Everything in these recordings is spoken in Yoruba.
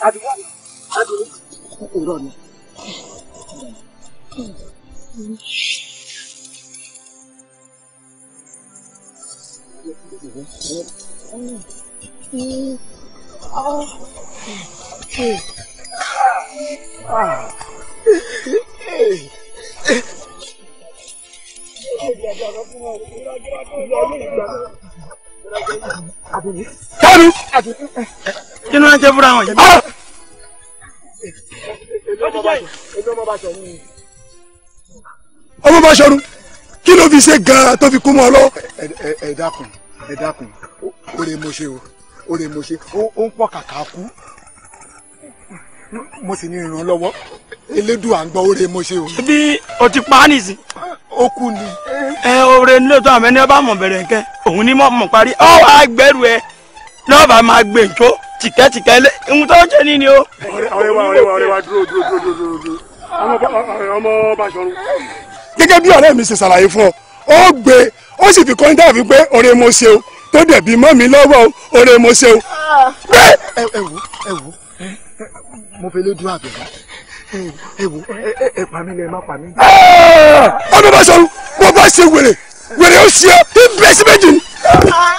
tàbí Kí ni ń jẹ fúnra wọn yìí? Ah! ọmọ bá ṣọrun kí ló fi ṣe gan-an tó fi kú mọ́ ọ lọ. ẹ dákun ẹ dákun ó lè mo ṣe o ó lè mo ṣe ó ń pọ̀ kàkà kú mo sì ní ìrànlọ́wọ́ elédùà ń gbọ́ ó lè mo ṣe o. bí o ti pa á nìsín. ó kú ni. ẹ oore nílò tó àmẹ́ni ọba mọ̀ bẹ̀rẹ̀ nkẹ́ òun ni mọ̀ mọ̀ parí ọ̀ wá gbẹ́rù ẹ lọ́ọ̀bà máa gbé tìkẹ́tìkẹ́ lé ohun tó ń ṣe ní ni o. ọ̀rẹ́ wa ọ̀rẹ́ dúró dúró dúró dúró dúró ọmọ Baṣọ̀run. gẹ́gẹ́ bí ọ̀rẹ́ mi ṣe ṣàlàyé fún ọ ó gbé ó sì fi kọ́ńtà fi pé ọ̀rẹ́ mo ṣe o tó dẹ̀bi mọ́ mi lọ́wọ́ o ọ̀rẹ́ mo ṣe o. Ah. ẹ wo ẹ wo mo fẹ́ lé dúró àbẹ̀wá ẹ wo ẹ pa mí lẹ má pa mí. Ah! ọmọ Baṣọ̀run bó bá ṣe wèrè wèrè ó ṣe é ibẹ̀ sí méjì ni. Ah.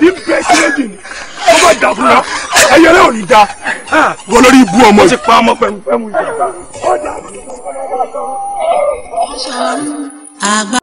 ìbẹ̀sílẹ̀dì ni ó bá dà fún wa ẹyẹ rẹ ò ní da wọ́n lórí ibú ọmọ yìí. ó ti pa ọmọ pẹ̀lú pẹ̀lú ìjọba ó dà fún wa.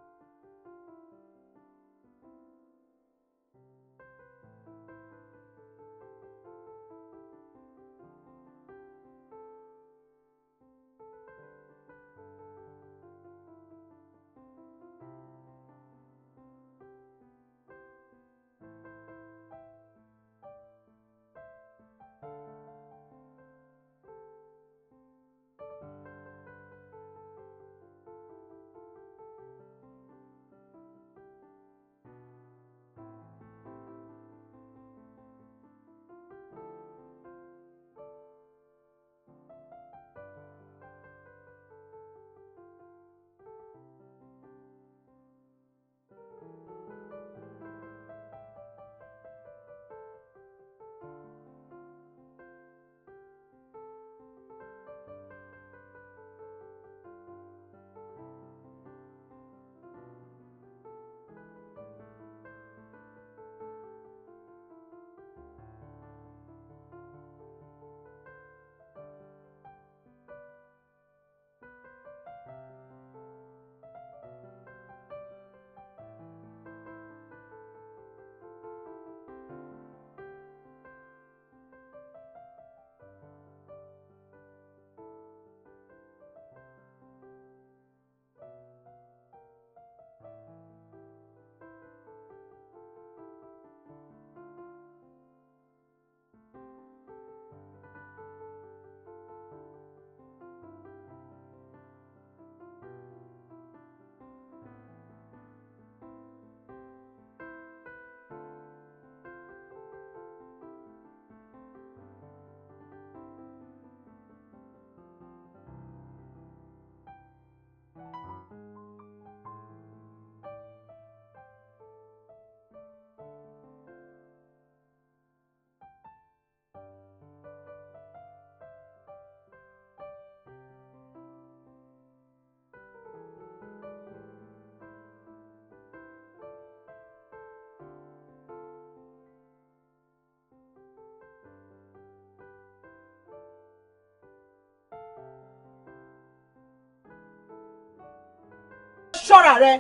ṣọ́ra rẹ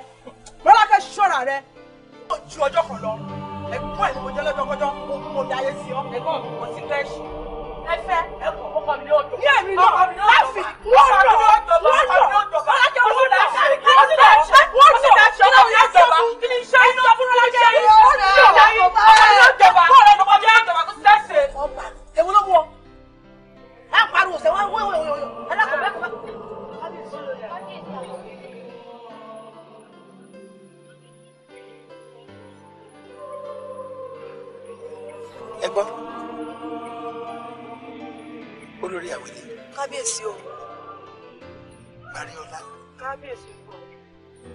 Rọ́lákẹ́ ṣọ́ra rẹ ó ọjọ́ kan lọ ẹ̀gbọ́n ẹ̀ ni mo jẹ́ lọ́jọ́kọ́jọ́ ogun sí ọ ẹ̀gbọ́n mi kò sí fẹ́ẹ̀ṣì ẹfẹ́ ẹ̀kọ́ ọkọ mi ní odò ní èmi lọ láfi wọ́n lọ wọ́n lọ Rọ́lákẹ́ wọ́n lọ kí ló ti dá ṣe wọ́n ti dá ṣe wọ́n ti dá ṣe kí ni iṣẹ́ iná fún Rọ́lákẹ́ yìí ó ti dá ṣe ó ti dá ṣe olórí àwìlé. kábíyèsí o. mariola. kábíyèsí o.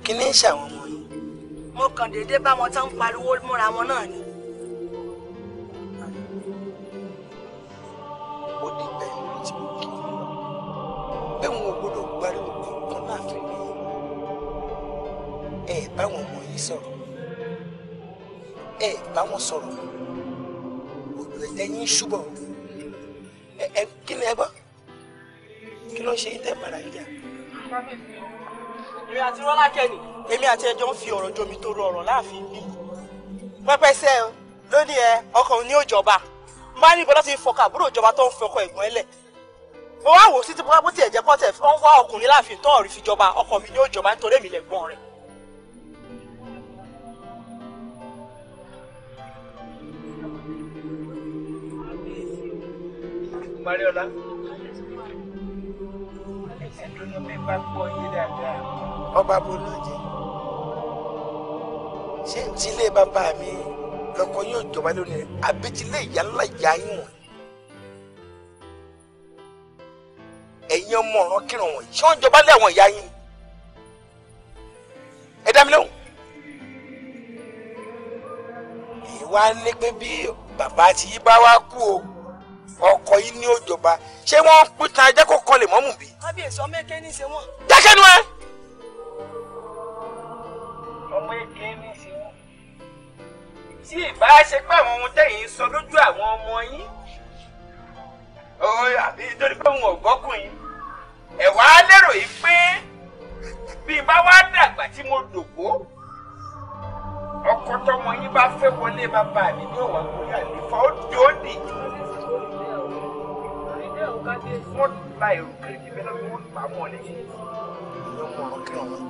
kí ni ń ṣàwọn ọmọ yìí. mo kàn déédé bá wọn tán ń pariwo múra wọn náà ni. ó di bẹ́ẹ̀ lórí tí mo kí i. pé wọn ò gbọdọ̀ gbáríwò kankan láàfin mi. ẹ báwọn ọmọ yìí sọ̀rọ̀ ẹ báwọn sọ̀rọ̀ òjò ẹlẹ́yìn ṣubọ̀ ló ṣe tẹ́ padà yíyá. èmi àti rọ́lákẹ́ ni èmi àti ẹjọ́ ń fi ọ̀rọ̀ jomi tó ro ọ̀rọ̀ láàfin bí. pẹ́pẹ́sẹ́ lónìí ẹ ọkàn ní òjọba máa ní ìbọn ti fọkà àbúrò ìjọba tó ń fọkọ ẹ̀gbọ́n ẹlẹ̀ mo wá wò sí ti bó tiẹ̀ jẹ́ pọ́tẹ̀ ó ń wá ọkùnrin láàfin tó ọ̀rí fi jọba ọkọ mi ní òjọba nítorí èmi lẹ̀gbọ́n rẹ̀. Mariola. bá gbọ́ yé dáadáa ọba bolójì ṣé tílé bàbá mi lọkọ yóò jọba lónìí àbí tílé ìyá ńlá ìyá yín wọn. ẹ̀yin ọmọ ọ̀ràn kírun wọn ṣé wọ́n jọba lé àwọn ìyá yín ẹ dá mi lóhùn. ìwà ni pé bí bàbá àti yí bá wá kú o ọkọ yìí ní òjọba ṣé wọ́n pín tan ajá kó kọlẹ̀ mọ́mù bí. kábíyèsí ọmọ èké ní í ṣe wọn. dákẹ́ nu ẹ. ọmọ èké ní í ṣe wọn. tí ìbá ṣe pé àwọn ohun tẹ̀yìn sọ lójú àwọn ọmọ yín. oye àbí nítorí pé òun ò gbọ́kùn wá lérò yìí pé bí n bá wá dàgbà tí mo dògbó ọkọ tọmọ yín bá fẹ́ wọlé bàbá mi ní òwà kúrẹ́ àlefa ó dòó nìyí wọ́n la èrò kìrìkì bẹ́ẹ̀ náà wọ́n pa mọ́ ní kí wọ́n rọ kí wọ́n.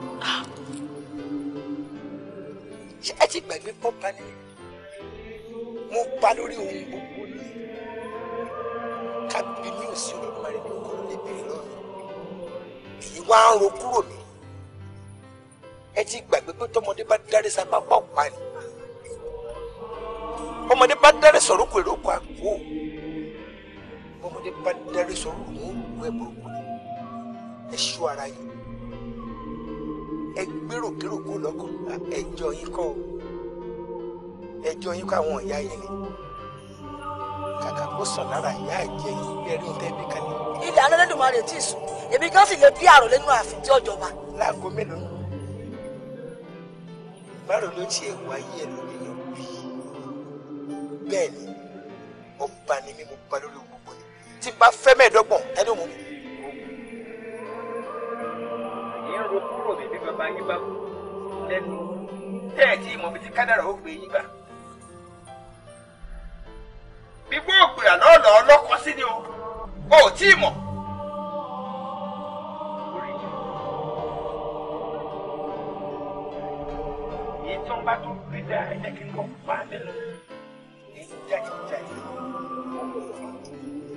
ṣé ẹ ti gbàgbé pọ́pá ni mo pa lórí ohun gbogbo ni kábíbi ní òsì olódùmarè ní okòó lè bèrè lọ́rùn èyí wá ń ro kúrò mi ẹ ti gbàgbé pé tọmọdé bá dárí sápá pọ̀ pa ni ọmọdé bá dárí sọ̀rọ̀ kò èrò kọ àgbo ọmọdé bá darí sọ̀rọ̀ yẹn ìwé burúkú ni ẹ ṣọ́ ara yín ẹ gbérò kérò kó lọ́kàn ẹjọ́ yín kọ́ ẹjọ́ yín kọ́ àwọn ìyá yẹn ni kàkà kó sàn lára ìyá ẹ̀jẹ̀ yín lẹ́rìí ohun tẹ́bí kan ní. ilẹ̀ alẹ́ lẹ́nu máa rè tí ì sùn èmi gan sì lè bí àrò lẹ́nu ààfin tí ọjọ́ bá. láago mélòó báwo ló tiẹ̀ wáyé ẹ lórí yẹn bí bẹ́ẹ̀ ni ó bá mímú pa tí n bá fẹ́ mẹ́ẹ̀ẹ́dọ́gbọ̀n ẹni ò mú mi. ìyẹn ro kúrò bèbí bàbá yín bá kú lẹ́nu tẹ́ẹ̀tì ìmọ̀bí tí kádàrà ó gbé yín gbà. gbígbó ògbè àlọ́ọ̀lọ́ ọlọ́kọ sí ni o o ò tí ì mọ̀. ìtàn bá tó gbé dáa ẹ̀jẹ̀ kí n kọ́ pa á lẹ́nu ẹ̀jẹ̀ jáde jáde.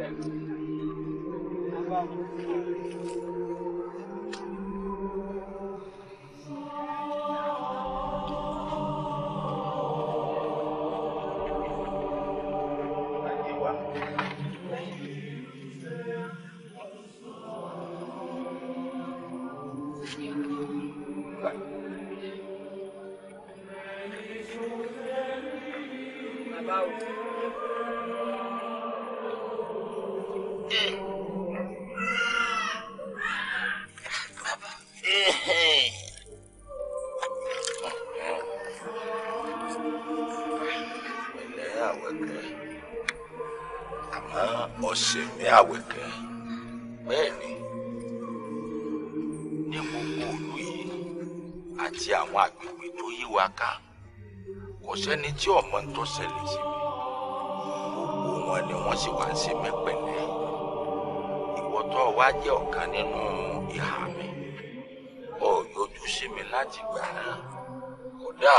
Thank you. Àwẹ̀kẹ́ bẹ́ẹ̀ ni ní gbogbo ìlú yìí àti àwọn agbègbè tó yí wa ká kò sẹ́ni tí ọmọ ń tó ṣẹlẹ̀ sí mi gbogbo wọn ni wọ́n sì wá ń ṣe mí pẹ̀lẹ́ ìwọ tó wá nínú ìhà mi ó yọjú sí mi láti gbà náà kódà.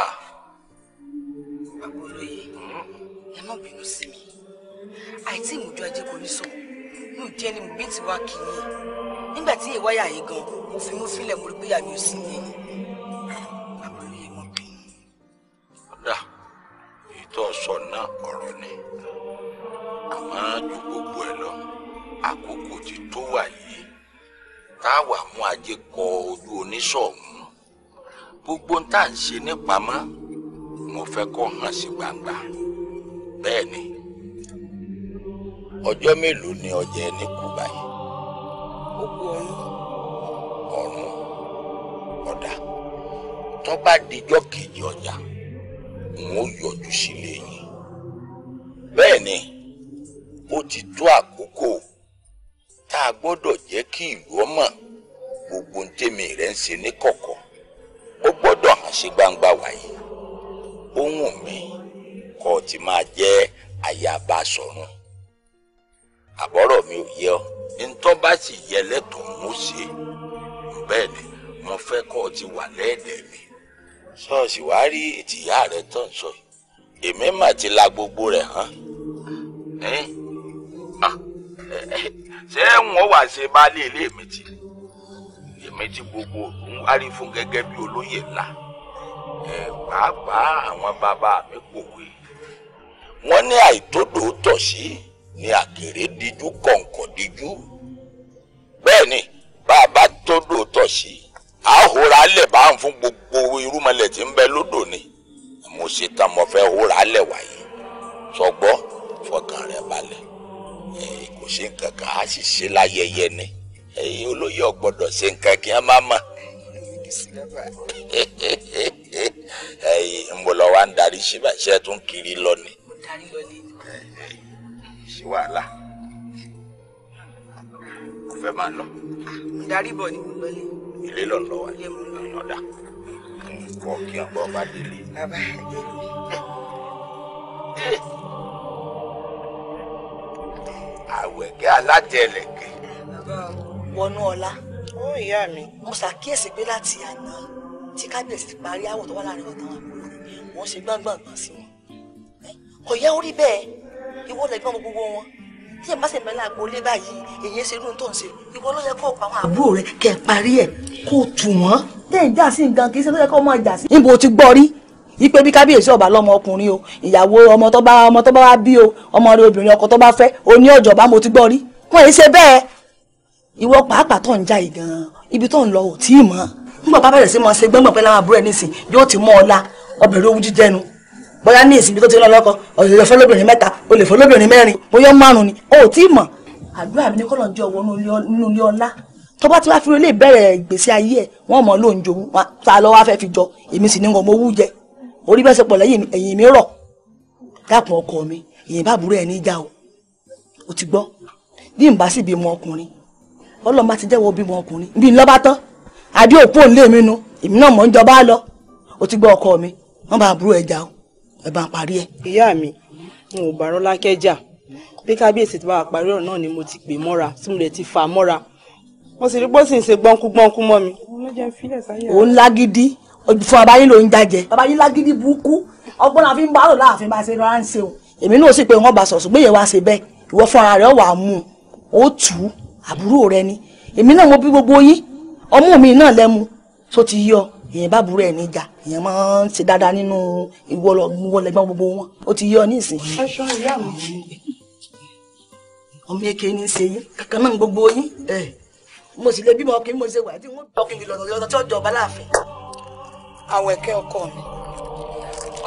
wá kí yín nígbà tí ìwáyà yìí gan mo fi mú fílẹ̀ mo rí pé àmì ò sí ní ẹ̀yìn àbúrò mọ̀ bí. kódà ìtọ́ sọ náà ọ̀rọ̀ ni àmọ́ ju gbogbo ẹ̀ lọ àkókò ti tó wà yìí tá a wà mú ajé kọ ojú oníṣọ̀hún gbogbo ń tà ń ṣe nípamọ́ mo fẹ́ kó hàn sí gbangba bẹ́ẹ̀ ni ọjọ́ mélòó ni ọjà ẹni kú báyìí. gbogbo ọ̀run ọ̀run ọ̀dà tó bá dijọ́ kejì ọjà n ó yọjú sílé yìí. bẹ́ẹ̀ ni ó ti tó àkókò tá a gbọ́dọ̀ jẹ́ kí ìlú ọmọ gbogbo ntẹ́mi rẹ̀ ń ṣe ní kọ̀kọ̀ ó gbọ́dọ̀ hàn sí gbangba wáyé ohun mi kọ́ ti máa jẹ́ àyàbá sọ̀run àbọ̀rọ̀ mi ò yẹ ọ́. ntọ́ bá sì yẹ lẹ́tọ̀ọ́ ń ṣe bẹ́ẹ̀ ni mo fẹ́ kọ́ ọ ti wà lẹ́ẹ̀dẹ̀ mi ṣọ́ọ̀ṣì wàá rí ìtìyá rẹ tán sọ yìí èmi mà ti la gbogbo rẹ̀ hàn ṣé wọn wàá ṣe baálé ilé mi ti èmi tí gbogbo ń wárí fún gẹ́gẹ́ bí olóyè ńlá pàápàá àwọn bàbá mi pòwe wọ́n ní àìtódò tọ̀ sí. Si ni àkèré díjú kọ̀ǹkọ̀ díjú bẹ́ẹ̀ ni bá a bá tó dòótọ́ sí i a hóra lẹ̀ bá ń fún gbogbo irúmọlẹ̀ tí ń bẹ lódò ni mo ṣe tán mo fẹ́ hóra lẹ̀ wáyé sọgbọ́ fọkàn rẹ̀ balẹ̀ kò ṣe nǹkan kan a sì ṣe láyẹyẹ ni olóyè ọ̀gbọ́dọ̀ ṣe nǹkan kí wọ́n má mọ̀ ń bọ̀ lọ́wọ́ à ń darí ṣe tún kiri lọ lọ ni ṣe wàhálà kò fẹ́ máa lọ. ìdarí bọ̀ ni mo lọ lé. ilé lọ lọ wa ilé mo lọ yọ̀dà kọ kí n bọ́ bá délé. bàbá ẹgbẹ́ mi. àwẹ̀kẹ́ alájẹlẹ̀kẹ́. bàbá wọnú ọlá. ó ìyá mi. mo ṣàkíyèsí pé láti àná tí kábíyèsí ti parí àwọ̀ tó wà láàrin ọ̀tàn àbúrò wọn ṣe gbọ́ngbọ̀n sí wọn. kò yẹ orí bẹ́ẹ̀ ìwọ lẹ̀gbọ́n gbogbo wọn tí ẹ bá sì mẹ́lá agboolé báyìí èyí ṣe irú tó ń ṣe ìwọ ló yẹ kó o pa àwọn àbúrò rẹ kẹ ẹ parí ẹ kó o tù wọn. tẹ́ ẹ̀ já sí nǹkan kì í ṣe tó yẹ kó o máa jà sí. níbo ti gbọ́ rí ipe bí kábíyèsí ọba lọmọ ọkùnrin o ìyàwó ọmọ tó bá ọmọ tó bá wá bí o ọmọ rẹ obìnrin ọkọ tó bá fẹ́ o ní ọjọba mo ti gbọ́ rí wọn èyí ṣe bẹ́ẹ̀ ìwọ pàápàá tó ń já yìí ganan ibi tó ń lọ ò tí ì mọ nígbà bá bẹ̀rẹ̀ sí máa ṣe gbọ́ngbọ̀n pẹ́ láwọn àbúrò ẹ̀ nísìn yóò ti mọ́ ọ la ọbẹ̀ lówó jíjẹnu bóyá ní ìsinmi tó ti lọ lọ́kọ ọ̀lẹ́ fọlọ́bìnrin mẹ́ta olè fọlọ́bìnrin mẹ́rin bóyá márùn ni o ò tí ì mọ̀ àdúrà mi ní kọ́ lọ́njọ́ wọ nínú ilé ọlá tó bá ti wá fúru ilé ìbẹ̀rẹ̀ gbèsè ayé ẹ̀ wọ́n mọ̀ ló ń jòun ta lọ́ wá fẹ́ fi jọ èmi sì ní wọn mo wú jẹ orí bẹ́sẹ̀ pọ̀ lẹ́yìn ẹ̀yìn mi rọ̀ dákun ọkọ mi èyìn bá burú ẹ̀ ní ìjà o ò ti gbọ́ bí n bá sì bímọ ọkùnrin ọlọ́run bá ti jẹ́wọ́ bímọ ọkùnrin bí n lọ́ tán adé òpó òǹlé mi nu èmi náà mọ̀ ń jọba lọ ò ti gbọ́ ọkọ mi wọ́n bá burú ẹ̀ jà o ẹ bá ń parí ẹ. ìyá mi n ò bá rán lákẹ́jà bí kábíyèsí ti bá wa parí ọ̀rọ̀ náà ni mo ti pè mọ́ra tí mo lè ti fà mọ́ra mo sì rí bó sì ń ṣe gbọ́nkú gbọ́nkú mọ́ mi. òun lágídí fún abayín ló ń jajẹ abayín lágídí burúkú ọgbọ́n la fi ń bá rò láàfin bá ṣe rán ṣe o èmi náà sì pé wọn bá sọ̀sùn gbéyẹ̀ wá bẹ́ẹ̀ ìwọ fún ara rẹ̀ wà á mú un ó tù ú àbúrò rẹ ni èmi náà mo bí gbogbo yín ọmú mi náà lẹ́mu tó ti yọ èèyàn bá burú ẹ̀ níjà èèyàn máa ń ṣe dáadáa nínú ìwọlẹ̀gbọ́n gbogbo wọn ó ti yọ nísìnyí. aṣọ ìyá mi ọmọ èké ní í ṣe yín kankan náà gbogbo yín mo sì lè bímọ kí mo ṣe wà tí wọn bá kí mi lọ lọ tí ọjọ́ ọba àwọn ẹ̀kẹ́ ọkọ mi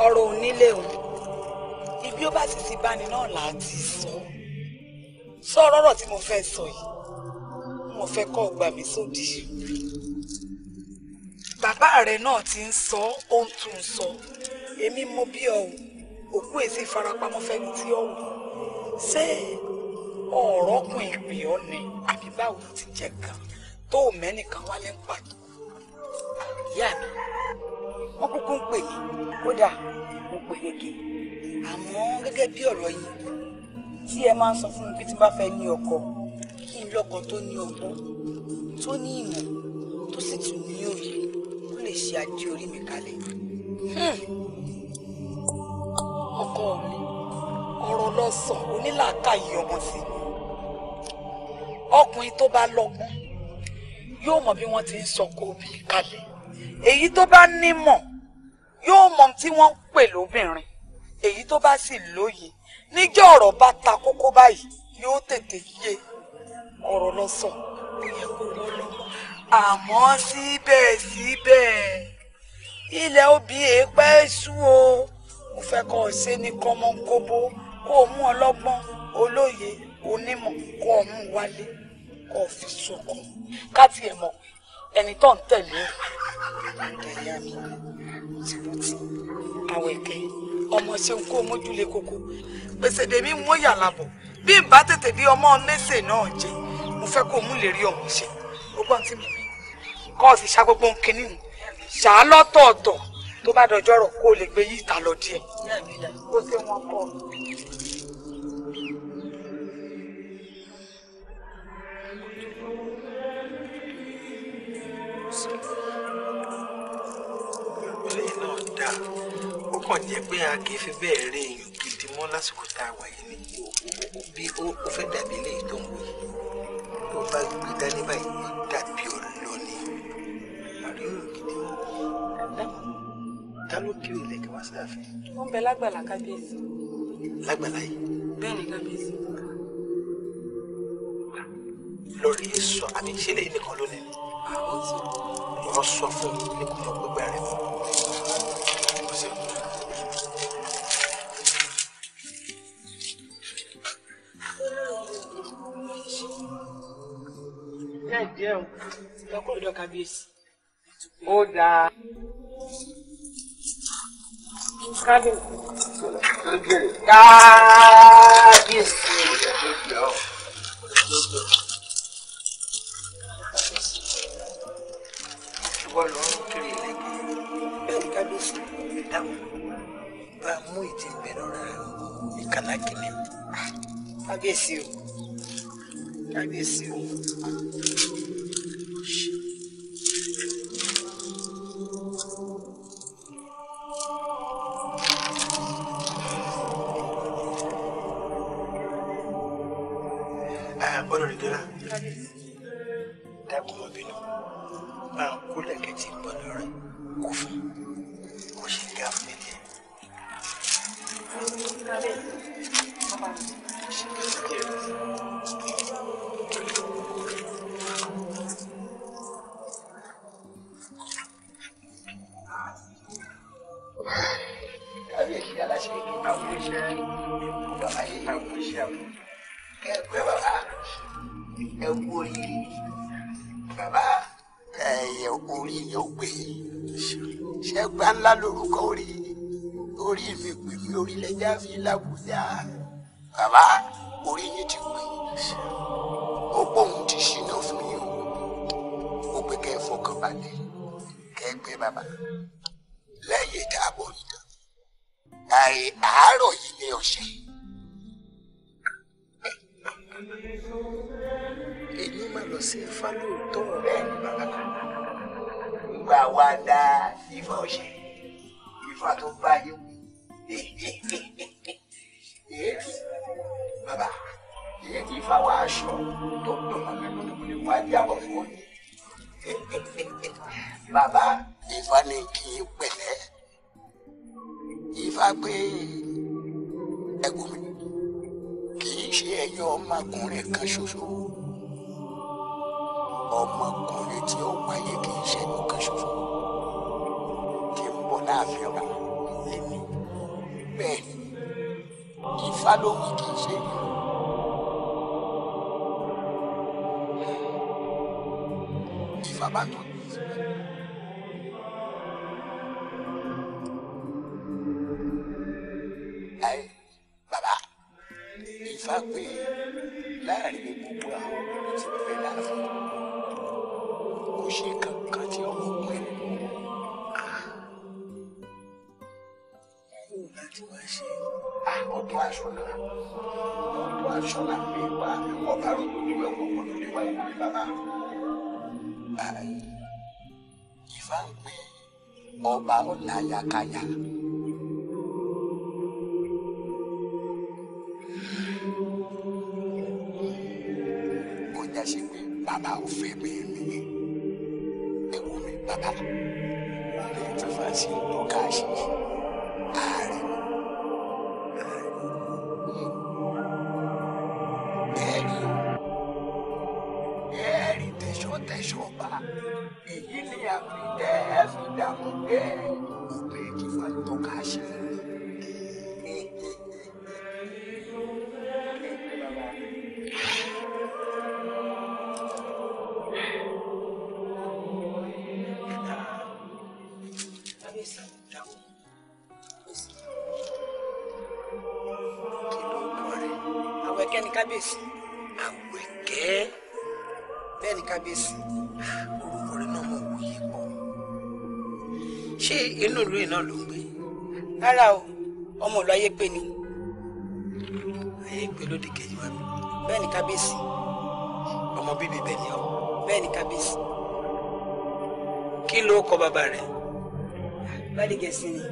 ọ̀rọ̀ onílé o ibi ó bá sì ti bá ní náà là ti sọ sọ ọ̀rọ̀ tí mo fẹ́ sọ yìí mo fẹ́ kọ́ ọgbà mi sódì bàbá rẹ̀ náà ti ń sọ ó ń tún sọ èmi mo bí ọ òkú èsì ìfarapamọ́ fẹ́ni tí ó wù ṣé ọ̀rọ̀ kùn ìpè ọ ni àbí báwo ló ti jẹ gan tó mẹ́nìkan wálé ń pàtó ìyá mi wọ́n kúkú ń pè mí kódà mo pè yege àmọ́ gẹ́gẹ́ bí ọ̀rọ̀ yìí tí ẹ máa ń sọ fún mi pé tí n bá fẹ́ ní ọkọ kí n lọ́kọ tó ní ọgbọ́n tó ní ìmọ̀ tó sì tún ní òye ṣe ajé orí mi kalẹ̀. Hmm. ọkọ mi ọ̀rọ̀ lọ sọ onílàákàyè ọmọ sí mi ọkùnrin tó bá lọ́gbọ́n yóò mọ bí wọ́n ti ń sọkọ òbí kalẹ̀ èyí tó bá nímọ̀ yóò mọ tí wọ́n ń pè lóbìnrin èyí tó bá sì lóye níjọ́ ọ̀rọ̀ bá ta kókó báyìí yóò tètè yé ọ̀rọ̀ lọ ó yẹ kó wọ́n lọ́mọ àmọ́ síbẹ̀síbẹ̀ ilẹ̀ obì èèpẹ́ sú o mo fẹ́ kọ́ ọ ṣe ní kọ́mọkóbó kó o mú ọlọ́gbọ́n olóye onímọ̀ kó o mú wálé kó o fi sọkọ ká tiẹ̀ mọ̀ ẹni tó ń tẹ̀lé tẹ̀lé àmì tìrọtì àwẹ̀kẹ́ ọmọ ṣeun kó o mójúlé koko gbèsè dèmí mú yàrá bọ̀ bí n bá tètè bí ọmọ ọ̀nẹ́sẹ̀ náà jẹ mo fẹ́ kó o mú lè rí ọmọ ṣe ogbon tí mi kọ́ sì ṣá gbogbo nkíní ṣá lọ́tọ̀ọ̀tọ̀ tó bá dọjọ́ rọ̀ kó o lè gbé yí ìta lọ díẹ̀ ó ṣe wọn kọ́ lẹ́yìn náà dá ó kàn jẹ́ pé a kì í fi bẹ́ẹ̀ rí èèyàn gidi mọ́ lásìkò tá a wà yìí ni bí ó fẹ́ dàbí eléyìí tó ń wò yìí tó bá gbé dání báyìí yóò dàbí olóni àríwò gidi wọn. ta ló kiri ilẹ̀kẹ̀ wá sáàfin. wọ́n bẹ lágbàlá kábíyèsí. lágbàlá yìí. bẹ́ẹ̀ ni kábíyèsí. lórí èso àbí ìṣẹ̀lẹ̀ nìkan lónìí. àwọn tí. wọ́n sọ fún mi ní kò lọ gbẹgbẹ fún mi. díẹ̀ o. lọ́kọ̀ ọ̀dọ̀ kábíyèsí. ó dáa. kábíyèsí. kábíyèsí. ṣùgbọ́n lọ́rùn kiri lẹ́gbẹ̀ẹ́ bẹ́ẹ̀ o kábíyèsí o. Deus. létí pé ó gbóhùn ti ṣìnà fún yín o ó pé kẹ́ ẹ fọkàn balẹ̀ kẹ́ ẹ gbé bàbá lẹ́yìn ìdáàbò ìtàn àì àárọ̀ yìí ni ọ̀sẹ̀. èyí máa lọ sí ifá lóòótọ́ rẹ̀ ní bàbá dá ifá ọ̀sẹ̀ ifá tó bá yẹ wí. ìyẹn ti fa wá aṣọ tó dùn mọ́ mi lónìí mo ní mú ẹbí àbọ̀ fún ọ. bàbá Ifá ní kí n pẹ̀lẹ́ Ifá pé ẹ̀gbọ́n mi kì í ṣe ẹyọ ọmọkùnrin kan ṣoṣo ọmọkùnrin tí ó wáyé kì í ṣe ẹyọ kan ṣoṣo tí ń bọ̀ láàfin ọ̀rọ̀ lẹ́nu bẹ́ẹ̀ Ifá ló wí kì í ṣe ẹyọ. bàbá tó ní ìsìnkú. ẹ bàbá ìfà pé láàrin gbogbo àwọn obìnrin tí fẹ́ láàfin kò ṣe kankan tí ọmọ pẹ́ nínú wọn. kó o láti wá ṣe ọdún aṣọ náà ọdún aṣọ náà pé wá ọba rògbòdìwẹ̀ wọ́pọ̀ lórí wáyé bàbá bá yìí ìfà ń pè ọba ọ̀la yakaya. ó já sí pé bàbá ò fẹ́ bẹ́ẹ̀ nìyí ẹ̀wọ̀n mi bàbá ó lè fẹ́ fà sí ọ̀gá àṣìṣe ààrẹ. ìlú iná ló gbé rárá o ọmọ ìlú ayé pé ni. ayé pé lóde kejì wa bẹ́ẹ̀ ni kábíyèsí. ọmọ bíbí bẹ́ẹ̀ ni ọ. bẹ́ẹ̀ ni kábíyèsí. kí ló kọ bàbá rẹ. gbadegẹsì ni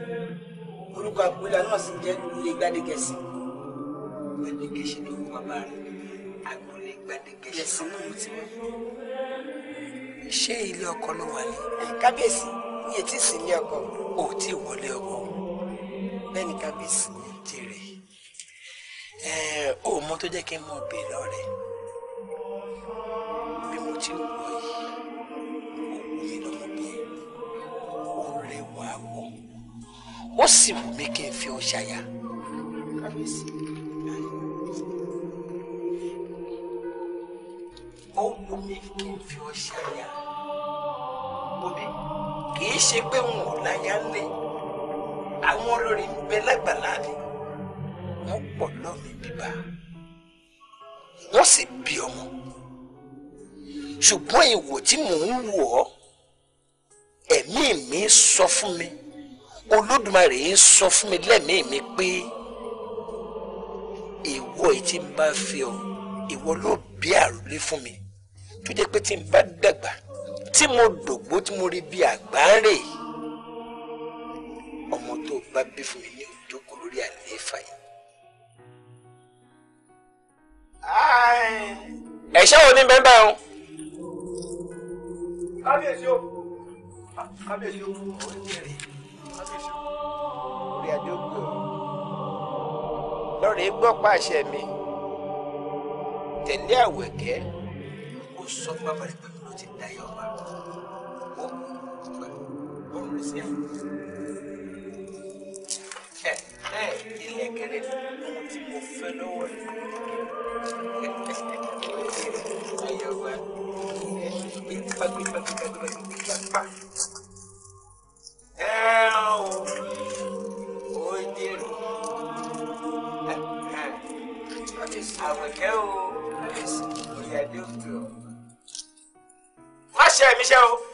orúkọ àpòlá náà sì jẹ́ ilé gbadegẹsì. gbadegẹsì ló kọ bàbá rẹ agboolé gbadegẹsì. ṣé ilé ọkọ ló wà ní. kábíyèsí mi ò tí ì sí ilé ọkọ. ò tí ì wọlé ọkọ. bẹ́ẹ̀ ni kábíyèsí ní tirẹ̀ o mọ tó jẹ́ kí n mọ bèè lọ́rẹ̀ bí mo ti wọ yìí o wù mí lọ́mọbìnrin o rẹwà wọ ó sì wù mí kí n fi ọ ṣàyà. ó wù mí kí n fi ọ ṣàyà. Bobby kì í ṣe pé wọn ò láyà lé àwọn olórí ń bẹ lágbàlá mi wọn pọ̀ lọmi bíbá wọn sì bí ọmọ ṣùgbọ́n ìwò tí mò ń wò ọ́ ẹ̀mí mi sọ fún mi olódùmarè ń sọ fún mi lẹ́mìí mi pé ìwọ yìí tí n bá fi ọ ìwọ ló bí àròlé fún mi tó jẹ́ pé tí n bá dàgbà tí mo dògbó tí mo rí bí àgbáńrè ọmọ tó bá bí fún mi ní òjókòó lórí àlééfà yìí. ẹ̀ṣẹ́ wo ni bẹ́ẹ̀ báyọ̀. kábíyèsí o kábíyèsí o orí bẹ̀rẹ̀ kábíyèsí o orí adógbò lọ́rẹ̀ẹ́ gbọ́ pàṣẹ mi tẹ̀lé àwẹ̀kẹ́ kó sọ pápá rẹ̀ pé ló ti da ẹyọ ọba wọ ọrùn rẹ sí àwọn. ẹ ẹ ilé kẹlẹ ni ohun tí mo fẹ́ lọ́wọ́ rẹ ẹyọ ọba ẹ gbẹgbẹgbẹgbẹgbẹgbẹgbẹgbẹ. Let me show.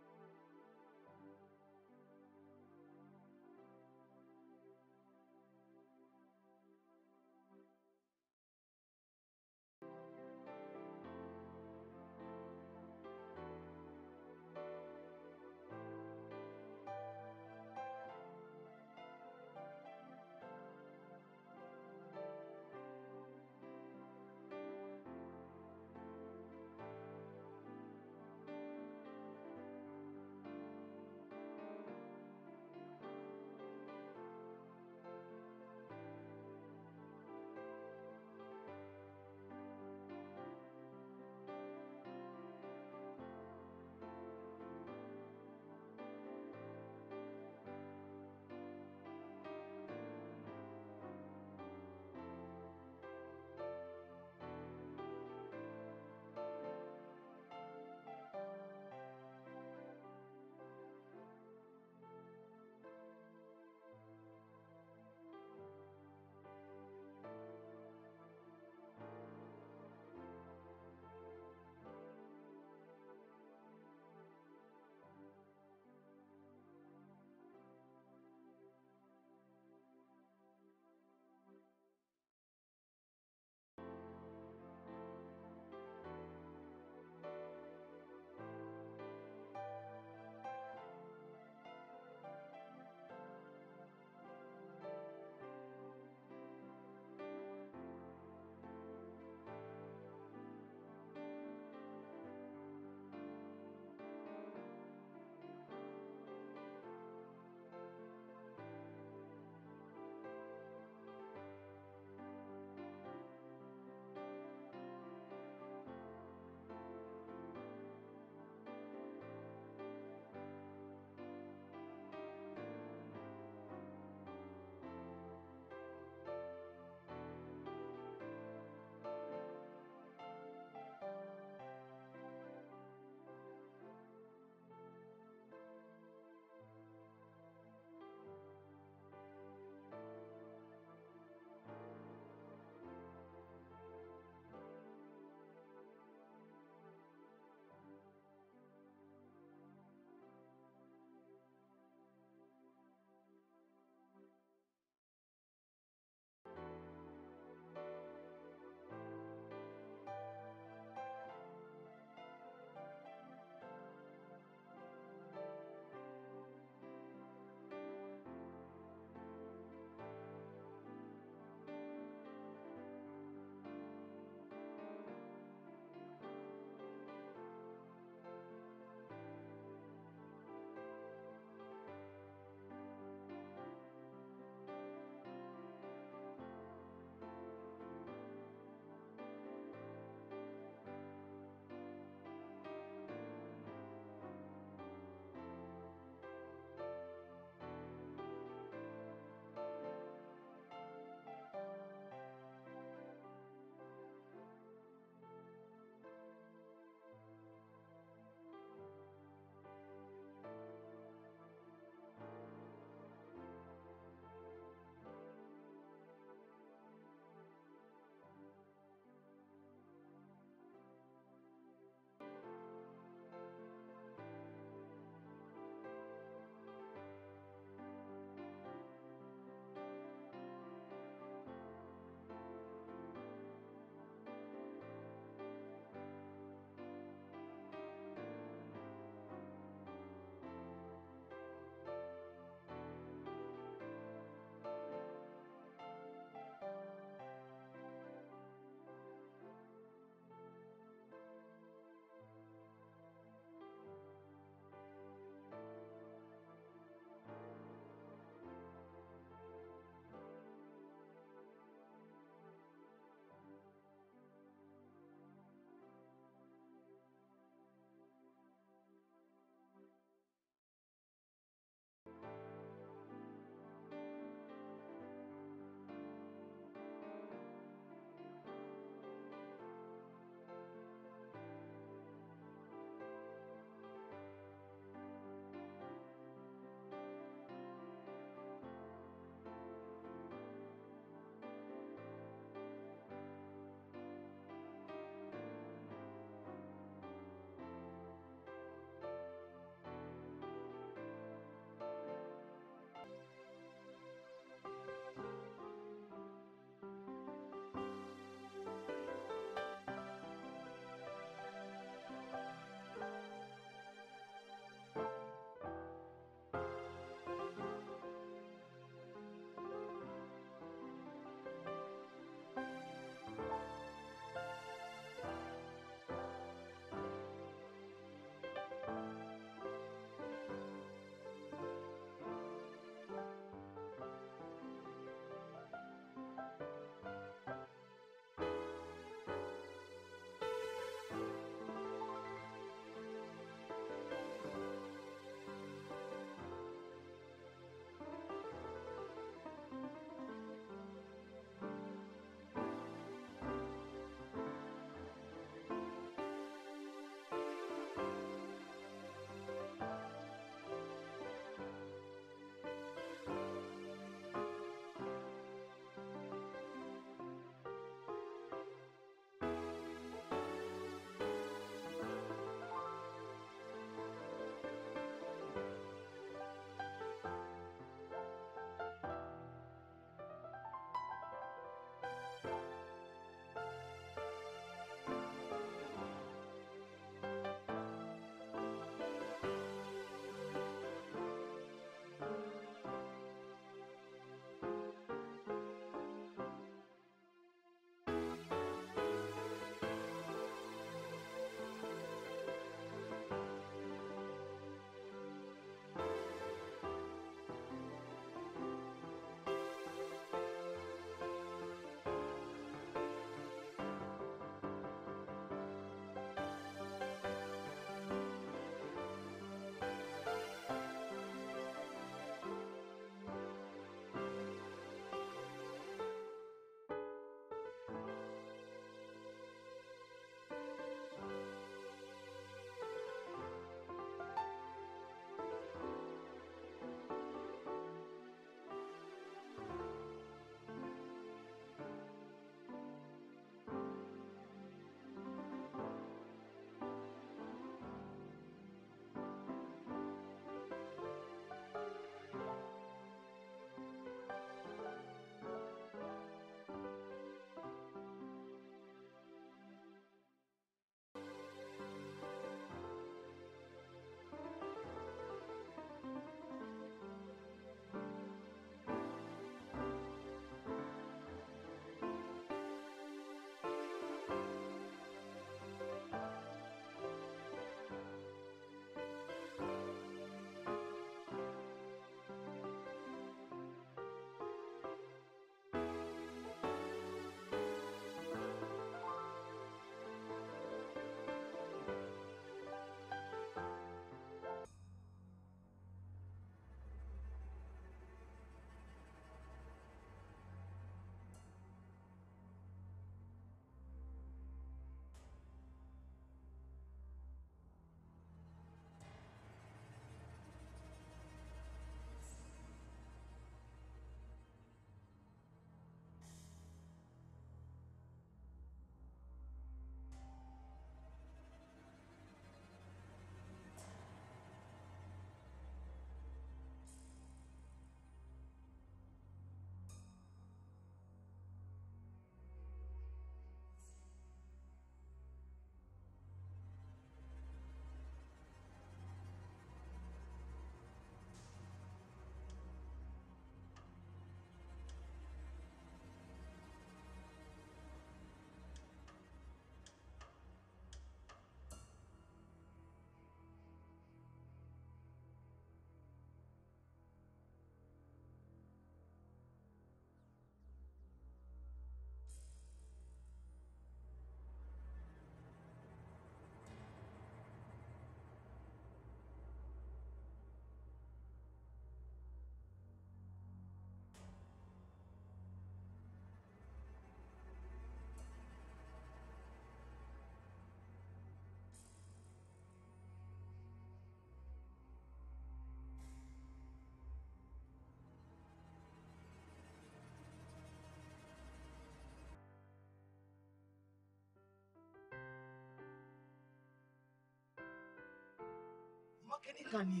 kíní kan ni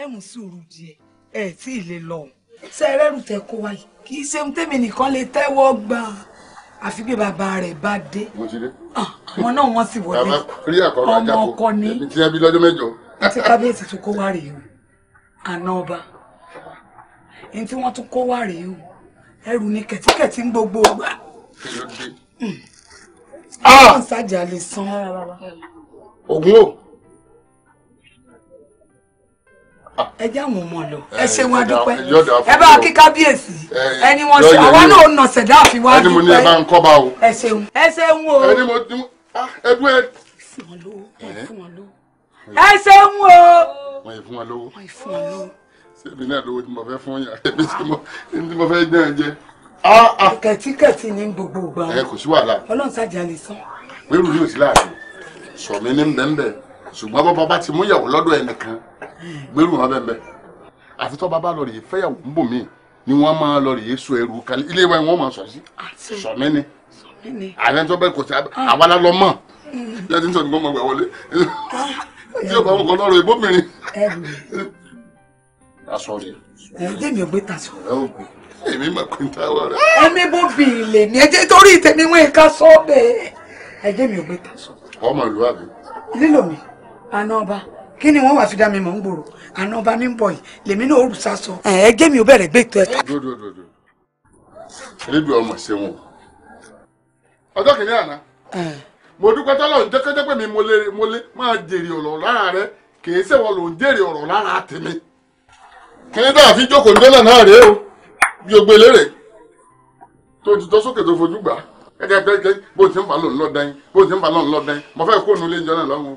ẹ mú sùúrù díẹ̀ ẹ tí ì lè lọ ṣe ẹrẹ́rù tẹ kó wa kì í ṣe ohun tèmi nìkan lè tẹ́wọ́ gbà àfi bí bàbá rẹ̀ bá dé ah, wọn náà wọ́n sì wọlé ọmọ ọkọ ní àti kábíyèsí tó kó wá rèé o àná ọba ní tí wọ́n tún kó wá rèé o ẹrù ni kẹ̀tíkẹ̀tí ń gbogbo ọgbà. Hmm. Ah! ọ̀hún ṣàjà lè san. ògùn o. ẹ jẹ́ àwọn ọmọ lọ ẹ ṣe wọn dúpẹ́ ẹ bá kí kábíyèsí ẹni wọn ṣe àwọn náà nà ṣẹ̀dá àfi wá dúpẹ́ ẹ bá o ẹ ṣeun o ẹ ṣeun o. wọn yìí fún wọn lówó wọn yìí fún wọn lówó. ṣèbí náà lówó ni mo fẹ́ fún yàrá ẹbí tí mo fẹ́ dán jẹ. kẹ̀tíkẹ̀tí ni gbogbo ìgbà ẹ kò sí wàhálà. ọlọ́run ṣàjà lè sán. wẹ́rù yóò sí láàrin sọ̀mí ní bẹ́ẹ̀ bẹ́ẹ̀ ṣùgbọ́n bọ́ba bá ti mú ìyàwó lọ́dọ̀ ẹnìkan gbérù wọn bẹ́ẹ̀ bẹ́ẹ̀ tọ́ bàbá lọ rèé fẹ́yàwó ń bò mí ni wọ́n máa lọ rèé so ẹrù kalẹ̀ ilé wa wọ́n máa sọ sí sọ̀mẹ́ni ààrẹ tó bẹ́ẹ̀ kò sí àwa lọ mọ̀ mm. yẹ́n tí wọ́n mọ̀ gbà wọlé ah. yóò bá wọn kọ́ lọ́rọ̀ ìbómìnrin. aṣọ rẹ. ẹ̀rù tèmi ò gbé rẹ. ẹ̀mí bó bì í lè ní ẹjẹ́ torí tèmi wọ́n ká sọ́ọ́ bẹ́ẹ̀ ẹ̀jẹ̀ mi ò gbé tasọ. ọmọ ìlú àbí. lílò mi anọba kí ni wọn wà fi dá mi mọ ń gbòòrò anọba ní bọ yìí lèmi náà òrùsà sọ ẹ jẹ mi ò bẹ̀rẹ̀ gbé ètò ẹta. elédùn ọmọ ṣe wọn ọjọ́ kìíní àná mo dúpẹ́ tọ́lọ̀ ń jẹ́kẹ́jẹ́ pé mi mo lè máa jèrè ọ̀rọ̀ lára rẹ kì í ṣèwọ ló ń jèrè ọ̀rọ̀ lára tèmi kí ni dáa fi jókòó nílẹ̀ náà rèé o bí o gbé lérè tó ti tọ́ sókè tó fojú gbà á gẹ́gẹ́ gẹ́gẹ́ bó ti ń bá lòun lọ́dá yín bó ti ń bá lòun lọ́dá mo fẹ́ kó nu ilé ìjọ náà lọ́hùn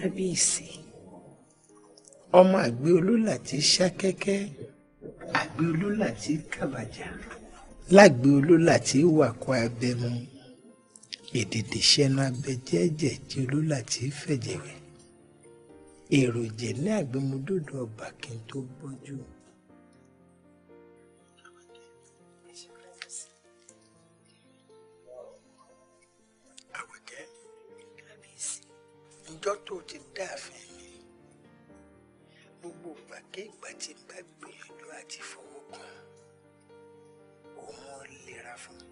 kábíyèsí ọmọ àgbẹ̀ olólà tí ṣákẹ́kẹ́ àgbẹ̀ olólà tí kàbàjà lágbẹ̀ olólà tí wàkọ̀ abẹ́mu èdèdè ṣẹnu abẹ́jẹ́jẹ́ tí olólà tí fẹ̀jẹ̀wẹ̀ èròjẹ̀ ní àgbẹ̀mọdòdò ọba tó bọ́jú. ọjọ́ tó ti dáàfin mi gbogbo ìgbàkigbà tí n bá gbìyànjú àti fọwọ́ kan òun lera fún mi.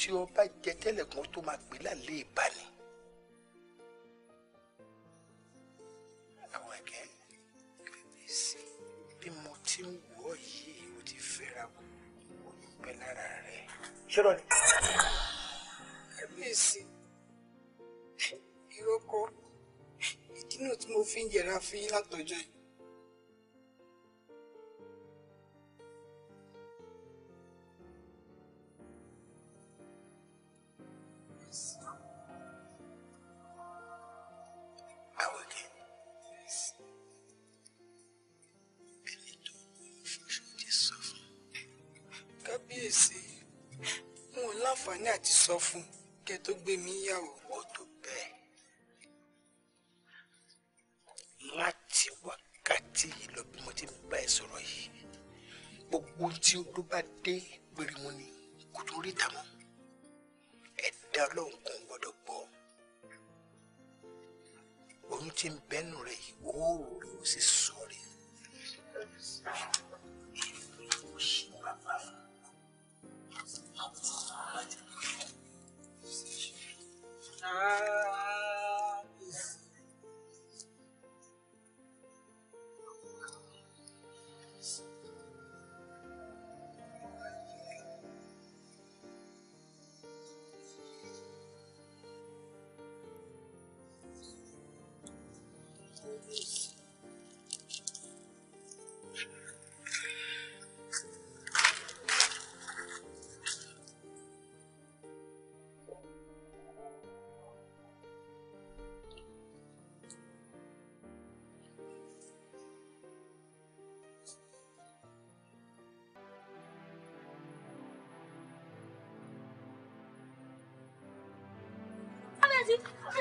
tí ọba jẹ tẹ́lẹ̀ kan tó máa pè lálẹ́ ìbàní. àwọn ẹ̀kẹ́ bí mo ti ń wò yìí o ti fẹ́ra oyún pẹ́ lára rẹ̀. ṣọ́rọ̀ ni. kábíyèsí ìrọ́kọ ìdí náà tí mo fi ń yẹra fún yín látọjọ́ yìí. D.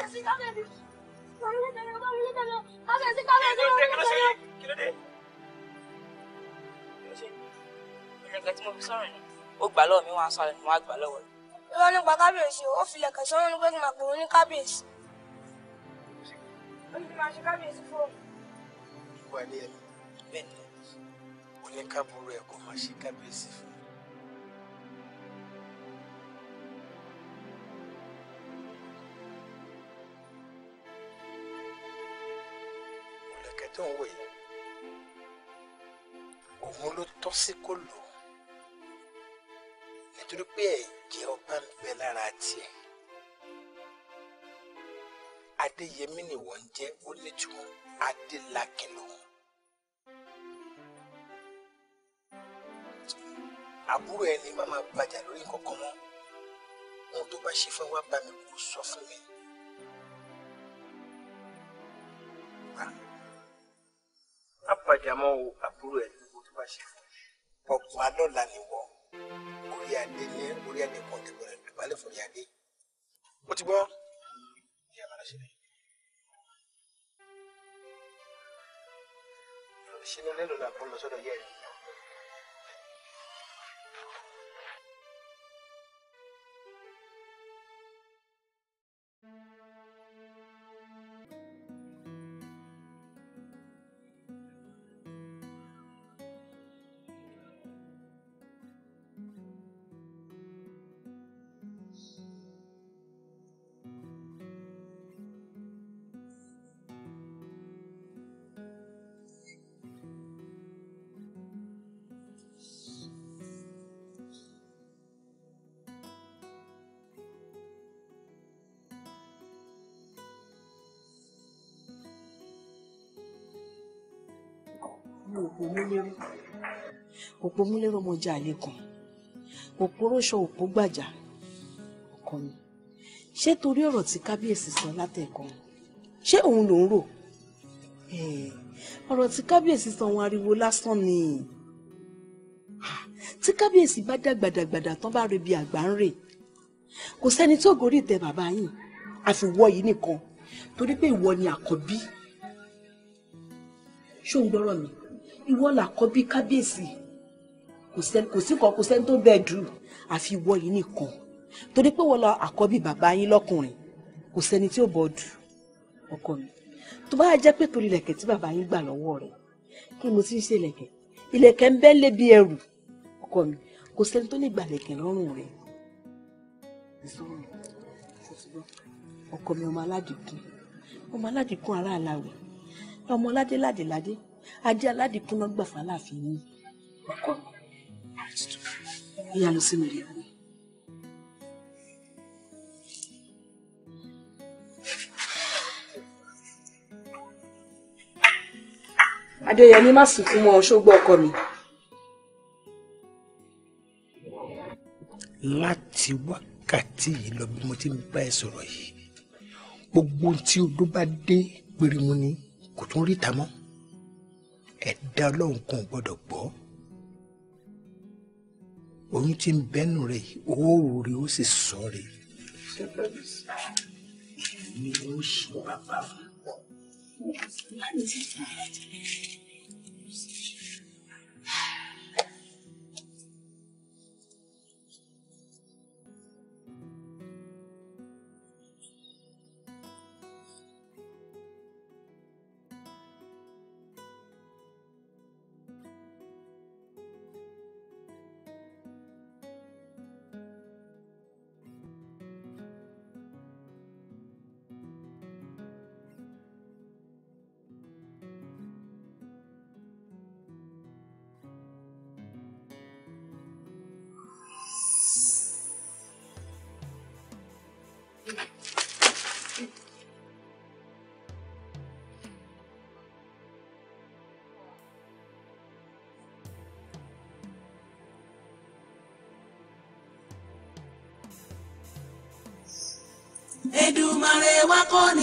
ó gbà lọ́wọ́ mi wọ́n á sọ àlẹ́ wọn á gbà lọ́wọ́ rẹ̀. irọ́ nípa kábíyèsí ó filẹ̀ kẹ̀sọ́ wọn ní pé kí n máa kábíyèsí. ó ní kábíyèsí fún òun. ìwà ni ẹ̀mí bẹ́ẹ̀ ó ní kábíyèsí fún tó ń wò yìí òun ló tọ́ sí kó lò ó nítorí pé ẹ̀jẹ̀ ọba ń bẹ lára tiẹ̀ adéyẹmí ni wọ́n ń jẹ́ ó nítumọ̀ adélakẹ́ lòun. àbúrò ẹni má máa bàjà lórí nǹkan mọ́ ohun tó bá ṣe fún wa bá mi kú sọ fún mi. àbíamọ o àbúrò ẹ ní gbogbo tó bá ṣe ọ̀pọ̀ adọ́là ni wọ́n orí adé ní orí adé kan tẹ̀gbọ́n rẹ̀ dùbálẹ̀ fún orí adé ó ti gbọ́ ìyá bàrà ṣẹlẹ̀. làbọ̀ lọ sọ́dọ̀ yẹ́ ẹ̀. mi ò pòmú lérò òpó múlẹ́rọ ọmọ ọjà àlè kan òpó rọ́ṣọ òpó gbàjà ọkọ mi ṣé torí ọ̀rọ̀ tí kábíyèsí sọ látẹ̀kan ṣé òun ló ń rò ọ̀rọ̀ tí kábíyèsí sọ wọn ariwo lásán ni tí kábíyèsí bá dàgbàdàgbàdà tán bá rebi àgbà ń rè kò sẹ́ni tó gorí ìtẹ́ bàbá yìí àfi yìí nìkan torí pé ìwọ ni àkọ́bí ṣó ń mi ìwọ làkọ́bí kábíyèsí kò sí kan kò sẹ́ni tó bẹ́ẹ̀ dúró àfi ìwọ yìí nìkan torí pé wọ́n lọ àkọ́bí bàbá yín lọ́kùnrin kò sẹ́ni tí ò bọ́ dù ọkọ mi tó bá jẹ́ pé torí ilẹ̀kẹ̀ tí bàbá yín gbà lọ́wọ́ rẹ̀ kí mo ti ń ṣe ilẹ̀kẹ̀ ilẹ̀kẹ̀ ń bẹ́ lé bí ẹrù ọkọ mi kò sẹ́ni tó lè gbàlẹ̀kẹ̀ lọ́rùn rẹ̀ ọkọ mi ọmọ aládìkún ọmọ aládìkún aráàlá rẹ̀ ọmọ ládéládéládé ajé aládìkún náà gbà fún aláàfin yín ọkọ ìyá lọ sí mi rẹ. adéyẹmí má sunkún mọ́ ṣógbó ọkọ mi. láti wákàtí yìí lọ bí mo ti ń bá ẹ sọ̀rọ̀ yìí gbogbo tí odó bá dé pèrè mu ni kò tún rí ta mọ́ ẹ̀dá ọlọ́run kan ò gbọ́dọ̀ gbọ́ oyún tí ń bẹ́nu rẹ̀ owó rẹ̀ ó sì sọ rẹ̀ ni ó ṣe bàbá fún.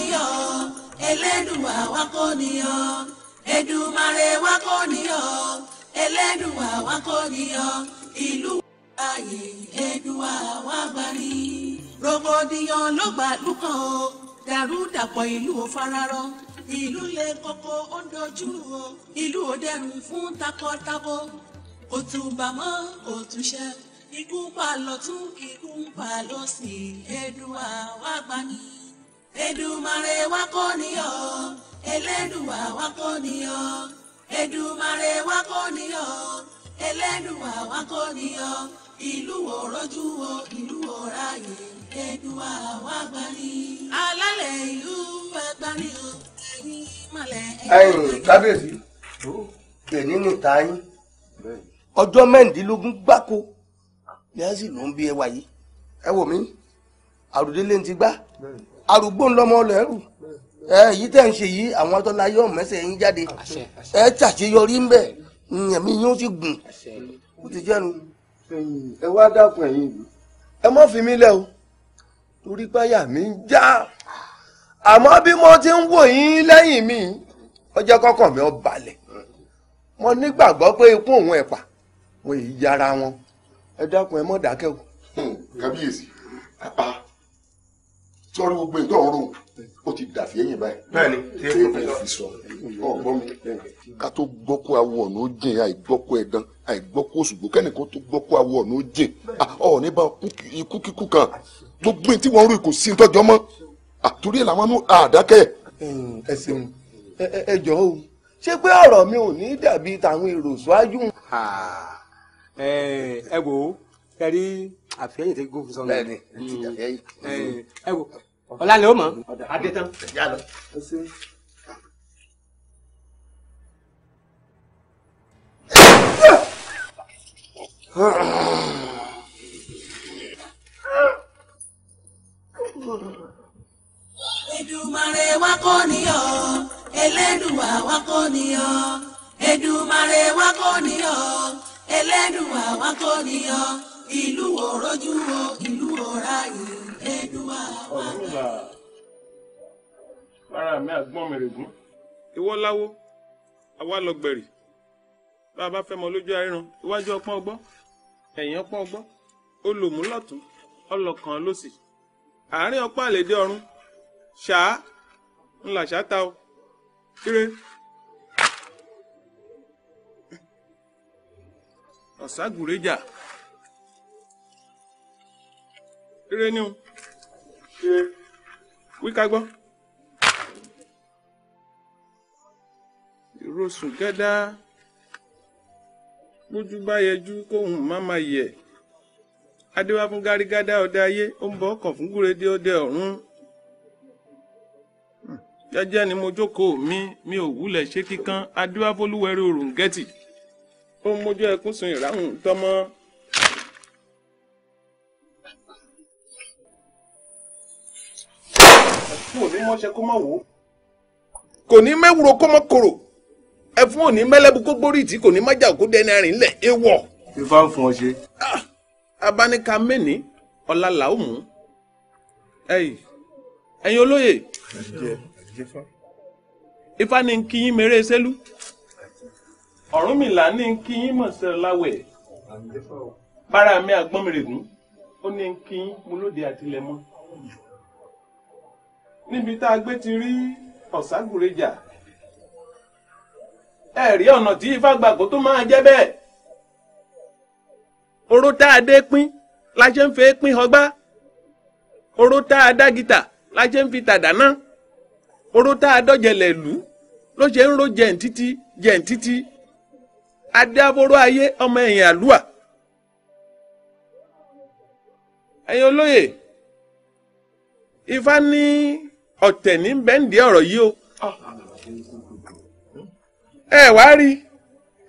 níyọ Ẹlẹ́dùà wa kò níyọ Èdùmàrè wa kò níyọ Ẹlẹ́dùà wa kò níyọ ìlú ayé Èdùà wa gbà ní. rògbòdìyàn ló gbàlú kan o dàrúdàpọ̀ ìlú ò fararọ ìlú lè kókó ó dojú o ìlú ò dẹrùn fún takọtabo òtúnbàmọ́ òtúnṣẹ́ ikú pa lọ́tún ikú pa lọ́sì Èdùà wa gbà ní. Èdùmàrè wa kọ́ niyọ̀ Ẹlẹ́dùwà wa kọ́ niyọ̀ Èdùmàrè wa kọ́ niyọ̀ Ẹlẹ́dùwà wa kọ́ niyọ̀ ìlú òrọ́jú wo ìlú òráyè Èdùwà wa gbà ní. alálẹ̀ ìlú ẹgbà o ẹ̀yìn ìmọ̀lẹ̀. ẹ̀yin kábíyèsí tèmi ní tayín ọjọ́ mẹ́rìndínlógún gbáko ni a sì ló ń bí ẹwà yìí ẹ wò mí àròdé lè ti gbá arúgbó ńlọmọ lẹ́rù èyí tẹ̀ ń ṣe yìí àwọn atọ́lá yóò mẹ́sẹ̀ yín jáde ẹ tàṣeyọrí ń bẹ̀ ẹ̀mí yóò sì gùn ó ti jẹ́nu. ẹ wá dákun ẹ̀yin ìlú ẹ má fi mí lẹ̀ o torí páyà mi ń já àmọ́ bí mo ti ń wò yín lẹ́yìn mi ọjọ́ kọ́kàn mi ò balẹ̀ mo nígbàgbọ́ pé ikú òun ẹ̀pà wọn èyí yára wọn ẹ dákun ẹ mọ̀ dákẹ́ o. Hmm, kábíyèsí apá sọrí gbogbo ìtọ́ ọ̀run ó ti dàfí ẹ̀yìn báyìí. bẹ́ẹ̀ni tí èyí kò fi sọ ọgbọ́n mi ká tó gbọ́kú awọ ọ̀nà ó jìn àìgbọ́kú ẹ̀dán àìgbọ́kú òṣùgbò kẹ́ni kó tó gbọ́kú awọ ọ̀nà ó jìn ọ̀ nípa ikú kíkú kan gbogbo tí wọ́n rí kò sí tọ́jọ́ mọ́ àtúrí làwọn nú àdákẹ́. ẹ ṣeun ẹ jọ o ṣé pé ọ̀rọ̀ mi ò ní dàbí tàwọn èrò ṣáájú. ẹ wò ó kẹrí àfihàn tí gómìnà sọ. bẹ́ẹ̀ni ẹ ti dàbí ẹ̀yìn. ẹ wò ó ọ̀la lè ó mọ̀ adé tán. Èdùmàrè wa kọ́ niyọ̀, Ẹlẹ́dùwà wa kọ́ niyọ̀, Èdùmàrè wa kọ́ niyọ̀, Ẹlẹ́dùwà wa kọ́ niyọ̀, ìlú òrojú wo ìlú òráyè ọ̀dúnlà lára mi àgbọ́n mi rè gún. ìwọ láwo àwa lọ gbẹ̀rì bá a bá fẹ́ mọ lójú àríran iwájú ọpọ́n ọgbọ́n ẹ̀yìn ọpọ́n ọgbọ́n olùmúlọ̀tún ọlọ́kàn lọ́sì àárín ọpọ́n àlèdè ọ̀run ṣáá ńlá ṣáá ta o kíre. ọ̀ságùrẹ́jà kíre ni o wí ká gbọ́. ìrosùn gẹ́dá bójú bá yẹjú kóhun má máa yẹ adéwá fún gárígádá ọdẹ ayé ó ń bọ ọkàn fún gúrédé ọdẹ ọ̀run hmm, jẹ́jẹ́ ni mo jókòó mi mi ò wúlẹ̀ ṣe kíkan adéwá fólúwẹrí òrùngẹ́tì ó ń mójú ẹkún sun ìráhùn tọmọ. ẹfun òní mọ́ṣẹ́ kó má wò ó. kò ní mẹ́wúro kó mọ́ korò ẹfun òní mẹ́lẹ́bù kó gbórí ìtì kò ní májà kó dẹni arìn lẹ̀ ewọ̀. fífa ń fún ọ ṣe. Ah, abánika mẹ́ni ọ̀la làó mú ẹyìn ẹ̀yin olóye ifá ni kí yín mèrè sẹ́lú ọ̀rúnmìlà ní kí yín mọ̀sẹ̀ láwẹ̀ bára mi àgbọ̀n mi rè gùn ó ní kí yín mo lóde àtìlẹ́mọ́ níbi tá a gbé ti rí ọ̀ságùrẹ́jà ẹ̀rí ọ̀nà tí ifá gbàgbọ́ tó máa jẹ́ bẹ́ẹ̀. oró tá a dé pín la ṣe ń fẹ́ pín ọgbá oró tá a dá gìtà la ṣe ń fi tàdá náà oró tá a dọ́jẹ̀lẹ̀ lù ló ṣe ń ro jẹ̀ǹtítí jẹ̀ǹtítí adé aboró ayé ọmọ ẹ̀yìn àlùwà. ẹ̀yin olóye ifá ní. Ni ọ̀tẹ̀ ní bẹ́ǹdì ọ̀rọ̀ yìí o ah. ẹ wá rí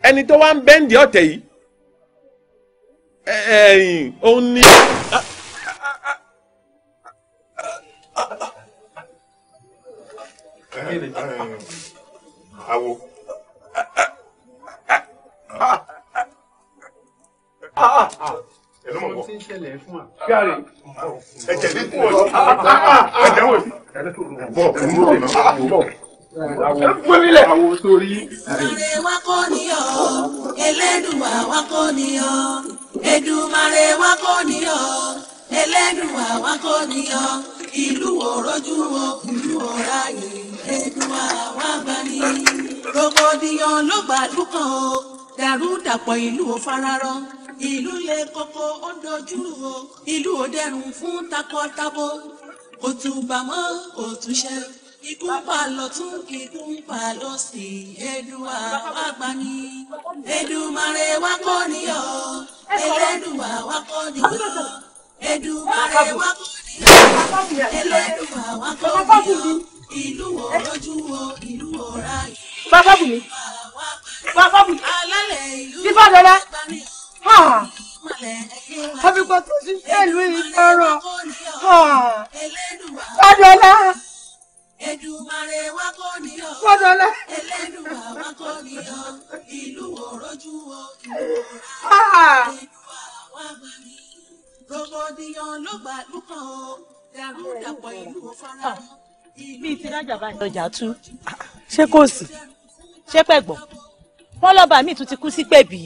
ẹni tó wá ń bẹ́ǹdì ọ̀tẹ̀ yìí ẹ̀yìn òun ni. Ah, ah, ah ẹnu mọ̀ bọ̀. kíárì ẹ̀jẹ̀ ní kú ọ̀jọ̀ ẹ̀jẹ̀ wò sí. bọ̀ ẹnu mọ̀ bọ̀ bọ̀. Gbẹ́mílẹ̀. Àwọn sórí. Ire wa kọ́ ni ọ́, Ẹlẹ́dùwà wa kọ́ ni ọ́, Èdùmàrè wa kọ́ ni ọ́, Ẹlẹ́dùwà wa kọ́ ni ọ́, ìlú òrọ́jú wo, ìlú ọ̀ráyè, Èdùwà wa gbà ní. Rògbòdìyàn ló gbàdúkọ̀ o, dàrú dàpọ̀ ìlú ò ìlú le koko ó dojúrú o ìlú òdẹrùn fún takọtabo kò tún bà mọ́ kò tún ṣe ikú ń pa lọ́tún ikú ń pa lọ́sì Èdùà wá gbani Èdùmàrè wá kọ́ níyọ̀ Ẹlẹ́dùà wá kọ́ níyọ̀ Èdùmàrè wá kọ́ níyọ̀ Ẹlẹ́dùà wá kọ́ níyọ̀ ìlú wo wo ìlú wo ráyè. bàbá bùnmi bàbá bùnmi alálẹ̀ ìlú bàbá bùnmi àbíkọ tó ti pẹ̀lú ìfọ̀rọ̀ fọdọ́lá fọdọ́lá rògbòdìyàn ló gbàlú kan o dàrú dàpọ̀ ìlú fara. bíi ti rájà báyìí. ọjà tú ṣé kò sí ṣé pẹ́ gbọ́ wọ́n lọ́ba mi tún ti kú sí pẹ̀bí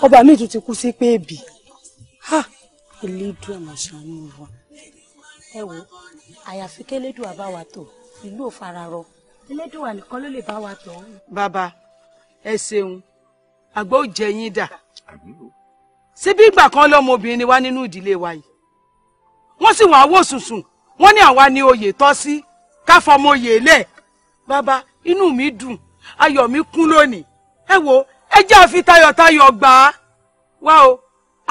ọba mi tún ti kú sí pé èbì elédùn àmàṣàánú wa. ẹ wo àyàfi kélédùà bá wa tò ìlú ò fara rọ elédùà nìkan ló lè bá wa tò. bàbá ẹ ṣeun àgbà ò jẹ yín dà síbí ìgbà kan lọmọbìnrin ni wá nínú ìdílé wa yìí wọ́n sì wọ́n àwọ̀ sùnsùn wọ́n ní àwa ni oyè tọ́ sí káfọmọyè lẹ̀ bàbá inú mi dùn ayọ̀ mi kún lónìí ẹ wo ẹ jẹ́ àfi tayọ̀tayọ̀ gbà á wá o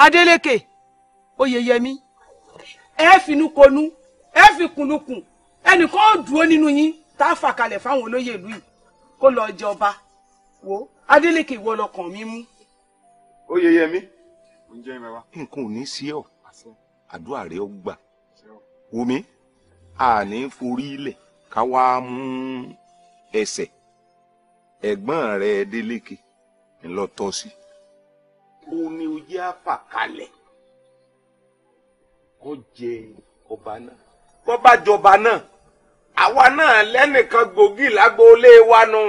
Adélékè Oyèyẹmí ẹ finú konú ẹ fi kùnlùkùn ẹnìkan ó dúró nínú yín tá a fà kalẹ̀ fáwọn olóyè ìlú yìí kó lọ jọba wo Adélékè ìwọ lọkàn mi mú. Oyèyẹmí ǹjẹ́ ìmọ̀ wa. nǹkan ò ní sí ọ àdúrà rẹ ó gbà wùmí àní forí ilẹ̀ ká wá mú ẹsẹ̀ ẹ̀gbọ́n rẹ Adélékè ńlọ o sí. omi ojú àfà kalẹ̀ kó jẹ ọba náà kó bá jọba náà àwa náà lẹ́nìkan gbòógì lágboolé wa nù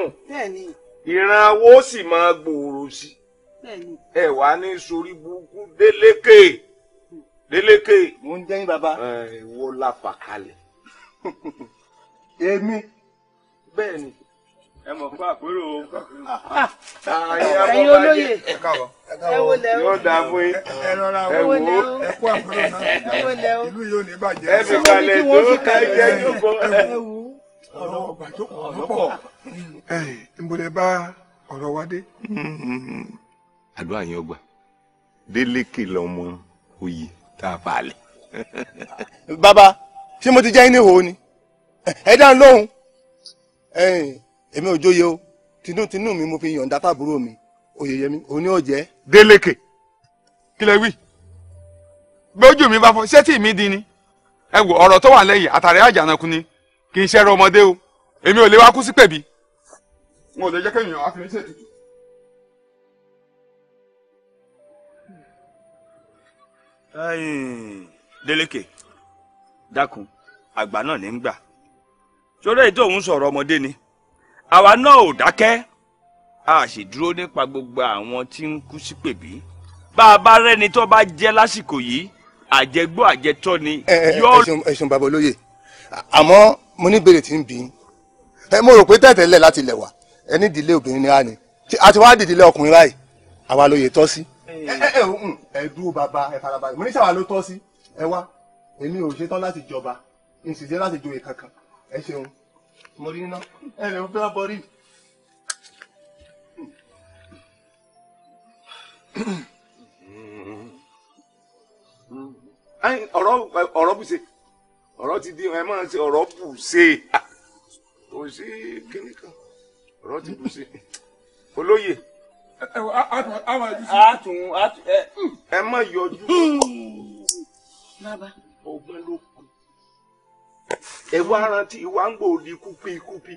ìran wo sì máa gbòòrò sí ẹ wà ní sórí burúkú délékè délékè. mo ń jẹ́yìn bàbá. ẹ wo la fà kalẹ̀. èmi. bẹ́ẹ̀ ẹ mọ̀ fún àpérò o. ẹ̀yin olóye ẹ wo lẹ o. yóò dáa fún yín ẹ rọra wo ẹ kó àpérò náà ìlú yóò ní bàjẹ́. ẹ fi balẹ̀ tó ká jẹ́ jókòó. ẹ wo ọ̀rọ̀ ọ̀gbà jókòó lọ́pọ̀. ẹ ǹbọ̀dẹ̀ bá ọ̀rọ̀ wa dé. àdúrà yín ọgbà délékè lọmọ oyè tá a fà á lẹ. bàbá ṣé mo ti jẹ́ yín ní ìhòòhò ni ẹ̀dá ń lóhùn. èmi ò jóye o tinútinú mi mo fi yọ̀ǹda fábúrò mi Oyèyẹmí òní ò jẹ́. Délékè kí lẹ wí gbójú mi bá fọ ṣé tí mi di ni ẹ wò ọ̀rọ̀ tó wà lẹ́yìn àtàrí àjànàkú ni kì í ṣẹ́rọ ọmọdé o èmi ò lè wá kú sí pèbí n ò lè jẹ́ kéèyàn á fi mí ṣètùtù. Délékè dákun àgbà náà ní í gbà sórí èyí tó ń sọ̀rọ̀ ọmọdé ni. àwa náà ò dákẹ́ a sì dúró nípa gbogbo àwọn tí ń kú sí pèbí bá a bá rẹ́ni tó bá jẹ́ lásìkò yìí àjẹgbó àjẹtọ́ ni. ẹ̀sùn ẹ̀sùn bàbá olóye àmọ́ mo ní ìbéèrè tí ń bí mo rò pé tẹ̀tẹ̀lẹ̀ láti lẹ̀ wá ẹni ìdílé obìnrin ni a ní àti wá dìdílé ọkùnrin láì àwa lóye tọ́ sí. ẹ ẹ ẹ um, dúró bàbá ẹ farabalẹ̀ mo ní sàwa ló tọ́ sí ẹ wá èmi ò ṣetán láti jọba n sì ṣe láti joyè kankan ẹ ṣeun mo ele iná ẹ lè fún fúlábọ rí. ọ̀rọ̀ ọ̀rọ̀ bùṣe ọ̀rọ̀ ti di ẹ máa ṣe ọ̀rọ̀ bùṣe kò sí kíní kan ọ̀rọ̀ ti bùṣe olóyè àtún ẹ má yọjú. bàbá ọgbọ́n ló kù ẹ wá rántí wa ń gbòòdì kúpikúpi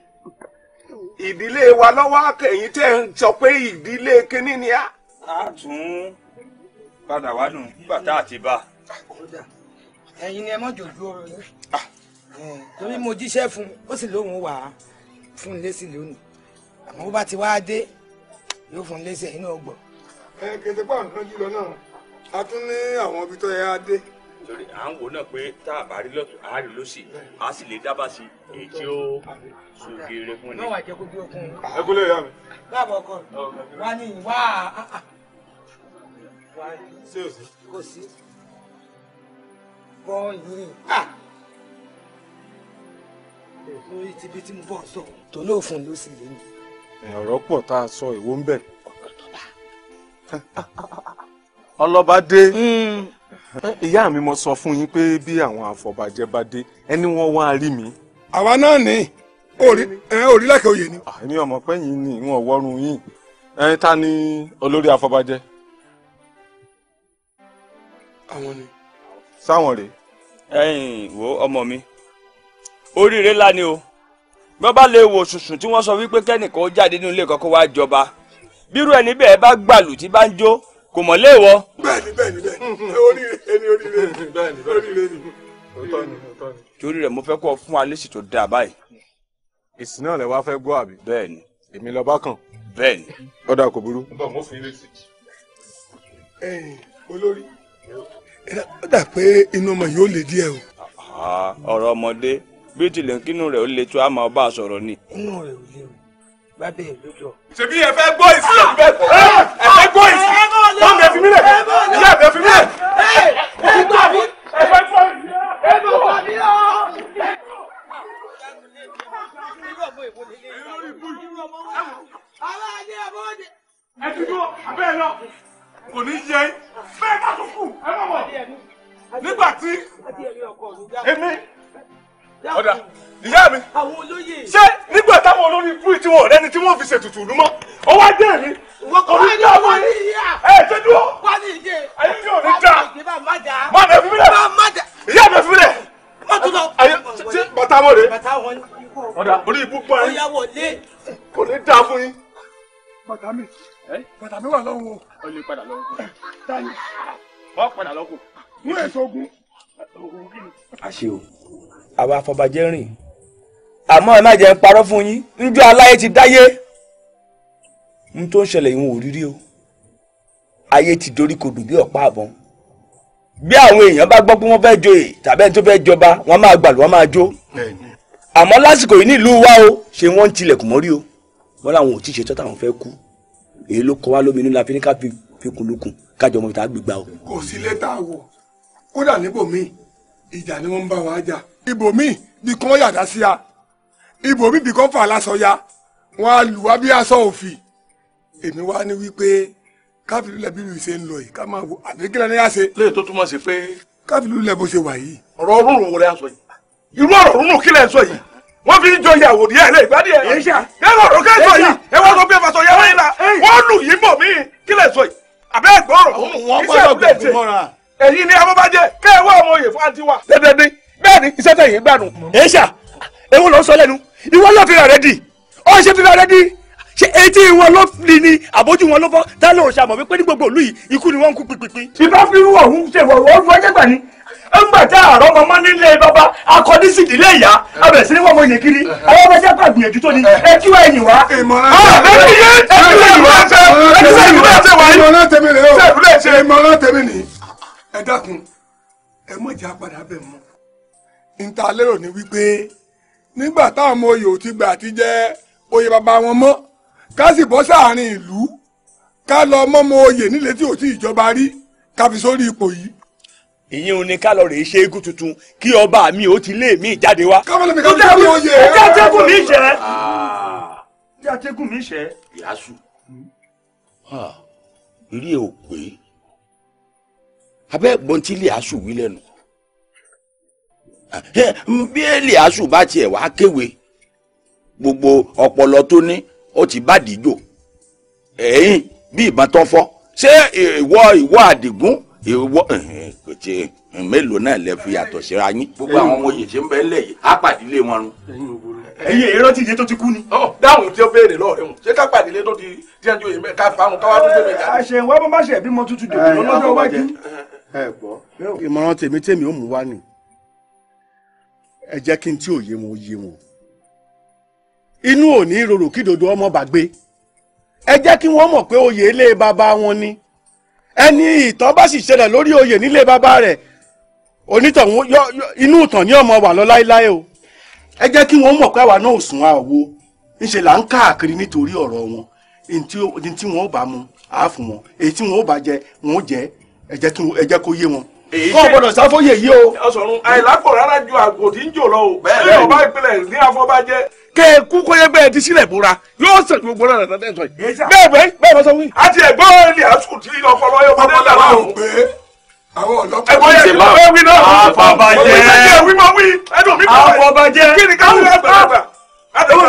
ìdílé wa lọ́wọ́ akẹ́yìn tẹ̀ ń sọ pé ìdílé kínní ni a. a tún padà wá nù nígbà tá a ti bá. ẹ̀yin ni ẹ mọ jòjú ọ̀rọ̀ yẹn torí mo jíṣẹ́ fún ó sì lóun wà á fún un lésì lónìí àmọ́ bó bá ti wáá dé yóò fún un lésì ẹ̀yin náà gbọ́. ẹ kẹsẹ̀ pàǹkan jùlọ náà a tún ní àwọn ibi tó yẹ á dé torí à ń wò náà pé tá a bá rí lọ́tún a rí lọ́sì a sì lè dábàá sí èyí tí ó sògèrè fún ni. náà wà mi. báàbọ̀ ọkọ wa ni wá a. ṣé o sí. kò sí. bọ́ yìí. lórí ti bí tí mo bọ̀ sọ tó lóòfun ló sì lé mi. ọ̀rọ̀ pọ̀ tá a sọ ìwọ ń bẹ̀. ọlọ́ba dé. Hmm ìyá mi mo sọ fún yín pé bí àwọn àfọ̀bàjẹ́ bá dé ẹni wọ́n wá rí mi. àwa náà ni òrìlẹ̀kẹ̀ oyè ni. Ah, èmi ọmọ pẹ́yìn ni ìwọ̀n wọ́run yín ẹni ta ni olórí àfọ̀bàjẹ́. àwọn ni. sáwọn rèé. ẹ̀yin wo ọmọ mi oríire ńlá ni o bí wọ́n bá lè wo ṣùṣùn tí wọ́n sọ wípé kẹ́nìkan ó jáde nínú ilé kọ́kọ́ wá jọba bírú ẹni bẹ́ẹ̀ bá gbàlù tí bá ń jó kò mọ̀ léèwọ̀. bẹ́ẹ̀ni bẹ́ẹ̀ni bẹ́ẹ̀ni oríire ni oríire ni bẹ́ẹ̀ni oríire ni òótọ́ ni òótọ́ ni. torí rẹ̀ mo fẹ́ kọ́ fún wa lésì tó dáa báyìí. èsì náà lẹ wá fẹ́ gbọ́ àbí. bẹ́ẹ̀ni. èmi lọ bá kàn. bẹ́ẹ̀ni. ọ̀dà kò burú. bọ̀ mo fi lésì. ẹ̀yin olórí ó dà pé inú ọmọ yìí ó le díẹ̀ o. ọ̀rọ̀ ọmọdé bí tilẹ̀ kínú rẹ̀ ó le tó àmọ́ ọba sọ̀rọ̀ ni. inú rẹ̀ ò lè rìn bá bẹ́ẹ̀ lójó. ṣèbí ẹ fẹ́ gbọ́ ìsìn ẹ fẹ́ gbọ́ ìsìn bọ́ọ̀mù ẹ̀fí mílẹ̀ yíyá ẹ̀fí mílẹ̀. ẹ̀fí gbà mí. ẹ̀fí gbà mí. ẹ̀fí gbà mí. ẹ ti gbọ́ abẹ́ẹ̀ lọ kò ní yẹ bẹ́ẹ̀ ká tó kù ẹ má wọ̀ nígbà tí èmi ọ̀dà ìyá mi ṣé nígbà táwọn olórí ibú tí wọn ọ̀rẹ́ni tí wọ́n fi ṣètùtù ìlú mọ́ ó wá dé rí orí ní àwọn yìí ẹ ṣe dúró ayé yóò ní dá má lè fi mílẹ̀ ìyá mi fi mílẹ̀ ayé ṣe bàtà wọn rè ọ̀dà orí ibú pa ẹ kò ní dá fún yín. bàtà mi bàtà mi wà lọ́wọ́. ó lè padà lọ́wọ́. wọ́n padà lọ́kùn. mú èso àwa afọbajẹ rìn àmọ́ ẹ má jẹ́ ń parọ́ fún yín níjọ́ aláyé ti dáyé ní tó ń ṣẹlẹ̀ ìwọ̀n òrírí o ayé ti dorí kodò bí ọ̀pá àbọ̀n bí àwọn èèyàn bá gbọ́ pé wọ́n fẹ́ joyè tàbí ẹni tó fẹ́ jọba wọ́n máa gbàlù wọ́n máa jó àmọ́ lásìkò yìí nílùú wa o ṣé wọ́n ń tilẹ̀kùn mọ́rí o wọ́n láwọn ò tí ì ṣe tọ́ta àwọn fẹ́ kú èyí ló kọ́ wá lómi inú la fi ní ká fi kunlukùn kájọ ọmọ ìta gbígbà o. kò sí lẹ́tà àwọ̀ kódà níbòmíì ìjà ni wọ́n ń bá wa jà ibòmíì bí kán yàdá sí a ibòmíì bí kán fà lásọ ya wọn á lù wá bí aṣọ òfì èmi wá ní wípé káfíìlú lẹ bí lu ṣe ń lọ yìí ká máa wo àbí kílẹ̀ ní yá ṣe. léyìí tó túmọ̀ sí pé. káfíìlú lẹ bó ṣe wà yìí. ọ̀rọ̀ rúrùn wọlé aṣọ yìí irú ọ̀rọ̀ rúrùn kílẹ̀ ń sọ yìí wọ́n fi ń jọ ìyàwó díẹ̀ lé ìgbádì ẹ̀. èyí ṣá lẹ́nu ọ̀rọ̀ ká sọ yìí ẹ wọ́n sọ pé fàṣọ yàrá yìí la wọ́n lù yìí bọ̀ mí kílẹ̀ sọ yìí àbẹ́ ẹ̀gbọ́n ọ̀rọ̀ iṣẹ́ ìbílẹ̀ jẹ èyí ni abọ́bájẹ kẹ́ ẹ wá ọmọ òye fún àǹtí dẹ́dẹ́dẹ́ bẹ́ẹ̀ ni iṣẹ́ tẹ̀yìn gbàdùn. èyíṣà ewu ló ń sọ lẹ́nu ìwọ ló fi rẹ̀ di ó ṣe fi rẹ̀ di ṣe etí wọn ló fi ni àbójú wọn ló fọ́ tá ló ṣàmọ̀ wípé ní gbogbo ìlú yìí ikú ni wọ́n ń kú pípípí. ìbá fi irú ọ̀hún ṣe wọ̀ wọ́n fún ẹjẹ́ gbà ní ńgbà tí àárọ̀ mọ́mọ́ nílé bàbá akọni sì nílé ìyá abẹ̀ sí ni wọ́n mọ yẹn kiri àwọn ọmọ ẹjẹ́ gbàgbìyànjú tó ni ẹ kí wọ́n ẹ̀yìn wá. ìmọ̀ràn ah, tèmi ni ẹ dákun ẹ mọ̀jà padà bẹ̀ mọ́ níta lérò ni wípé nígbà táwọn ọmọ oyè ò ti gbà ti jẹ́ oyè bàbá wọn mọ́ ká sì bọ́ sáàrin ìlú ká lọ mọ́mọ oyè nílé tí ò tí ìjọba rí ká fi sórí ipò yìí. ìyẹn ò ní ká lọ rèé ṣe eégún tuntun kí ọba mi ò ti lé mi jáde wá. kábọ̀lẹ̀ mi ká fi oyè. ó jẹ́ àtẹ́gùn mi ṣẹ́. Ah. ó jẹ́ àtẹ́gùn mi ṣẹ́. ìyásù ilé ò pé abẹ́ gbọ́n tí ilé àṣù wí lẹ́nu bí eliasu bá tiẹ̀ wá kéwe gbogbo ọpọlọ tó ní ó ti bá dìjò ẹ̀yìn bí ìbọn tó fọ́ ṣé ìwọ ìwọ àdìgún ìwọ kò tí mélòó náà lè fi yàtọ̀ síra yín gbogbo àwọn ọmọ yìí ṣe ń bẹ ń lẹ̀ yìí á ilé wọn ẹyin èrò tí iye tó ti kú ni. dáhùn tí ó béèrè lọ́ọ̀rẹ́ wọn ṣé ká ilé tó ti díẹ̀jú èyí ká fáwọn káwá tó gbé mi jáde. àṣẹ ìwà bá má ṣe ẹbí dèbò lọ́jọ́ iwájú. ẹ gbọ́ ìmọ̀ràn tèmi tèmi ò mú wá nìyí ẹ jẹ́ kí n tí òye wọn yé wọn inú ò ní rorò dodo ọmọ bá ẹ jẹ́ kí wọ́n mọ̀ pé oyè ilé baba wọn ni ẹni ìtàn bá sì ṣẹlẹ̀ lórí oyè nílé baba rẹ̀ onítọ̀hún inú ìtàn ní ọmọ wà lọ láéláé o ẹ jẹ́ kí wọ́n mọ̀ pé àwa náà sùn àwo ńṣe là ń káàkiri nítorí ọ̀rọ̀ wọn ní tí wọ́n bá mu àá wọn èyí tí wọ́n bá jẹ wọ́n jẹ ẹ jẹ́ kó kọ́ ọ̀bọ̀dọ̀ sáfóyè yìí o. ọ̀sọ̀run àìlápò rárá ju àgbò ń jò lọ o. bẹ́ẹ̀ ni ọba ìpínlẹ̀ ní afọbajẹ. kẹ ẹ kú kó yẹ ti sílẹ̀ búra yóò sàn gbogbo náà nàta tẹ̀sán yìí. bẹ́ẹ̀ bẹ́ẹ̀ bẹ́ẹ̀ bá sọ wí. a ti ẹ̀gbọ́n ni àsùn tí ọpọlọ yóò fọdé là láàrú. àwọn ọlọ́pàá ẹ̀gbọ́n yẹn ti máa wí náà. afọbajẹ afọbajẹ kí ni ká wí ẹgbẹ̀rún àtẹwọ́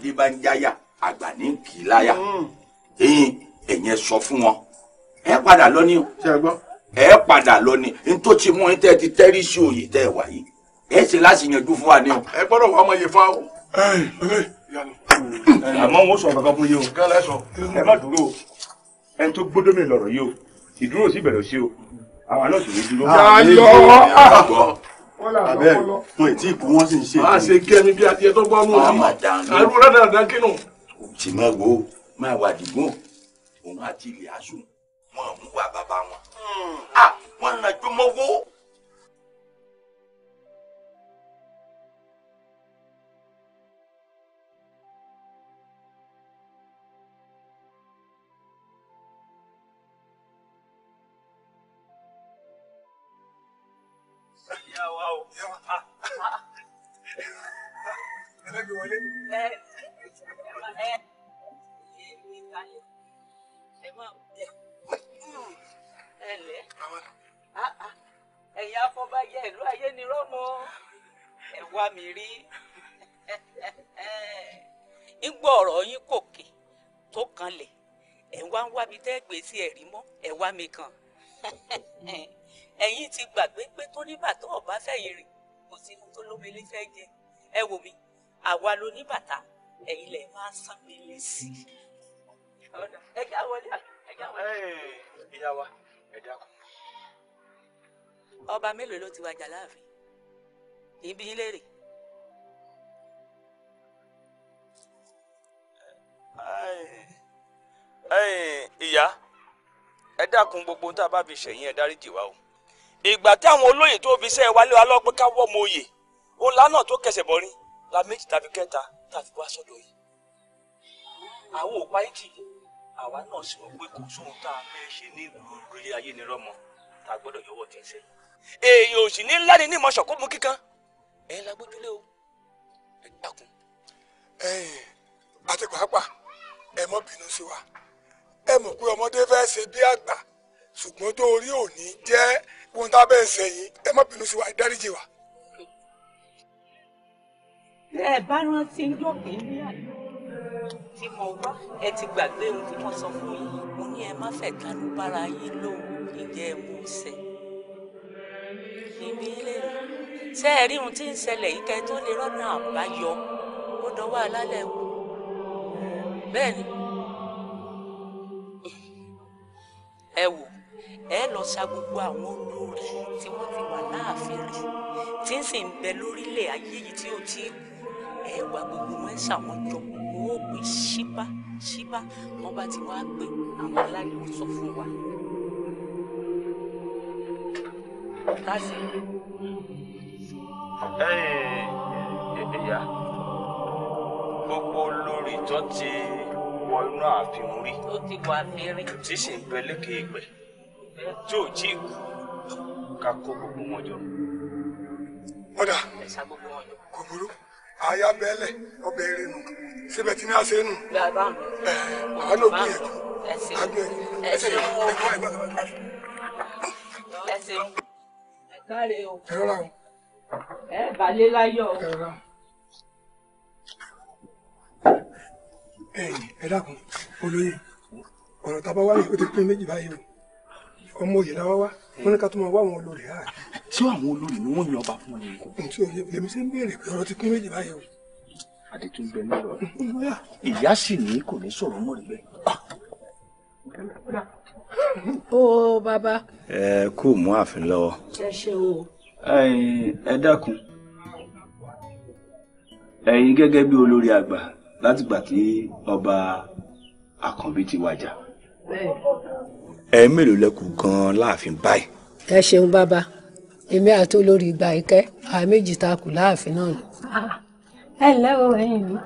ìrẹ́lẹ̀ àgbà ní kì í láyà hmm. ẹ̀yin ẹ̀yin sọ fún wọn ẹ padà lọ ní o ẹ padà lọ ní n tó ti mú yín tẹ́ ti tẹ́rí sí òye tẹ́ ẹ wà yìí ẹ ṣe láti yanjú fún wa ní o. ẹ gbọ́dọ̀ wà á mọ fún wa o. àmọ́ wọn sọ kankan fún yìí o ẹ má dúró o ẹni tó gbọ́dọ̀ mi lọ́rọ̀ yìí o ìdúró sì bẹ̀rẹ̀ sí o àwọn náà sì ní dúró. yàyọ ah, ah, ah, abẹ wọn ì tí ì kú wọn sì ń ṣe. a ṣe kí ẹni bí adìẹ tó gbọ́ mú un. àrùn rẹ̀ dáadáa kínú òtí máa wo máa wà dìgbọ́n òun àti ilé asùn wọn mú wa bàbá wọn à wọn nà jọmọwó. Yeah, wow. Yeah ẹlẹ ẹ̀yin afọbajẹ ìlú ayé ni rọmọ ẹ wá mi rí nígbà ọ̀rọ̀ yín kòkè tó kanlẹ̀ ẹ wá ń wábi tẹ́ gbé sí ẹ̀rí mọ́ ẹ wá mi kàn ẹ̀yin ti gbàgbé pé tó nígbà tó ọba fẹ̀yìn rìn kò sínú tó lómi lè fẹ́ jẹ ẹ wò mí àwa ló ní bàtà ẹ̀yin lẹ̀ máa ń sàn mí lẹ́sì. ẹ já wọlé ẹ já wọlé. ìyá wa ẹ dákun. ọba mélòó ló ti wájà láàfin kì í bí yín léèrè. ìyá ẹ dákun gbogbo tá a bá fi ṣẹ̀yìn ẹ dáríjì wa o ìgbà tí àwọn olóyè tó fi ṣe ẹ wálé wa lọ pé ká wọ́ ọmọ oyè ó lánàá tó kẹsẹ̀ bọ́rí la méjì tàbí kẹta tá a fi wá sọ́dọ̀ yìí àwọn òpá ìtì àwa náà sì mọ̀ pé kò sóhun tá a fẹ́ ṣe ní ìlú orí ayé ni rọ́mọ tá a gbọ́dọ̀ yọwọ́ tí ń ṣe. èèyàn ò sì ní ńlá ni ní ìmọ̀ṣọ̀ kó mú kíkan ẹ̀ la gbójúlé o ẹ̀ dákun. ẹ̀yin àti pàápàá ẹ mọ bínú sí wa ẹ mọ̀ pé ọmọdé fẹ́ ṣe bí àgbà ṣùgbọ́n tó orí òní jẹ́ ohun tá a bẹ́ẹ̀ ṣe yìí ẹ mọ bínú sí wa ẹ dáríjì wa ẹ bá rántí ńjọ́ kìíní àná tí mo wá ẹ ti gbàgbé ohun tí mo sọ fún yín mo ní ẹ má fẹ́ kánú bára yín lóhùn ìjẹ́ ẹ mú un ṣẹ. ìbí lè ṣe ẹ rí ohun tí ń ṣẹlẹ̀ yìí kẹ́ tó lè rọ́nà àbáyọ ó dọwọ́ alálẹ̀ wò bẹ́ẹ̀ ni ẹ wò ẹ lọ sa gbogbo àwọn olórí tí wọ́n ti wà láàfin rí tí ń sì ń bẹ lórílẹ̀ ayé yìí tí ò tí kú ẹ̀wà gbogbo wọn ṣàwọn jọ wọn ò pè ṣíbá ṣíbá wọn bá ti wá gbé àwọn aláyọ̀ sọ fún wa. láti. ẹ̀yin ìyá gbogbo olórí tó ti wọ inú ààfin rí. ó ti wà fẹ́rẹ́. tí sì ń bẹ lékè ìgbẹ́ tí ò jí kú ká kó gbogbo wọn jọ. ọ̀dà kò burú àyà bẹ́lẹ̀ ọbẹ̀ eré nù síbẹ̀ tí ní a ṣe nù ẹ̀ àwọn náà gbìyànjú àgbẹ̀ ẹsẹ̀ ẹ̀kọ́ ẹ̀ bàbá. káre o ẹ balẹ̀ láyọ̀ o. ẹ̀yin ẹ dákun olóye ọ̀rọ̀ tá a bá wá yìí ó ti pín méjì báyìí o ọmọ òye la wá wọn ní ká tó máa wá àwọn olórí ààrẹ. tí àwọn olórí ni wọn yan ọba fún mi. ntí òye lèmi ṣe ń béèrè pé ọ̀rọ̀ ti pín méjì báyìí o. àdètúngbẹ ń lọ mm, ìyá sì ní kò ní sọ̀rọ̀ mọ́ rẹ̀ bẹ́ẹ̀. Ó bàbá. Ẹ kú mú àfin lọ́wọ́. Ẹ ṣe o. Ẹ dákun. Ẹ̀yin gẹ́gẹ́ bí olórí àgbà látìgbà tí ọba Àkànbí ti wàjà ẹ mélòó lẹ kù gan-an láàfin báyìí. ẹ ṣeun bàbá èmi àti olórí ìgbà ìkẹ́ àwa méjì ta kù láàfin náà ni. ẹ ǹlẹ́ o ẹ̀yin mi.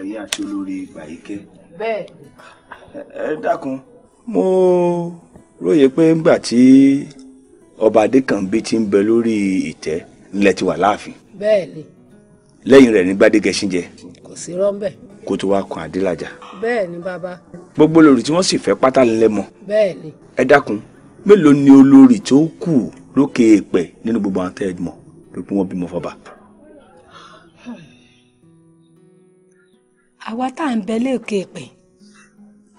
ẹ̀yin àti olórí ìgbà ìkẹ́. bẹ́ẹ̀. ẹ dákun mo róye pé ńgbà tí ọba adékànbí ti ń bẹ lórí ìtẹ́ ńlẹ̀ ti wà láàfin. bẹ́ẹ̀ ni. lẹ́yìn rẹ̀ ní gbadégẹṣin jẹ. kò sí rọ́ńbẹ́ kó tó wá kan Adélájà. bẹ́ẹ̀ ni bàbá. gbogbo olórí tí wọ́n sì fẹ́ pátá lẹ́mọ. bẹ́ẹ̀ ni. ẹ dákun mélòó ni olórí tó kù lókè èèpẹ̀ nínú gbogbo àwọn tẹ́ ẹ mọ̀ pé kí wọ́n bímọ fọba. àwa tá à ń bẹ lókè èèpẹ̀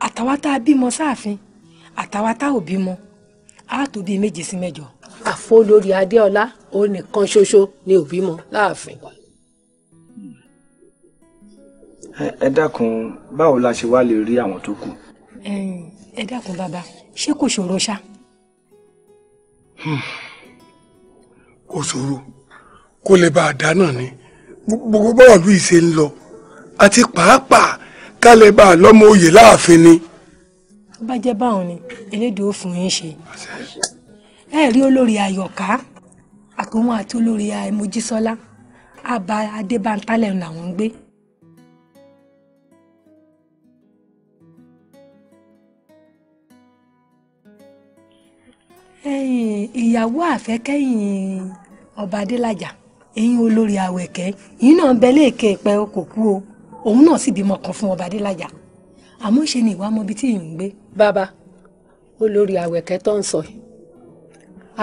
àtàwa tá a bímọ sáàfin àtàwa tá ò bímọ á tó bíi méje sí mẹ́jọ. àfọlórí adéọlá òun nìkan ṣoṣo ni òbí mọ láàfin ẹ dákun báwo la ṣe wá lè rí àwọn tó kù. ẹ dákun bàbá ṣé kò ṣòro ṣá. Hmm. kò ṣòro kó lè bá a dá ni gbogbo bọ́ọ̀lù yìí ṣe ń lọ àti pàápàá ká lè bá a lọ́mọ oyè láàfin ni. tó bá jẹ́ báwọn ni elédè ó fún yín ṣe ẹ rí olórí ayọ̀ká àtòun àti olórí àìmójísọ́lá àbá adébántálẹ̀ làwọn ń gbé. ìyàwó àfẹ́kẹ́yìn ọba adélájà ẹ̀yin olórí àwẹ̀kẹ́ yìí náà bẹ léèké ìpẹ́ kò kú o òun náà sì bímọ kan fún ọba adélájà àmọ́ ṣe ni ìwà ọmọbi tí èèyàn ń gbé. bàbá olórí àwẹ̀kẹ́ tó ń sọ yìí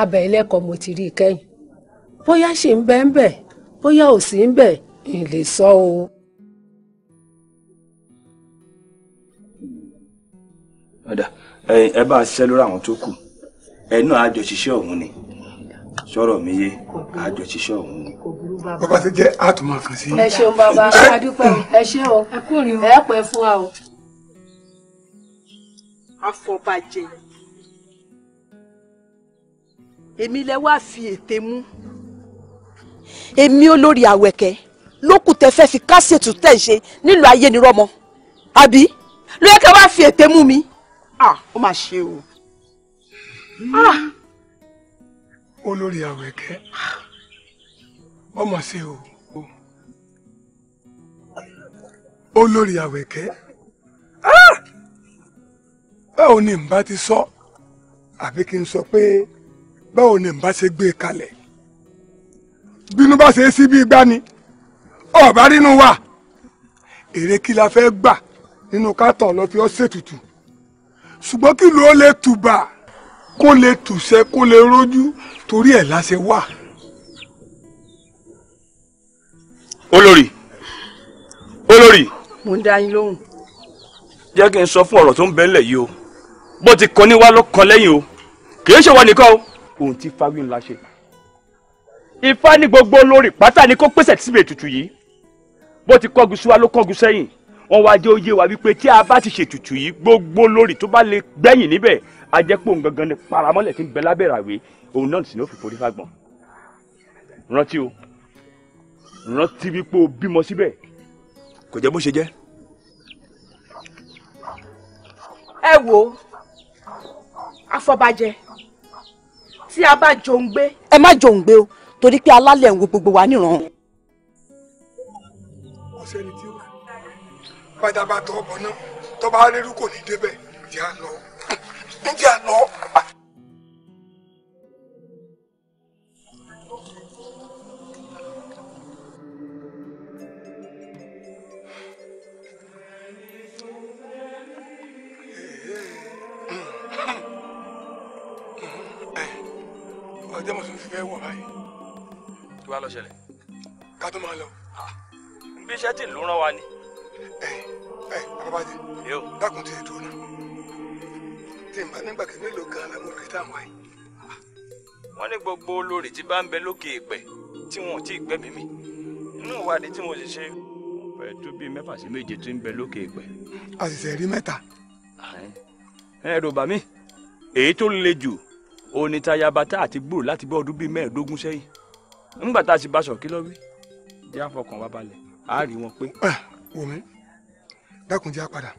abẹ ẹlẹ́kọ̀ọ́ mo ti rí i kẹ́yìn bóyá ṣì ń bẹ ń bẹ bóyá ò sí ń bẹ n lè sọ o. ọ̀dà ẹ bá a ṣiṣẹ́ lórí àwọn tó kù ẹ náà àjọ ṣiṣẹ́ ọ̀hún ni sọ̀rọ̀ mi yé àjọ ṣiṣẹ́ ọ̀hún ni. bàbá ti jẹ́ àtúmọ̀ kan sí. ẹ ṣeun bàbá adúpẹ́ ẹ ṣe o ẹ kú rí o ẹ pẹ́ fún wa o. afọbajẹ èmi lẹ wá fi ète mú èmi olórí àwẹ̀kẹ́ lókù fẹ́ fi kásẹ̀tù tẹ̀ ṣe nílùú ayé ni rọ́mọ àbí ló yẹ kí wọ́n fi ète mú mi. ah ó mà ṣe o. Ah! olórí àwẹ̀kẹ́ ọmọ ṣe o olórí àwẹ̀kẹ́ ah! báwo ni n bá ti sọ àbí kí n sọ pé báwo ni n bá ṣe gbé e kalẹ̀ bínú bá ṣe é sí bí igbá ni ọ̀bá rínú wà èrè kí la fẹ́ gbà nínú ká tàn lọ fi ọ́ ṣètùtù ṣùgbọ́n kí ló lè tùbà kó lè tùṣẹ kó lè rójú torí ẹ̀ la ṣe wà. olórí olórí. mo ń dá yín lóhùn. jẹ́ kí n sọ fún ọ̀rọ̀ tó ń bẹ ńlẹ̀ yìí o bó ti kan ní wá ló kan lẹ́yìn o kì í ṣe wà nìkan o. ohun tí fáwí ńlá ṣe. ifá ní gbogbo olórí pátá ni kó pèsè síbi ètùtù yìí bó ti kọ́gun sí wa ló kọ́gun sẹ́yìn wọ́n wá jẹ́ ó wa wípé tí a bá ti ṣètùtù yìí gbogbo olórí tó bá lè gbẹ̀yìn níbẹ̀ ajẹ́pọ̀ gangan ni paramọ́lẹ̀ tí ń bẹ lábẹ́ ìràwé òun náà sì ni ó fi forí fagbọ̀n rántí o rántí wípé o bímọ síbẹ̀. kò jẹ́ bó ṣe jẹ́. ẹ wo afọbajẹ tí a bá jòun gbé. ẹ má jòun gbé o torí pé alálẹ̀ ń wo gbogbo wa níran. ọ̀sẹ̀ ni tí ó padà bá tọ́ ọ̀bọ̀ náà tọ́ bá rẹ́rú kò ní débẹ̀ tí lọ nti ano. Ah. Eh. Eh. ọjọ́ mọ̀ sún fífẹ́ wọ̀ báyìí. kí wàá lọ ṣẹlẹ̀. ká tó máa lọ. Ah. bí iṣẹ́ tí ìlú rán wa ni. Eh tí n bá nígbàgbé mélòó gan la mo rí táwọn yìí. wọ́n ní gbogbo olórí tí bá ń bẹ lókè ìpẹ́ tí wọn ò tí ì gbẹ́mí mi inú ìwádìí tí mo sì ṣe. ọ̀pẹ tó bíi mẹ́fà sí méje tí ń bẹ lókè ìpẹ́. a sì ṣe rí mẹ́ta. ẹ ẹ rògbà mi èyí tó le jù òní tayabata àti gbòòrò láti bọ́ ọdún bíi mẹ́ẹ̀ẹ́dógún sẹ́yìn nígbà tá a sì bá sọ̀rọ̀ kí ló jẹ́ àfọkàn wa balẹ̀ a rí wọn pé. wò mí dákun jẹ́ àpàdà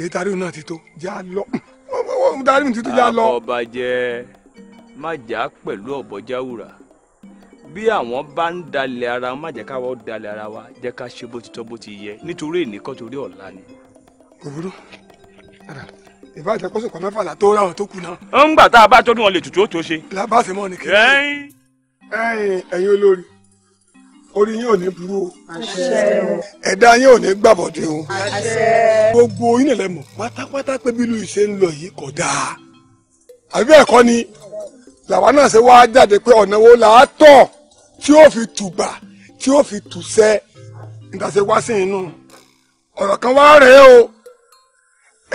èyí tá a rí náà ti tó jẹ́ àlọ́ mo darí mi tuntun já lọ. àkọ́bàjẹ́ má jà pẹ̀lú ọ̀bọ̀jáwùrà bí àwọn bá ń dalẹ̀ ara wọn má jẹ́ káwọ́ dalẹ̀ ara wa jẹ́ ká ṣe bó ti tọ́ bó ti yẹ nítorí ènìkan torí ọ̀la ni. òwúrọ̀ ìbájẹ́ kọ́sùn kan mẹ́fà látó ra ọ̀tó kùnà. ń gbà tá a bá tọ́dún wọn lè tutù ó tó ṣe. làbáṣe mọ́ ni kẹ́hìn. ẹ̀yin olórí orí yín ní burú o ẹ̀dá yín ò ní gbàbọ̀dé o gbogbo yín lè mọ̀ pátápátá pé bí ìlú ṣe ń lọ yìí kò dáa àbí ẹ̀kọ́ ni làwa náà ṣe wáá jáde pé ọ̀nà wo là á tọ̀ tí ó fi tùgbà tí ó fi tùṣẹ́ ìdàṣe wá sí inú ọ̀rọ̀ kan wá rèé o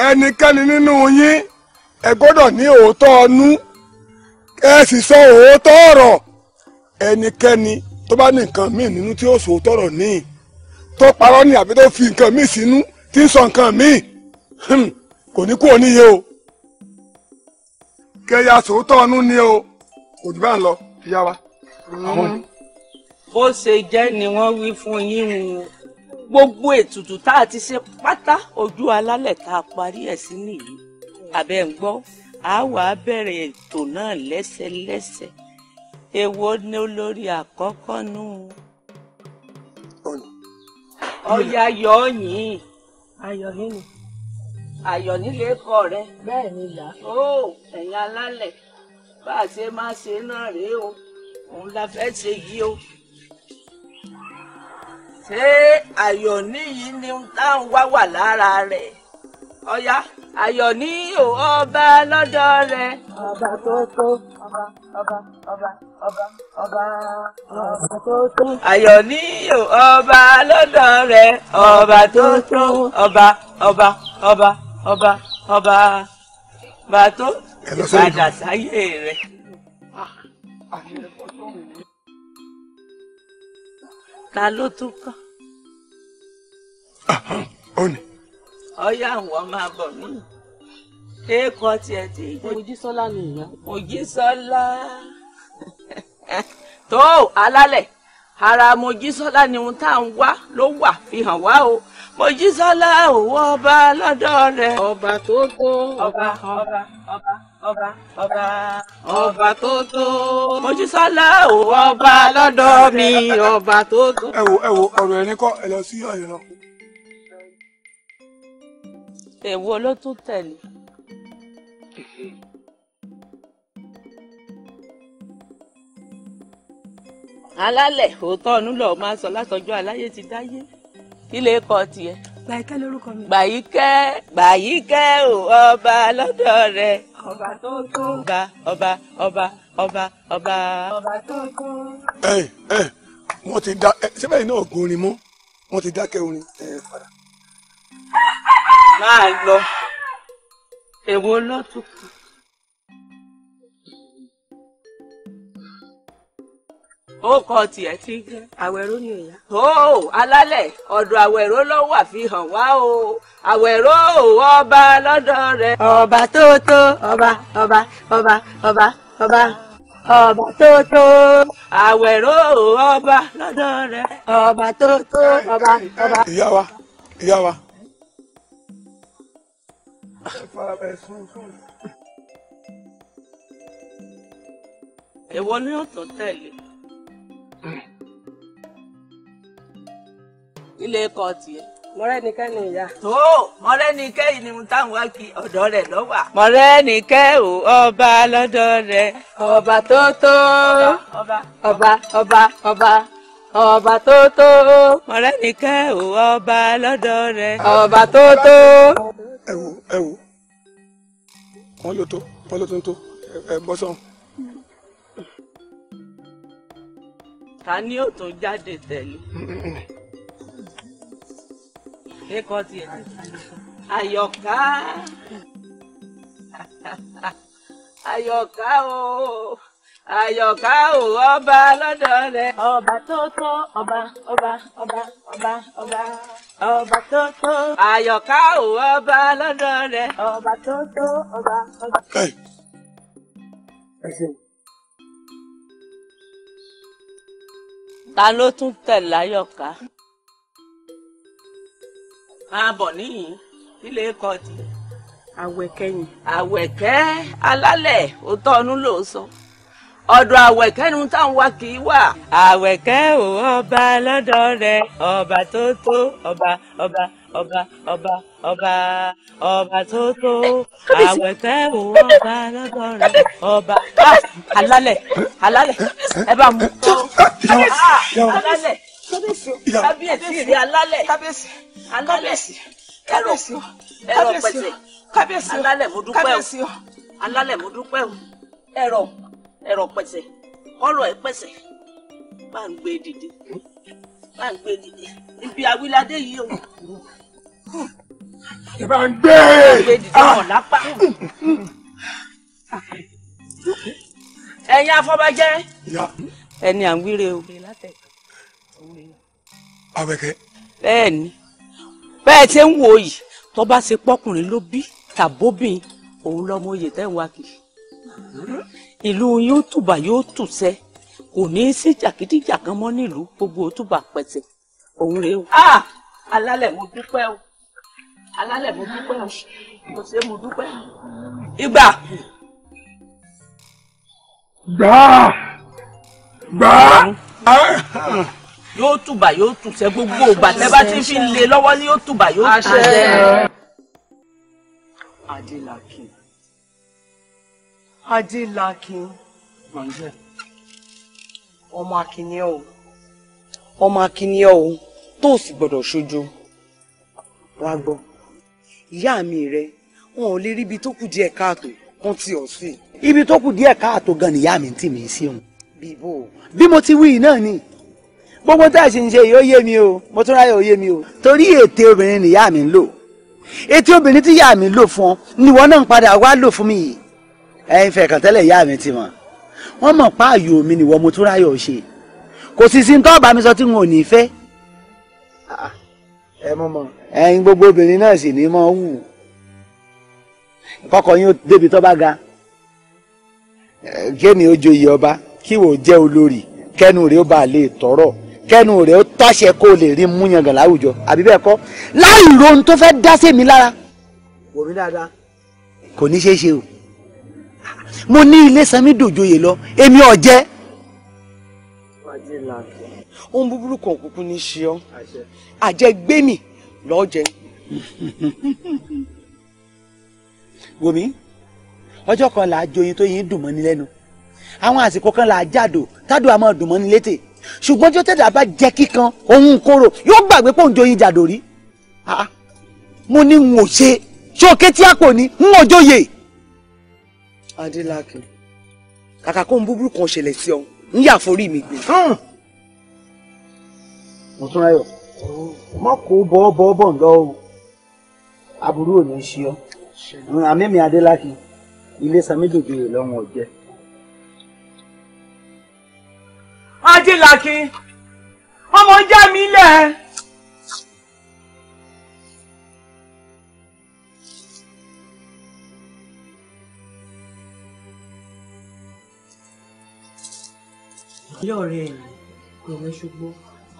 ẹnikẹ́ni nínú yín ẹ gbọ́dọ̀ ní òótọ́ ọnú ẹ sì sọ òótọ́ ọ̀rọ̀ ẹnikẹ́ni tó bá ní nǹkan míì nínú tí ó sọ tọrọ ní tó parọ́ ní àbí tó fi nǹkan míì sínú tí ń sọ nǹkan míì hmm, kò ní kú oníye o kẹyà sòótọ́ ọ̀nù ni o kò jù bá ń lọ ìyá wa. bó ṣe jẹ́ ni wọ́n wí fún yín o gbogbo ètùtù tá a ti ṣe pátá ojú alálẹ̀ tá a parí ẹ̀ sí nìyí àbẹ̀ ń gbọ́ a wàá bẹ̀rẹ̀ ètò náà lẹ́sẹlẹ́sẹ èwo ni olórí àkọ́kọ́ nù. ọ̀yà ayọ̀ yìí. ayọ̀ yìí ni. ayọ̀ nílé ẹ̀kọ́ rẹ. bẹ́ẹ̀ ni là. ó ẹ̀yin alálẹ̀ bá a ṣe máa ṣe náà rèé o òun la fẹ́ ṣe yí o. ṣé ayọ̀ níyì ni táwọn wá wà lára rẹ̀ ọ̀yá ayọ̀ ní o ọba lọ́dọ̀ rẹ. ọba tó tó ọba ọba ọba ọba ọba ọba tó tó. ayọ̀ ní o ọba lọ́dọ̀ rẹ ọba tó tó ọba ọba ọba ọba ọba ọba tó padà sáyé rẹ. ta ló tún kàn. Ah, ah, ó ní ọyá àwọn máa bọ̀ mí èèkọ tiẹ̀ ti. Mojísọ́lá ni ìyá. Mojísọ́lá tó alálẹ̀ ara Mojísọ́lá ni ohun tá à ń wá ló wà fi hàn wá o Mojísọ́lá òwò ọba lọ́dọ̀ rẹ̀. ọba tó tó ọba ọba ọba ọba ọba ọba tó tó. Mojísọ́lá òwò ọba lọ́dọ̀ mi ọba tó tó. ẹ wo ẹ wo ọ̀rọ̀ ẹni kọ́ ẹ lọ sí ọ̀yọ́ náà èwo ló tún tẹ̀lé. alálẹ̀ òótọ́ ọ̀nù lọ́ọ́ máa sọ látọjọ́ aláyé ti dáyé kí lè kọ tiẹ̀. gbàyíkẹ́ lórúkọ mi. gbàyíkẹ́ gbàyíkẹ́ ò ọba lọ́dọ̀ rẹ̀. ọba tó tó. ọba ọba ọba ọba ọba. ọba tó tó. ẹ ẹ wọn ti da ẹ síbẹ̀ yìí náà gun orin mú wọn ti dákẹ́ orin ẹ padà máa lọ èwo ló tún kù. ó kọ tiẹ̀ tí ń jẹ́ àwẹ̀rọ ni ìyá. ó alálẹ̀ ọ̀dọ̀ àwẹ̀rọ ló wà fi hàn wá o àwẹ̀rọ ọba lọ́dọ̀ rẹ̀. ọba tó tó ọba ọba ọba ọba ọba ọba tó tó àwẹ̀rọ ọba lọ́dọ̀ rẹ̀. ọba tó tó ọba ọba. ìyá wa ìyá wa farabalẹ̀ sùn sùn. èwo ni ọ̀tọ̀ tẹ̀lé. ilé ẹ̀kọ́ tiẹ̀. mọ̀rẹ́nikẹ́ ni ìyá. tó mọ̀rẹ́nikẹ́ yìí ni mo táwọn wá kí ọ̀dọ́ rẹ̀ lọ́wà. mọ̀rẹ́nikẹ́ o ọba lọ́dọ̀ rẹ̀. ọba tó tó. ọba ọba ọba ọba ọba tó tó. mọ̀rẹ́nikẹ́ o ọba lọ́dọ̀ rẹ̀. ọba tó tó ẹ wò ẹ wò wọ́n ló tó wọ́n ló tó ń tó ẹ bọ́ sọ́hún. ta ni ó tún jáde tẹ̀lé ẹkọ tiẹ̀ àyọ̀ká àyọ̀ká o àyọ̀ká o ọba lọ́dọ̀ rẹ̀. ọba tó tó ọba ọba ọba ọba ọba ọba tó tó. àyọ̀ká ò ọba lọ́dọ̀ rẹ̀. ọba tó tó ọba ọba. ta ló tún tẹ̀ láyọ̀ká. máa bọ̀ níyìn nílé kọ́ọ̀tì. àwẹ̀kẹ́yìn. àwẹ̀kẹ́ alálẹ̀ òótọ́ ọdún ló sọ. So ọ̀dọ̀ àwẹ̀kẹ́ nu tá à ń wá kì í wà. àwẹ̀kẹ́ ò ọba lọ́dọ̀ rẹ̀ ọba tó tó ọba ọba ọba ọba ọba ọba tó tó àwẹ̀kẹ́ ò ọba lọ́dọ̀ rẹ̀ ọba. Ah, alálẹ̀ alálẹ̀ ẹ bá mú. Ah, alálẹ̀ kábíyèsí rí alálẹ̀ kábíyèsí kábíyèsí kábíyèsí kábíyèsí kábíyèsí alálẹ̀ mo dúpẹ́ o alálẹ̀ mo dúpẹ́ o ẹ̀rọ ẹ̀rọ pẹ̀sẹ̀ ọ̀rọ̀ ẹ̀ pẹ̀sẹ̀ bá ń gbé dìde bá ń gbé dìde ibi àwíládé yìí o. ẹ bá ń gbé ọ̀lápá. ẹ̀yin afọbajẹ ẹni à ń wíre o. àwẹ̀kẹ́. bẹ́ẹ̀ ni ti ń wò yìí tó bá ṣe pọ́kùnrin ló bí tàbóbìn òun lọ́mọ oyè tẹ́ ń wá kiri ìlú yóò tùbà yóò tùsẹ́ kò ní í sí jàgídíjàgan mọ́ nílùú gbogbo tùbà pẹ̀tẹ̀ òun rèé o. Ah! alálẹ̀ mo dúpẹ́ o alálẹ̀ mo dúpẹ́ o kò ṣe mo dúpẹ́ ìgbà. gbàá gbàá. yóò tùbà yóò tùsẹ́ gbogbo ìgbà tẹ́ bá ti fi lé lọ́wọ́ ni yóò tùbà yóò tùsẹ́. àṣẹ. adélakì. Adélakin. Màmísẹ̀. Ọmọ akíní ẹ̀ o. Ọmọ akíní ẹ̀ o. Tó o sì gbọ́dọ̀ ṣojo. Wá gbọ́. Ìyá mi rẹ̀ wọn ò lè rí ibi tó kù díẹ̀ káàtó kún tí ọ̀ sí. Ibi tó kù díẹ̀ káàtó gan ni ìyá mi tì mí sí òun. Bíbó. Bí mo ti wí náà ni gbogbo tá a ṣe ń ṣe yìí ó yé mi o mo tún ráyè ó yé mi o torí ète obìnrin nìyá mi ń lò ète obìnrin tí ìyá mi lò fún ọ níwọ náà ń padà wá lò fún mi yìí ẹ̀yin fẹ̀kàn tẹ́lẹ̀ ìyá mi ti mọ̀ wọ́n mọ̀ páàyò mi nìwọ mo tún ráyọ̀ ṣe kò sì sí nǹkan ọ̀bà mi sọ tí n ò ní fẹ́. Ah, ẹ mọ̀ mọ̀ ẹ̀yin gbogbo obìnrin náà sì ní mọ̀ wù kọ́kọ́ yín ó débi tó bá ga gémi ó joyè ọba kí wò ó jẹ́ olórí kẹ́nu rẹ̀ ó bá lè tọ́rọ̀ kẹ́nu rẹ̀ ó tọ́ṣẹ kó lè rí múyangàn láwùjọ àbí bẹ́ẹ̀ kọ́ láì ro ohun tó fẹ́ dá sí mi lára. kò ní ṣeé ṣe o mo ní ilé sanmi dòjòyè lọ èmi ọ̀jẹ́. ohun búburú kan kúkú ní ṣe ọ́ àjẹgbẹ́mì lọ́jẹ́. wòmí ọjọ́ kan là á joyin tó yin dùn mọ́ni lẹ́nu àwọn àsìkò kan là á jádo tádò àmọ́ dùn mọ́ni létè ṣùgbọ́n tí ó tẹ̀dá bá jẹ́ kíkan òun kóró yóò gbàgbé pé òun joyin jàdò rí ah, ah. mo ní n ò ṣe ṣé o ké àpò ni n ò joyè adélakì kàkà kó ń búburú kan ṣẹlẹ̀ sí ọ ń yà forí mi gbé. mọ̀túnráyọ̀ má kó bọ́ bọ́ bọ̀ ń lọ o aburú ò ní í ṣe ọ́ àmẹ́mi adélakì ilé sàmídòdò lọ́wọ́n ọ̀jẹ́. adélakì ọmọ jẹ́ mi lẹ́ẹ̀. ilé ọ̀rẹ́ ẹ̀ ni ọ̀rẹ́ ṣùgbọ́n.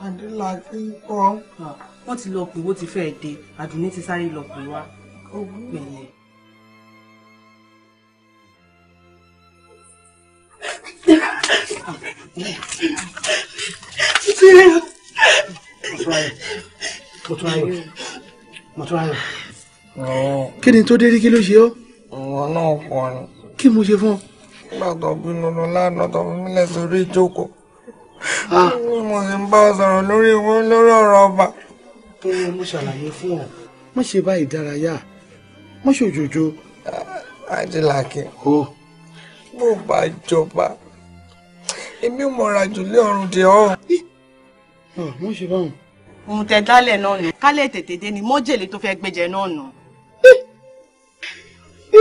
adélákì ń kọ́. wọ́n ti lọ pé owó ti fẹ́ẹ́ dé àdùnní ti sáré lọ pè wá. pẹ̀lẹ́. kí ni tó dé rí kí ló ṣe ọ́. ọ̀nà ọ̀pọ̀ ni. kí mo ṣe fún ọ. gbàdọ̀ bínú lánàá tó fi mílẹ̀ sórí mo sì ń ọ sọ̀rọ̀ lórí ìwé ọba. tó yẹ mo ṣàlàyé fún ọ má ṣe bá ìdárayá má ṣòjòjò. ajílàkẹ́ ah, bó oh. bá jọba ọrụ dị jùlé mo ni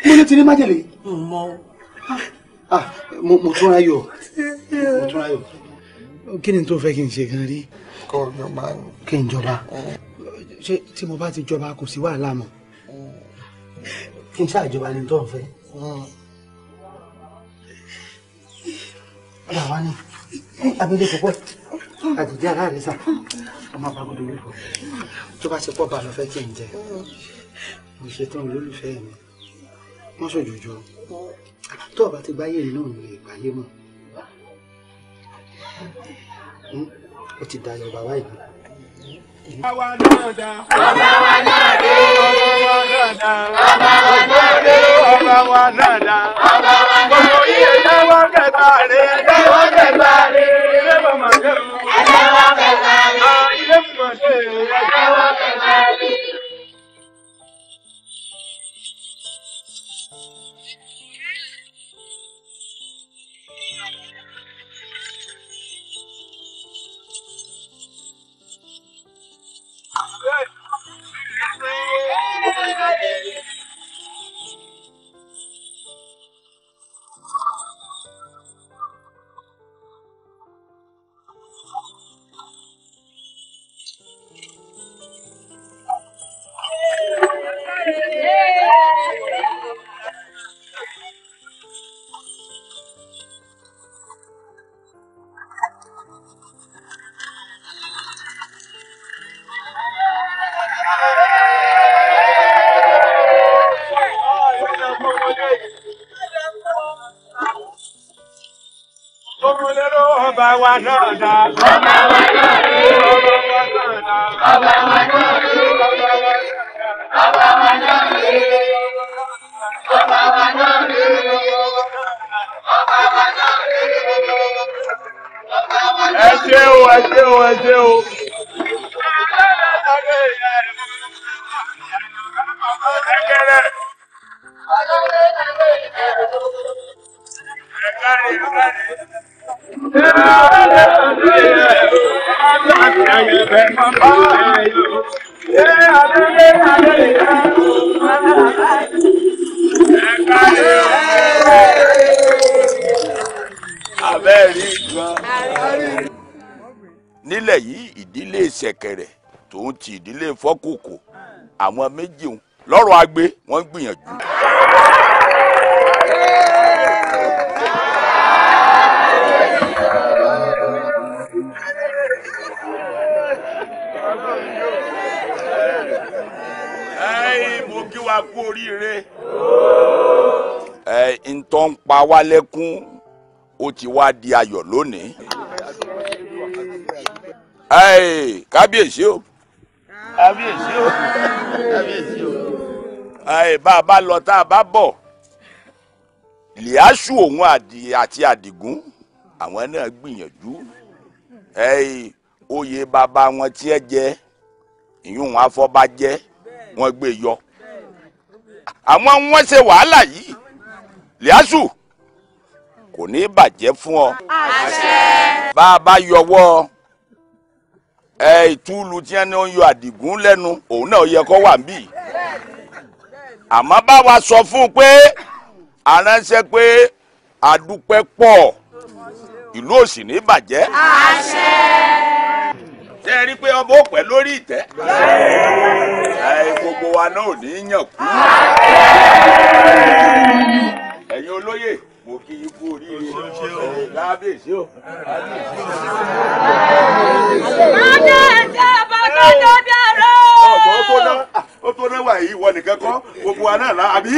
mo ló ti rí májèlé. mo mọ. Ah, mo tún ayọ̀ mo tún ayọ̀. kí ni tó fẹ́ kí n ṣe gan rí. kọ́ jọba. kí n jọba ṣé tí mo bá ti jọba kò sí wàhálà mọ́ kí n ṣàjọba ni tó ń fẹ́. ọ̀dà wa ni abẹ́lé púpọ̀ àjèjì aláàrẹ sà ọmọ àbágbọ́dọ̀ wíwọ̀ tó bá ṣe pọ̀ bá lọ fẹ́ kí n jẹ mo ṣetán olólùfẹ́ mi má ṣòjòjò tó o bá ti gbáyé rẹ náà lè gbáyé mọ́ hmm? ó ti dayọ̀ bàbá yìí. Àwa náà dá. Ọba wa náà dé. Ọba wa náà dé. Ọba wa náà dá. Ọba wa náà dé. Gbogbo iye lẹ́wọ́ kẹta rẹ̀. Lẹ́wọ́ kẹta rẹ̀. Ah, ilé màmá kẹrù. Ẹ̀lẹ́wọ́ kẹta rẹ̀. Ilé màmá kẹrù. Ẹ̀lẹ́wọ́. wa náà dá. ọba wa náà ẹ ṣé ẹ ṣé ẹ ṣé àti ìdílé fọ́kòkò àwọn méjì lọ́rọ̀ agbe wọ́n ń gbìyànjú. wá kú oríire. ẹ n tó ń pa wá lẹ́kún ó ti wá di ayọ̀ lónìí. kábíyèsí o kábíyèsí o kábíyèsí o. ẹ bá a bá lọ tá a bá bọ̀ lìásù òun àti àdìgún àwọn náà gbìyànjú oyè bàbá wọn tí ẹ jẹ ìyún wọn afọbajẹ wọn gbé yọ àwọn wọn ṣe wàhálà yìí lìásù kò ní bàjẹ́ fún ọ. àṣẹ. bá a bá yọwọ́. ìtúlù tí wọ́n ń yọ àdìgún lẹ́nu òun náà yẹ kó wà níbí àmọ́ bá wa sọ fún un pé aránṣẹ́ pé àdúpẹ́ pọ̀ ìlú òsì ní bàjẹ́. àṣẹ. ṣé ẹ rí i pé ọmọ ò pẹ́ lórí ìtẹ́. gbogbo wa náà ò ní í yàn kú. ẹ̀yin olóyè. mo kí yín kú oríire ẹ̀ kábíyèsí o. kábíyèsí àbájá tó dára. ọ̀gbọ́n tó ná ó tó ná wà yìí wọ nìkan kọ́ gbogbo wa náà àbí.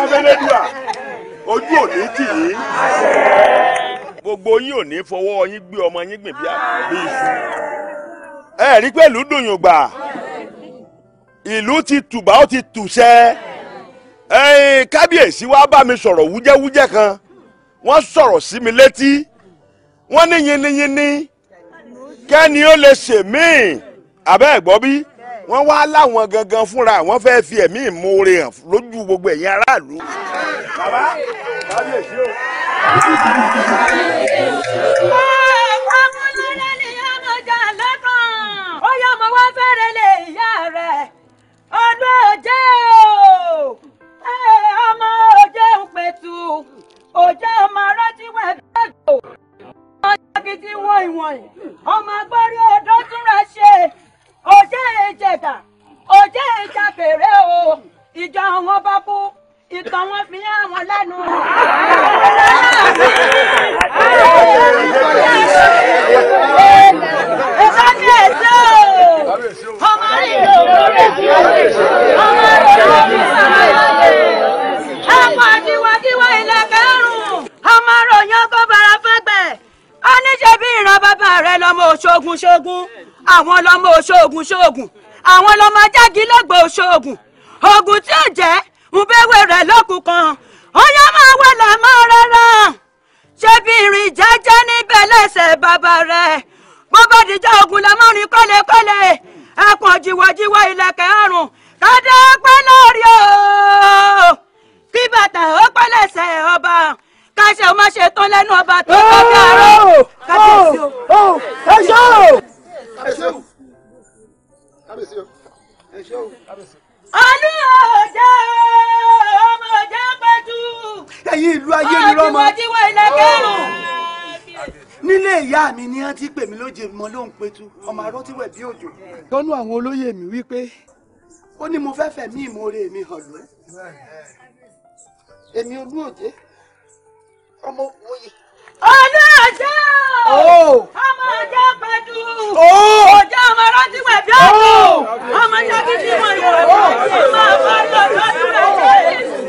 abẹ́lẹ́dùà ojú ò tì yín gbogbo yín ò ní fọwọ́ yín gbé ọmọ yín gbìn bí iṣu ẹ rí pẹ̀lú ìlú ti tùbà ó ti tùṣẹ́ ẹ̀yin kábíyèsí wàá bá mi sọ̀rọ̀ wújẹ́wújẹ́ kan wọ́n sọ̀rọ̀ sí mi létí wọ́n ní yinniyinni kẹ́ni ó lè ṣe míì àbẹ́ ẹ̀gbọ́ bí wọ́n wá láwọn gangan fúnra wọ́n fẹ́ fi ẹ̀mí ìmoore hàn lójú gbogbo ẹ̀yin aráàlú. bàbá kábíyèsí o. ọkọ̀ ọmọ lọ́lẹ́ ni ọmọ jà lẹ́kàn ó yọ ọmọ wá fẹ́rẹ̀ lè ìyá rẹ̀ ọdún òjé o ọmọ òjé ń pẹ̀tù òjé ọmọ rántí wẹ̀gbẹ́gbò ọjà gidi wọ̀nyí wọ̀nyí ọmọ agbárí ọdọ́ túnra ṣe òjé ìjẹ̀dà òjé ìjà fèrè o ìjọ àwọn bá kú ìtàn wọn fi hàn wọn lẹ́nu. ẹ bá ní ẹ̀sẹ̀ o ọmọ tiwantiwa ilẹ̀ kẹrùn-ún ọmọ ròyìn ọkọ̀ bara fẹ́gbẹ̀ ó ní ṣe bí ìran bàbá rẹ lọmọ òṣogun ṣogun àwọn lọmọ òṣogun ṣogun àwọn lọmọ ajágilógbò òṣogun ogun tí ó jẹ́ ń bẹ́wẹ̀ rẹ̀ lọ́kùn kan ó yá máa wẹ̀ làmọ́ rẹ̀ rán ṣé bí irin jẹ́jẹ́ níbẹ̀ lẹ́sẹ̀ bàbá rẹ̀ bó bá dìjà ogun làmọ́rin kọ́lẹ́kọ́lẹ́ ẹkùn jìwọ́jìwọ́ ilẹ̀kẹ̀ ọrùn kádé pẹ́ lórí o kí bàtà ó pẹ́ lẹ́sẹ̀ ọba káṣẹ́ ó má ṣe tán lẹ́nu ọba tó bá bí arọ́ kábíyèsí o. Oh, oh, oh, ẹ ṣé o ẹ ṣé o kábíyèsí o ẹ ṣé o kábíyèsí olú òde ọmọ òde pẹ̀tù. ẹ̀yin ìlú ayé ni rọ́mọ. ọtí wọ́n ti wọ ilẹ̀ kẹrùn-ún nílé ìyá mi ni wọ́n ti pè mí lóje mọ́ ló ń ọmọ aró ti bí òjò. tọ́nú àwọn olóyè mi wípé ó ní mo fẹ́ẹ́ fẹ̀mí ìmoore mi hàn lóyè èmi olú òjé ọmọ òye. ọdún ọjọ́ oh! ọmọ ọjọ́ pẹ̀lú ọjọ́ ọmọ rántí wẹ̀ bí ọ̀tún oh! ọmọ jágídí wọn yóò wọ́n máa bá lọ lọ́dún rẹ̀ lẹ́yìn.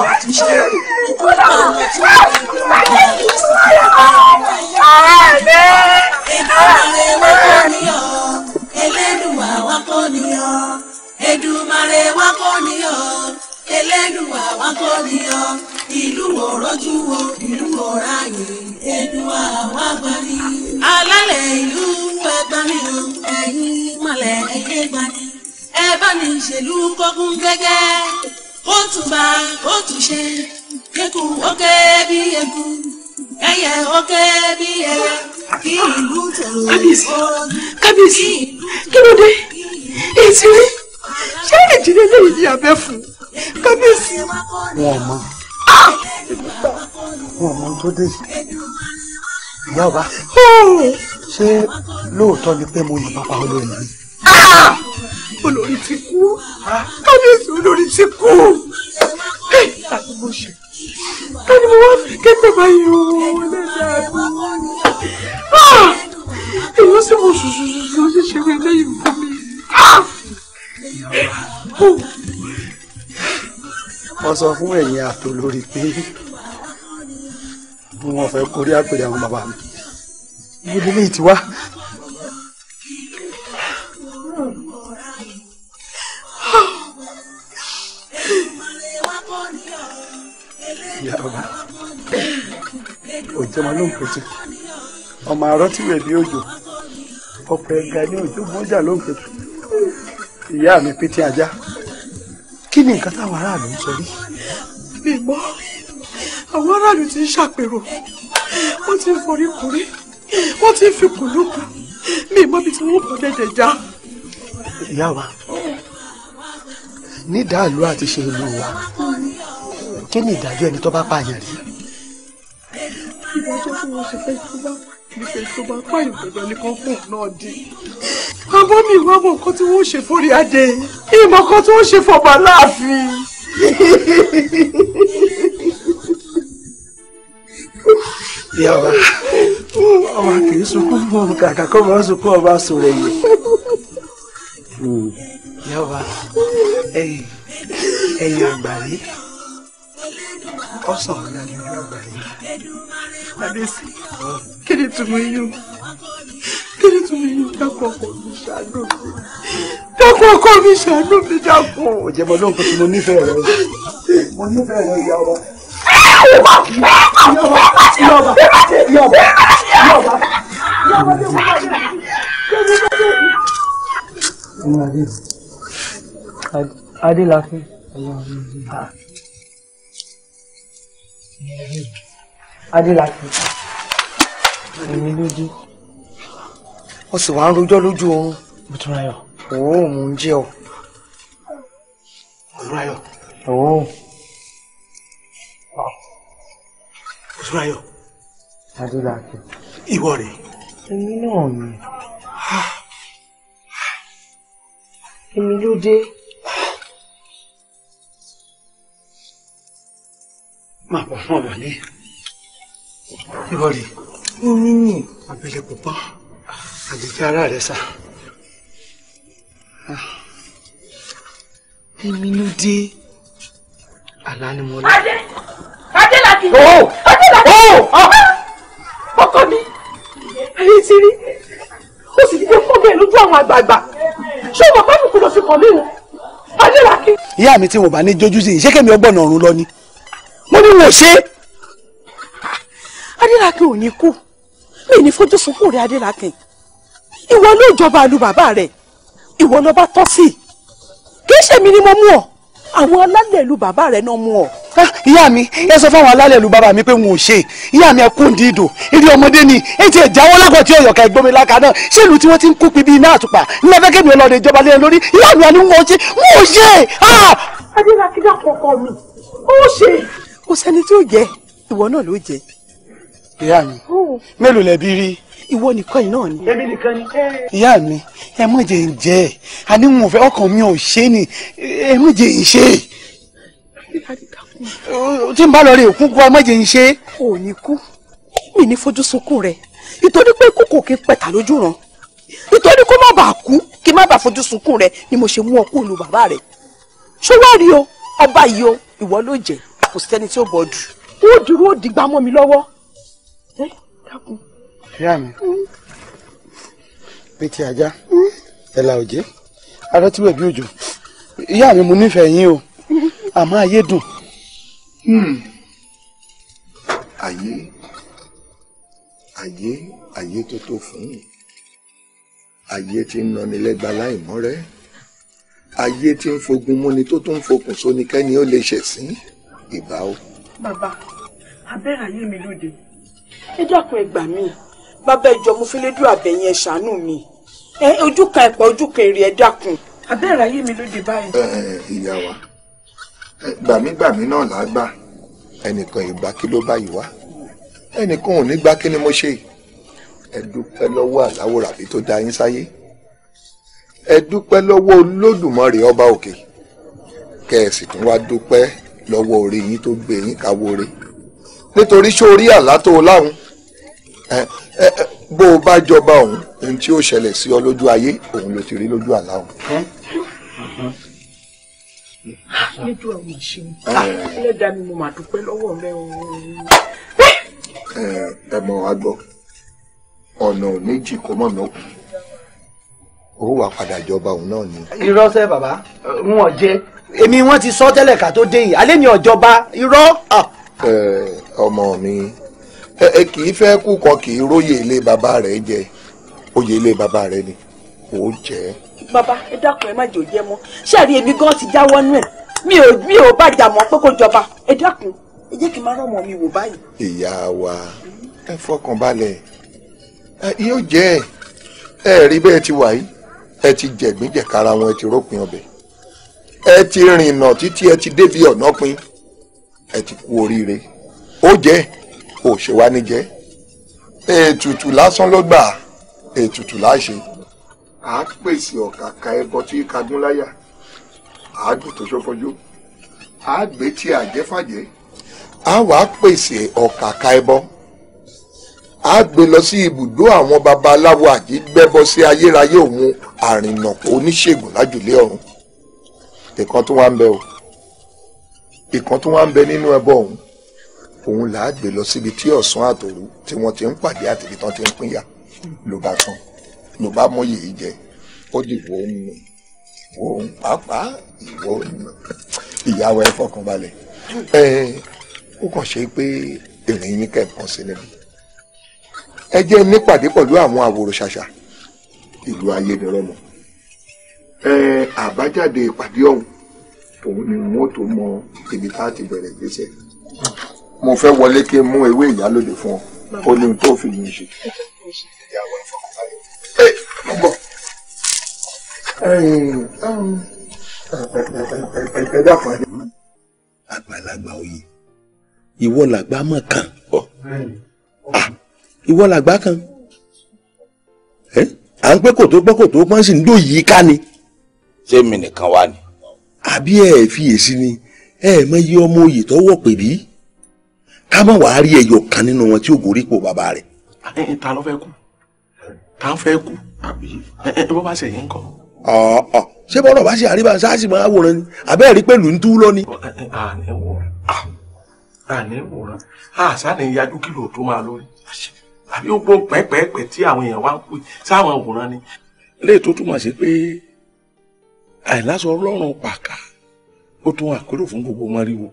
máa ti ṣe kódà ọ̀rọ̀ tí wọ́n ti ṣe ààrẹ ààrẹ wá kọ́ níyọ̀ Elédùwà wá kọ́ níyọ̀ Èdùmàrè wá kọ́ níyọ̀ Elédùwà wá kọ́ níyọ̀ ìlú wo rọ́jú wo ìlú wo ráàyè Èdùwà wá gbà ní. alálẹ̀ ìlú ẹgbẹ́ mi ò ẹ̀yìn mọ̀lẹ́ ẹgbẹ́ gbani ẹ bá ní ìṣèlú kọ́kún gẹ́gẹ́ ó tún bá ṣe kéku ó ké eku ẹyẹ ó ké ẹyẹ kí ìlú tẹ̀lé ọdún kábíyèsí kí ló èsì rí ṣé ìdílé lẹ́yìn ní abẹ́ fún kábíyèsí. wọn mọ wọn mọ tó dé ìyá ọba oh. ṣé lóòótọ́ ni pé mo yìnbọn pa olórí mi. Ah! olórí ti kú kábíyèsí olórí ti kú àti mo ṣe ká ni mo wá fi kẹ́kẹ́ báyìí o lẹ́dàá èèyàn ah! sì mo ṣùṣùṣùṣù ṣe ṣe fẹ́ lẹ́yìn fún mi. Ah! wọ́n sọ fún ẹ̀yin àtolórí pé wọ́n fẹ́ kórí àpèrè àwọn bàbá mi ìdílé ti wá Ya ọba òjò ọmọ ló ń pèsè ọmọ àárọ̀ tí rẹ̀ bí òjò ọ̀pọ̀ ẹ̀ga ní òjò mọ́jà ló ń pèsè ìyá mi pété ajá kí ni nǹkan táwọn aráàlú ń sọ rí. ìgbọ́ àwọn aráàlú ti ń ṣàpèrò wọ́n ti ń forí kùrí wọ́n ti ń fi kùlùkù mi ìmọ̀ bíi tí wọ́n bọ̀ dẹ̀dẹ̀ já. ìyá wa nídàálù àti ṣe ìlú wa kí ni ìdájọ́ ẹni tó bá pààyàn rí. ìdájọ́ tí wọ́n ṣe fẹ́ tó bá nífẹ̀ẹ́ tó bá pààyàn dandan ní kan fóun náà di. àmọ́ mi ìwà mọ̀ nǹkan tí wọ́n ṣe fórí adé ìmọ̀ kan tí wọ́n ṣe fọba láàfin. ìyá wa ọmọ kì í sunkún fún un kàkà kó máa sunkún ọba sọ̀rọ̀ yìí. ìyá wa ẹ̀yin ẹ̀yin àgbà yìí ọsàn ọ̀la ni ọlọ́gbà yìí adéṣe kí ni tùmọ̀ yín kí ni tùmọ̀ yín dákun ọkọ mi ṣàánú mi dákun ọkọ mi ṣàánú mi dákun. òjẹ̀bọ̀ ló ń pè tí mo nífẹ̀ẹ́ rẹ mo nífẹ̀ẹ́ rẹ ìyá ọba. yọba yọba yọba yọba yọba yọba. adé adé la fi adélakì èmi ló dé sì wá ń rojọ́ lójú oorun bùtúnráyọ̀ òun mò ń jẹ́ ọ. bùtúnráyọ̀. òun. bùtúnráyọ̀. adélakì. ìwọ rèé. èmi náà ni. Ah. èmi ló dé. máa bọ̀ náà wọlé ìwọ rí mímí a abẹ́lẹ̀ púpọ̀ àgbègbè ara rẹ̀ sà. èmi ah. ló dé àlá ni mo lọ. Ade, adé làkì adé làkì oh! oh! ah! ọkọ mi ayé ti rí ó sì dìde fún bẹ́ẹ̀ lójú àwọn àgbààgbà ṣé o mọ̀ bá mi kú lọ fi kàn mí o adé làkì. ìyá mi tí wọn bá ní jójú sí i ṣé kẹ́mi ọgbọ́n ọ̀run lọ ni mo ní wọn ò ṣe é adélakin ò ní kú mi ní fojú sunkún rẹ adélakin ìwọ ló jọba lu bàbá rẹ ìwọ ló bá tọ́ sí i kì í ṣèmi ni mo mú ọ àwọn alálẹ̀ lu bàbá rẹ̀ náà mú ọ. Ah, ìyá mi ẹ sọ fáwọn alálẹ̀ lu bàbá mi pé wọn ò ṣe ìyá mi ẹkún dídò ìdí ọmọdé ni etí ìjáwọ́ lágọ̀ọ́ tí ọ̀yọ̀ká ẹgbọ́mi láka náà ṣé ìlú tí wọ́n ti ń kú pibi iná àtùpà ńlá fẹ́kẹ́ mi ọlọ́dẹ ìjọba lẹ́yìn lórí ìyá mi àní wọn ò ṣe wọn ṣe. Ah! adélákídá kọkọ mi ó ṣe kò sẹ́ni tí ò jẹ́ ìwọ náà ló jẹ́. ìyá mi oh. mélòó lẹbi rí. ìwọ nìkan yìí náà ni. ẹbí nìkan ni. ìyá mi ẹ mọ̀ jẹ́ ń jẹ́ àní mo fẹ́ ọkàn mi ò ṣe ni ẹ mọ̀ jẹ́ ń ṣe. tí n bá lọ rí òkú kú ẹ mọ̀ jẹ́ ń ṣe. ò ní kú mi ní fojú sunkún rẹ nítorí pé kókò kí pẹ̀tà lójú ràn nítorí kó má bàa kú kí má bàa fojú sunkún rẹ ni mo ṣe mú ọkú lu bàbá rẹ ṣó rí o ọba yìí o ìwọ ló jẹ́ kò sẹ́ni tí ó bọ̀ dù. ó dúró ó dìgbà mọ́ mi lọ́wọ́. ìyá mi bí ti ajá ẹ la òjé arọ tí wẹ̀ bí òjò ìyá mi mo nífẹ̀ẹ́ yín o àmọ́ ayé dùn. Hmm. ayé ayé ayé tó tó fún mi ayé tí ń nani lẹ́gba láì mọ́rẹ́ ayé tí ń fogun múni tó tún ń fokùn sóni kẹ́ni ó lè ṣẹ̀sín ìbá o. bàbá abẹ́rẹ́ ayé mi lóde. ẹ dákun ẹ gbà bàbá ìjọ mo fi lédú àbẹ̀yìn ẹ ṣàánú mi ẹ ojú kan ẹ̀pọ̀ ojú kan èrè ẹ dákun. abẹ́rẹ́ ayé mi lóde báyìí. ẹ ẹ ìyá wa gbàmígbàmí náà là á gbà ẹnìkan ìgbà kí ló báyìí wá ẹnìkan ò ní gbà kí ni mo ṣe ẹ dúpẹ́ lọ́wọ́ aláwọ̀ ràbí tó dá yín sáyé ẹ dúpẹ́ lọ́wọ́ olódùmarè ọba òkè kẹ́ ẹ sì tún wá dúpẹ́ lọ́wọ́ orí yín tó gbé yín káwó re nítorí sórí àlá tó láwọn bó o bá jọba òun ohun tí ó ṣẹlẹ̀ sí ọ lójú ayé òun ló ti rí lójú àlá òun. àwọn ìṣe ẹlẹ́dà mi mo máa dúpẹ́ lọ́wọ́ rẹ o. ẹ mọ wa gbọ́ ọ̀nà méjì kó mọ̀ náà ó wà padà jọba òun náà ni. irọ́ sẹ́ bàbá wọn jẹ́ èmi wọn ti sọ tẹ́lẹ̀ ká tó dé yìí alẹ́ ní ọ̀jọba irọ́. ọmọ mi ẹ kì í fẹ́ kú kan kì í róye ilé bàbá rẹ̀ jẹ oyè ilé bàbá rẹ̀ ni ó jẹ́. bàbá ẹ dákun ẹ má jò jẹ mọ́ ṣáàrí èmi gan ti jáwọ́ nù ẹ mi ò mi ò bá jà mọ́ pé kó jọba ẹ dákun ẹ jẹ́ kí n máa rọmọ mi wò báyìí. ìyá wa ẹ fọkàn balẹ̀ yóò jẹ́ ẹ rí bẹ́ẹ̀ ti wà yìí ẹ ti jẹ̀gbín jẹ̀kara wọn ẹ ti rópin ọbẹ̀ ẹ ti rìnnà títí ẹ ti débi ọ̀nà pin ẹ ti kú oríire ó jẹ́ kò ṣe wá ní jẹ́ ètùtù lásán ló gbà ètùtù láṣẹ. à á pèsè ọ̀kàkà ẹbọ tí kagún láyà à á dùn tó ṣọfọjú à á gbé tí àjẹfàjẹ. a wàá pèsè ọ̀kàkà ẹbọ a gbé lọ sí ibùdó àwọn babaláwo àjígbẹ́bọ sí ayérayé òun àrìnà oníṣègùn lájùlé ọ̀run ìkan tó wá ń bẹ o ìkan tó wá ń bẹ nínú ẹbọ ọ̀hún òun là á gbé lọ síbi tí ọ̀sán àtòru tí wọ́n ti ń pàdé àtìbí tán ti ń pínyà ló bá tán ló bá mọ yìí jẹ ó dìbò òun nù òun pàápàá ìwọ nù ìyàwó ẹ fọkànbalẹ̀ ẹ ó kàn ṣe pé ìrìn yín kẹ̀kan sí níbi ẹ jẹ́ nípàdé pẹ̀lú àwọn àwòrò ṣàṣà ìlú ayédèrọ́mọ ẹ àbájáde ìpàdé ọ̀hún òun ni wọn tó mọ ibi tá a ti bẹ̀rẹ̀ gbèsè mo fẹ́ wọlé kí n mú ewé ìyálòdì fún ọ ó ní n tó fi yín ṣe. Um, àgbàlagbà òye ìwọ làgbà mọ̀ kàn ọ́ ah, ìwọ làgbà kan à ń pẹ́ kò tó pẹ́ kò tó pọ́n sí ń dò yìí ká ni. ṣé mi nìkan wá ni àbí ẹ fiyèsí ni ẹ mọ iye ọmọ oyè tó wọ̀ pè bí ká mọ̀ wàá rí ẹyọ kan nínú wọn tí ò gorí ipò bàbá rẹ̀. ta ló fẹ́ kú ta ló fẹ́ kú àbí bó bá ṣe yín kọ́. ọ̀ọ́ ṣé bọ́lá bá ṣe àríwá sáàsì máa wòran ni àbẹ́ rí pẹ̀lú ń tú lọ ni. àní wòran àní wòran àṣàní yájú kìlò tó máa lórí àbí ó gbọ́ pẹ́ẹ́pẹ́ẹ́pẹ́ tí àwọn èèyàn wá ń pè sáwọn wòran ni. lè tó túmọ̀ sí pé àìláṣọ ọlọ́run pàkà ó tún àpérò fún gbogbo mọ́ríwó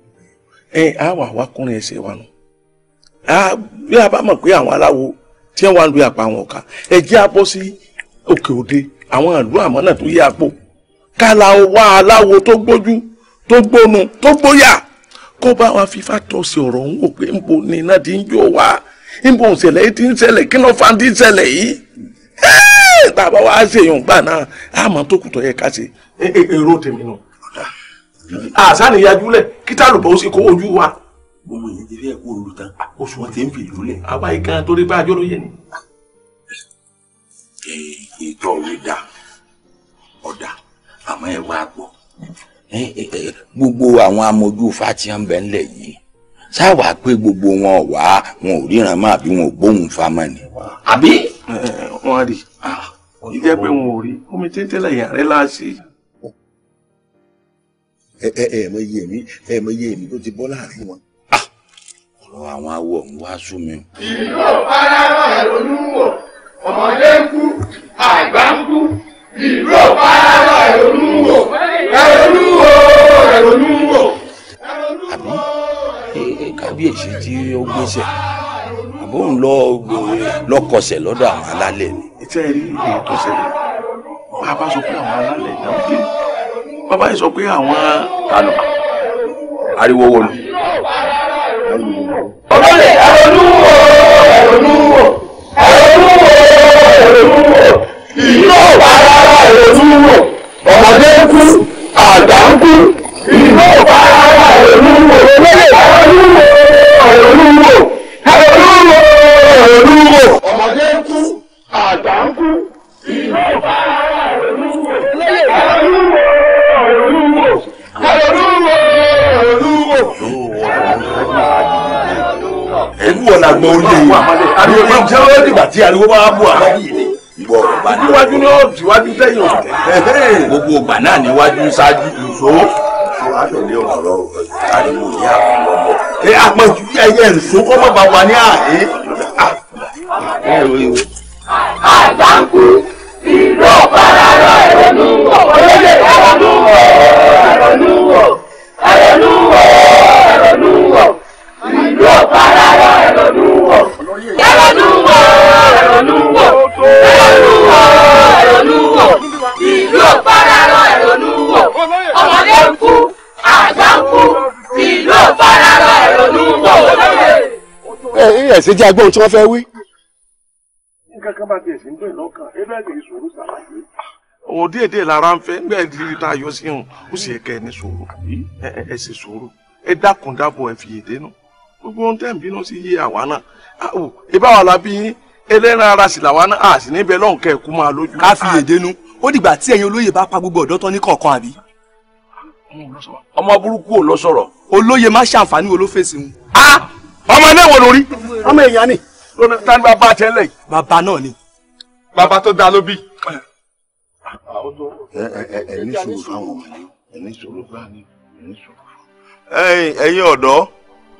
ẹ á wà wá ẹsẹ̀ wa nù bí a bá mọ̀ pé àwọn aláwo tí wọ́n wá ń lu àpá àwọn ọ̀ka ẹ jẹ́ abọ́ sí òkè òde àwọn ìlú àmọ́nà tó yẹ àpò kálá wa aláwo tó gbójú wa fífa tọ́ sí ọ̀rọ̀ ń wò pé tá a bá wá ṣe èèyàn gbà náà a mọ̀ tó kùtọ̀ yẹ ká ṣe. èrò tèmi nù àṣàníyájúlẹ̀ kítàlùbọ̀ ó sì kó ojú wa. gbogbo yẹn ti rí ẹ̀kú olú tán oṣù wọn ti ń fi ìlú lẹ̀. àwa yìí kan torí bá a jọ́rọ̀ yé ni. ètò òwe dà ọ̀dà àmọ́ ẹ wá gbọ́ gbogbo àwọn amójú fati ń bẹ ńlẹ̀ yìí sáwàá pé gbogbo wọn wà wọn ò ríran máa bí wọn ò bóun fa mọ́ ni. àbí. wọn rí ah ìjẹ́ pé wọn ò rí omi tètè lẹ́yìn ààrẹ láàṣì. ẹ ẹ ẹ mọ iye mi ẹ mọ iye mi tó ti bọ́ láàrin wọn. Ah! ọ̀rọ̀ àwọn awọ ọ̀hún wá sú mi. ìlú òpárárọ̀ ẹ̀rọ̀nú wò ọmọdé ń kú àgbà ń kú ìlú òpárárọ̀ ẹ̀rọ̀nú wò ẹ̀rọ̀nú wò ẹ̀rọ̀nú wò. àbí kábíyèsí tí ó gbéṣẹ́ àbóhùn lọ lọkọsẹ̀ lọ́dọ̀ àwọn alálẹ̀ ni. ìtẹ́ ẹ ní tó ṣẹlẹ̀ bàbá sọ pé àwọn alálẹ̀ náà dé bàbá yìí sọ pé àwọn kanu ariwo wọlú. ọlọ́lẹ̀ ẹ̀rọ̀lú wo ẹ̀rọ̀lú wo ẹ̀rọ̀lú wo ẹ̀rọ̀lú wo ìyí ò rárá ẹ̀rọ̀lú wo ọmọdé ń kú àgbà ń kú ìyí ò bá rárá ẹ̀rọ̀lú wo ẹ̀rọ̀lú wo ẹ̀rọ̀lú wo ronúwò. ọmọdé ń kú àgbà ń kú ìlú ìfarahà ronúwò. ronúwò ronúwò ronúwò ronúwò. ẹ̀rú ọ̀nà àgbọ̀ olè yìí àbíyẹ máa jẹ́ ọ́ dìgbà tí ariwo bá wà bù àbá ìwọ ọba náà níwájú náà síwájú sẹ́yìn ọ̀tẹ̀. gbogbo ọgbà náà níwájú ṣáájú ìṣó. àtẹ̀lé ọ̀rọ̀ ariwo ní àpò ọmọ. ẹ àpọ̀jù ẹyẹ ìṣó kọ́ mọ́ bá wa ní àárín àgbáǹkù ìró fararọ ìrònú wò olóyè ìrònú wò ìrònú wò ìrònú wò ìrònú wò ìró fararọ ìrònú wò ìrònú wò ìrònú wò ìrònú wò ìrònú wò ìró fararọ ìrònú wò ọmọdé ń kú àgbáǹkù ìró fararọ ìrònú wò olóyè. ẹ ẹ ṣe jẹ́ agbóhun tí wọ́n fẹ́ wí nǹkan kan bá tiẹ̀ sí ń bẹ̀ lọ́kàn ẹgbẹ́ kì í sòrò ṣàlàyé. òun díẹ̀ díẹ̀ lára ń fẹ́ nígbà tí tá a yọ sí hàn ó sì yẹ kẹ́ ẹ ní sòrò ẹ sì sòrò ẹ dákun dábọ̀ ẹ fìyè dénú gbogbo ohun tẹ́ ń bínú sí yé àwa náà ìbá wa la bí yín ẹlẹ́ran ara sì làwa náà àsì níbẹ̀ lọ́hùn kẹ́ ẹ kú máa lójú. ká fìyè dénú ó dìgbà tí ẹ̀yin olóyè bá pa gbogbo ọ̀dọ́ tán ní kọ̀ọ̀kan àbí. ọmọ burúkú ò lọ sọ̀rọ̀. olóyè má ṣàǹfààní wo ló ọmọ ilé lónà tani bàbá tẹ lẹ. bàbá náà ni. Baba tó dáa ló bí. ẹ ní sùúrù fáwọn ọmọ ni ẹ ní sùúrù fáwọn ẹ ní sùúrù fáwọn. ẹ̀yin ọ̀dọ́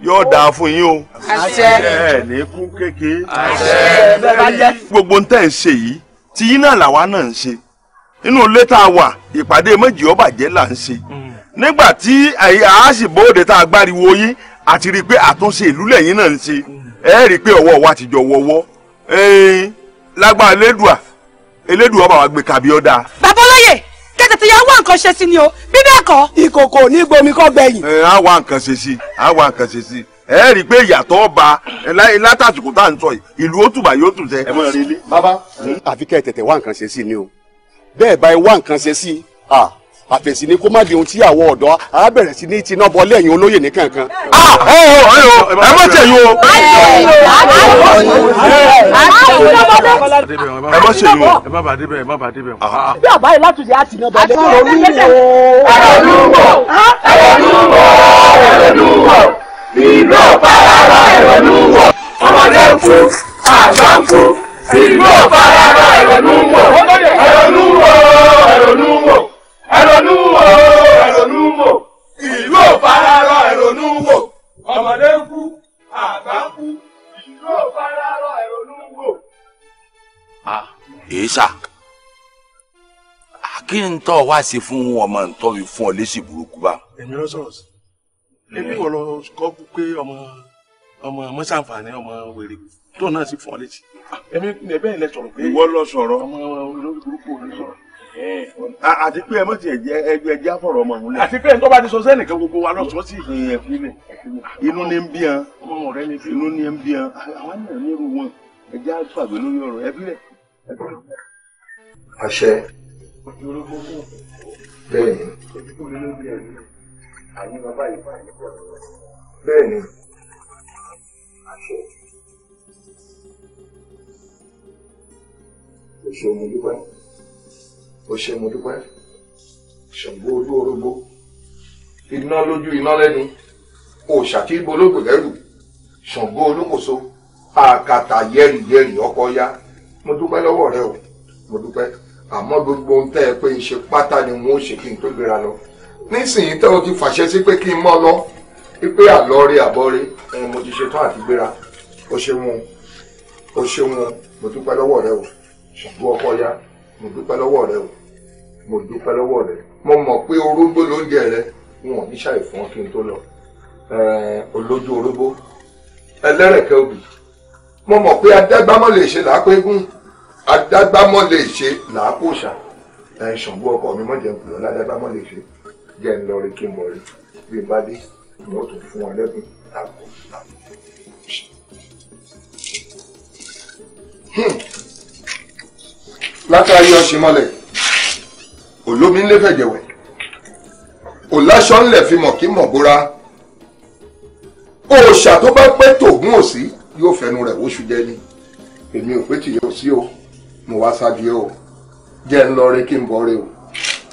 yóò dáa fún yín o. àṣẹ. ẹ ní kú kéke. àṣẹ. gbogbo ń tẹ̀ ń ṣe yìí tí yín náà làwa náà ń ṣe inú ilé tá a wà ìpàdé méjì ọbàjẹ́ là ń ṣe mm. nígbà tí àṣìbòde tá a gbáriwo yín àti rí i pé àtúnṣe ìlú lẹ́yìn náà ń ṣe mm ẹ rí i pé ọwọ́ wa ti jọ wọ́wọ́ lágbára elédùà elédùà bá wa gbé kàbí ọ̀dà. bàbá olóye kẹtẹtẹ yà wá nǹkan ṣe sí ni o bí bẹ́ẹ̀ kọ́. ìkòkò ní gbomi kọ́ gbẹ̀yìn. ẹ á wá nǹkan ṣe sí á wá nǹkan ṣe sí ẹ rí i pé ìyàtọ̀ ọba látàsìkò tá à ń sọ ìlú òtùbà yóò tù sẹ. ẹ mọ rí ilé. bàbá àfi kẹ́ ẹ tètè wá nǹkan ṣe sí ni o bẹ́ẹ̀ bá wá nǹkan ṣe sí àfẹ̀sí ni kó má di ohun tí àwọn ọ̀dọ́ á bẹ̀rẹ̀ sí ní tiná bọ lẹ́yìn olóyè ní kankan. ẹ ẹ ẹ má tẹ̀ yín o. ẹ má ṣe yín o. ẹ má bàa débẹ̀ ẹ má bàa débẹ̀. bí àbá yìí látúnṣe á ti ná bọ lẹ́yìn olóyè. ẹ̀rọ ló ìlú ọ̀farara ẹ̀rọ ọmọdé ń kú ìlú ọ̀farara ẹ̀rọ ló ń ẹ̀rọ̀nú wò ẹ̀rọ̀nú wò ìlú òfararọ ẹ̀rọ̀nú wò ọmọdé kú àgbà kú ìlú òfararọ ẹ̀rọ̀nú wò. a èésà kí n tọ́ wá sí fún ọmọ ntọ́ yìí fún ọ lẹ́sìn burúkú bá. èmi ló sọ̀rọ̀ sí ebi wọ lọ kọ́ pé ọmọ ọmọ mọ́sàǹfààní ọmọ wèrè tó náà sì fún ọ létí. èmi ẹ̀bẹ̀ ilẹ̀ sọ̀rọ̀ pé. ìwọ lọ sọ̀rọ̀. ọmọ olórí burúkú ò ní sọ̀rọ̀ àti pé ẹ mọ̀ tí ẹ̀jẹ̀ ẹgbẹ́ ẹ̀jẹ̀ àfọ̀rọ̀ ọmọ òun lẹ̀. àti pé tó bá ti sọ sẹ́nì kan gbogbo wa lọ́sọ̀ọ́ sí. inú ni ń bí yan inú ni ń bí yan àwọn ènìyàn ní irú wọn ẹ̀jẹ̀ àfàgbé lórí ọ̀rọ̀ ẹbí rẹ̀. àṣẹ bẹ́ẹ̀ ni bẹ́ẹ̀ ni àṣẹ. Deixa eu me ó ṣe mo dúpẹ́ ṣàǹgbó olú orógbó iná lójú iná lẹ́nu òòṣà tí bológbò lẹ́rù ṣàǹgbó olúkòso àkàtà yẹ́rìyẹ́rì ọkọ ya mo dúpẹ́ lọ́wọ́ rẹ o mo dúpẹ́ àmọ́ gbogbo ohun tẹ́ ẹ pé ń ṣe pátá ni wọ́n ó ṣe kí n tó gbéra lọ nísìnyí tẹ́ o ti fàṣẹ sí pé kí n mọ́ lọ wípé àlọ́ rí àbọ̀ mo ti ṣetán àti gbéra o ṣeun o ṣeun mo dúpẹ́ lọ́wọ́ rẹ o ṣùgbọ́n ọkọ ya mo dúpẹ́ lọ́wọ́ rẹ o mo dúpẹ́ lọ́wọ́ rẹ mo mọ̀ pé orógbó lóúnjẹ rẹ wọn ò ní ṣàì fún ọ kí n tó lọ olójú orógbó ẹlẹ́rẹ̀kẹ́ obì mo mọ̀ pé adágbámọ́ lè ṣe làákó eégún adágbámọ́ lè ṣe làákó òṣà ẹ̀ ṣàǹbó ọkọ mi mọ̀jẹ̀ ń pè ọ́ ládágbámọ́ lè ṣe jẹ́ ń lọ rí kí n mọ̀ rí bí n bá dé mo tún fún ọ lẹ́bùn làákó làákó. Hmm. látàrí ọṣìmọ́lẹ̀ olómi ńlẹ fẹ̀jẹ̀wẹ̀ òláṣọ ńlẹ fi mọ kí mọ bóra òòṣà tó bá pẹ́ tògún òsì yóò fẹnu rẹ̀ wóṣù jẹ ni èmi ò pé tìyẹ òsì o mo wá ṣáájú ẹ o jẹ́ ń lọ rí kí n bọ̀ rí o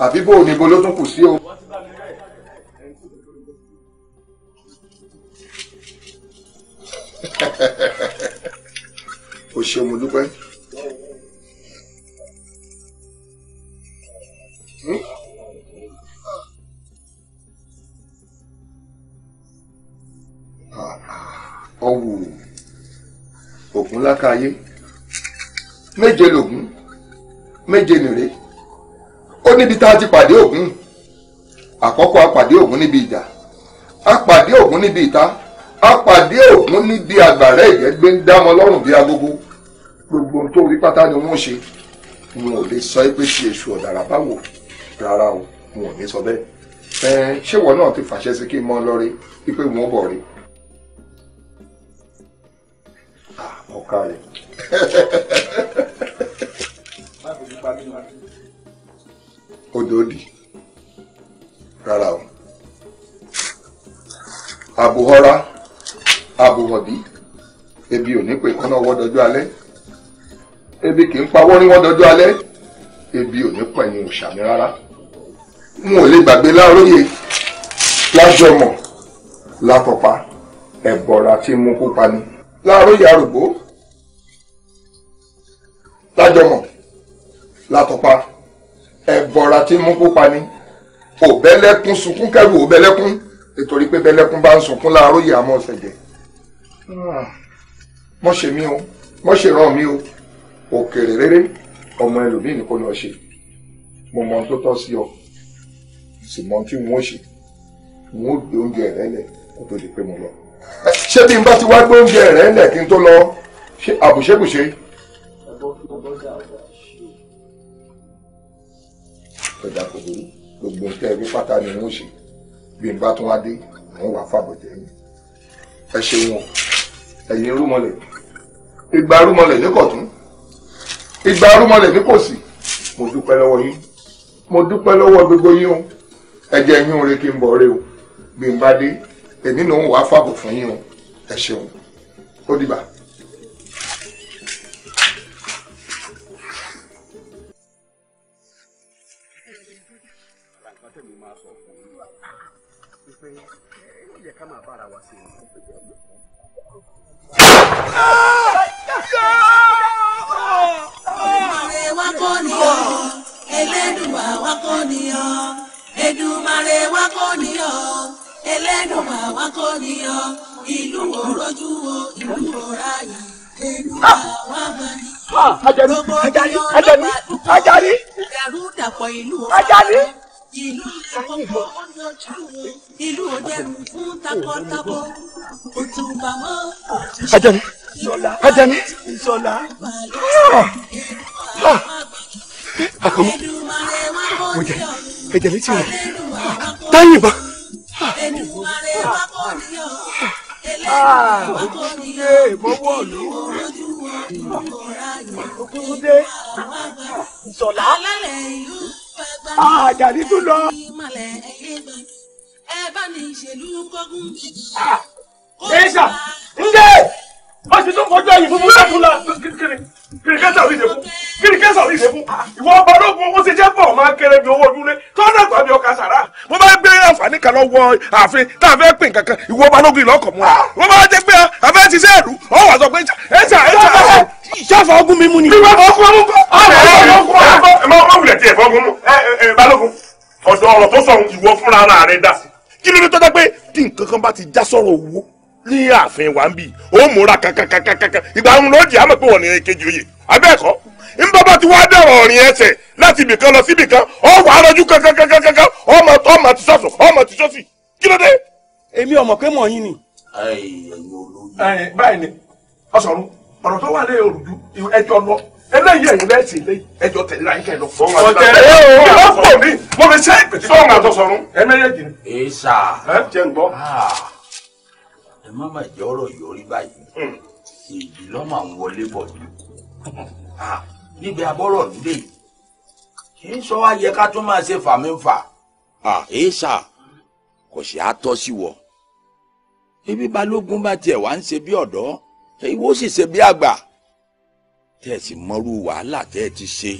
àbí bò ní bo ló tún kù sí o. o ṣeun mo dúpẹ́. Hmm? ọwù ògùn lákàáyé méje lògùn méje nìrè ó níbi tá a ti pàdé ògùn àkọ́kọ́ a pàdé ògùn níbi ìjà a pàdé ògùn níbi ìta a pàdé ògùn níbi àgbàrá ìgbẹ́gbẹ́ ń dá wọn lọ́rùn bí agogo gbogbo ohun tó rí pátá ni wọ́n ṣe wọn ò lè sọ pé tí èṣù ọ̀dàrà bá rárá o wọn ò ní sọ bẹ́ẹ̀ ẹ ṣé ìwọ náà ti fàṣẹ sí kí n mọ lọ rí wípé wọn bọ̀ rí ọ̀ka rẹ̀. odòdì rárá o àbùhọ́ra àbùhọ̀bí ebi ò ní pè kánná ọwọ́ dọjú alẹ́ ebi kì í pawọ́ ní wọ́n dọjú alẹ́ ebi ò ní pẹ̀yìn òṣàmì rárá n ò lè gbàgbé láróyè lájọmọ̀ lápọ̀pá ẹ̀bọ̀ra tí mú pupa ni láróyè arúgbó lájọmọ̀ látọ̀pá ẹ̀bọ̀ra tí mú pupa ni òbẹ́lẹ́kún sunkún kẹ́rù òbẹ́lẹ́kún nítorí pé bẹ́lẹ́kún bá ń sunkún láróyè àmọ́ ọ̀sẹ̀ jẹ́ mọ́ṣe mi o mọ́ṣe ràn mí o òkèrè rere ọmọ ẹlòmíì ni kò lọ ṣe mo mọ ohun tó tọ́ sí ọ sì mọ tí n ó ṣe n ó gbé oúnjẹ rẹ lẹ kó tó di pé mo lọ. ṣé bí n bá ti wá gbé oúnjẹ rẹ lẹ kí n tó lọ ṣe àbùṣekùṣe. ọjà kò burú gbogbo nǹkan ẹbí pátá ni n ó ṣe bí n bá tún wá dé n wà fàbọ̀jẹ́ yín ẹ ṣeun o ẹ̀yin rúmọlẹ̀ igba rúmọlẹ̀ ní kọ̀tún igba rúmọlẹ̀ ní kòsì mo dúpẹ́ lọ́wọ́ yín mo dúpẹ́ lọ́wọ́ gbogbo yín o ẹjẹ yín oore kí n bọ̀ re o bí n bá dé èmi náà ń wà á fàbọ̀ fún yín o ẹ ṣeun ó dìbà. Ẹlẹ́dùn àwa kọ́ ni ọ́. Èdùmàrè wa kò níyọ ẹlẹ́dùnmá wa kò níyọ ìlú òrojú wo ìlú òráyè èdùmá wa bá ní. Ajani Ajani Ajani Ajani ẹ̀rú dàpọ̀ ìlú Ajani ìlú ìkọ̀kọ̀ ọ̀nàjú wo ìlú òjẹ̀rù fún takọ̀tabo òtúnbàmọ́ òtúnṣe. Ajani Ajani Ìṣọ̀lá. Àkàmú. Èdùmàrè wa kò níyọ ẹ̀jẹ̀ létí rẹ̀ táyìn bá. àkókòdé ìmọ̀wọ́ ọ̀lú àkókòdé ìsọ̀lá àjàdí tún lọ. ẹ bá ní ìṣèlú kọ́gún. Ah! ẹ̀ṣà ń dé a ti tún kọjá yìí fúnfún sẹ́kùn la kìrìkẹ́sà rí ìdẹ́kùn kìrìkẹ́sà rí ìdẹ́kùn ìwọ ọba ológun ó ti jẹ́ pọ̀ máa kéré bí owó ojúlé tó dàgbà bí ọkà sàrà. mo bá gbé àǹfààní kan lọ wọ ààfin tá a fẹ́ pè kankan ìwọ ọba ológun ìlọ́kọ̀ mu wa wọ́n ah! bá jẹ́ pé a fẹ́ ti sẹ́ẹ̀lú ọ wà sọ pé ẹ̀sà ẹ̀sà ṣàfà ogun mi mú ni. ìwọ ọkùn mi kọ́ ọ̀rọ̀ ọ̀rọ̀ tó sọ ní ààfin wa ń bì ó múra kankankankankan ìgbà àwọn olóòjì àmọ̀ pé wọ́n ní kejì oyè abẹ́ẹ̀kọ́ nbọ́bá ti wá dẹ̀rọ̀ ọ̀rìn ẹsẹ̀ láti ibìkan lọ sí ibìkan ọ wà á rọjú kankankankankan ọmọ ọmọ ti sọ̀tún ọmọ ti sọ́sì kí ló dé. èmi ọmọ pé mọ̀ yín ni. báyìí ni ọ̀sọ̀rún ọ̀rọ̀ tó wà lé òrùjú ẹjọ́ lọ eléyìí ẹ̀yìn lẹ́sìn ilé ẹjọ́ tẹ̀lé láyé kẹ́ lọ. ọ̀jẹ̀ ẹ̀ ẹ̀ ọ̀ pọ̀ mi mo fi ṣe é pèsè. sọ̀rọ̀ àtọ̀sọ̀rún ẹ̀ mẹ́rẹ̀ẹ́jì ni. èé sà. jẹ́ ń gbọ́. Ah má má jẹ́ ọ̀rọ̀ yọrí báyìí hmm. èyí lọ́ máa ń wọlé bọ̀ ní. níbi abọ́rọ̀ nílé kì í sọ wá yẹ ká tún máa ṣe fàmífà. èèṣà kò sì á tọ́ sí wọ. ebi balógun bá tiẹ̀ wá ń ṣe bí ọ̀dọ́ ìwọ sì ṣe bí àgbà tẹ́ ẹ sì mọrú wàhálà tẹ́ ẹ ti ṣe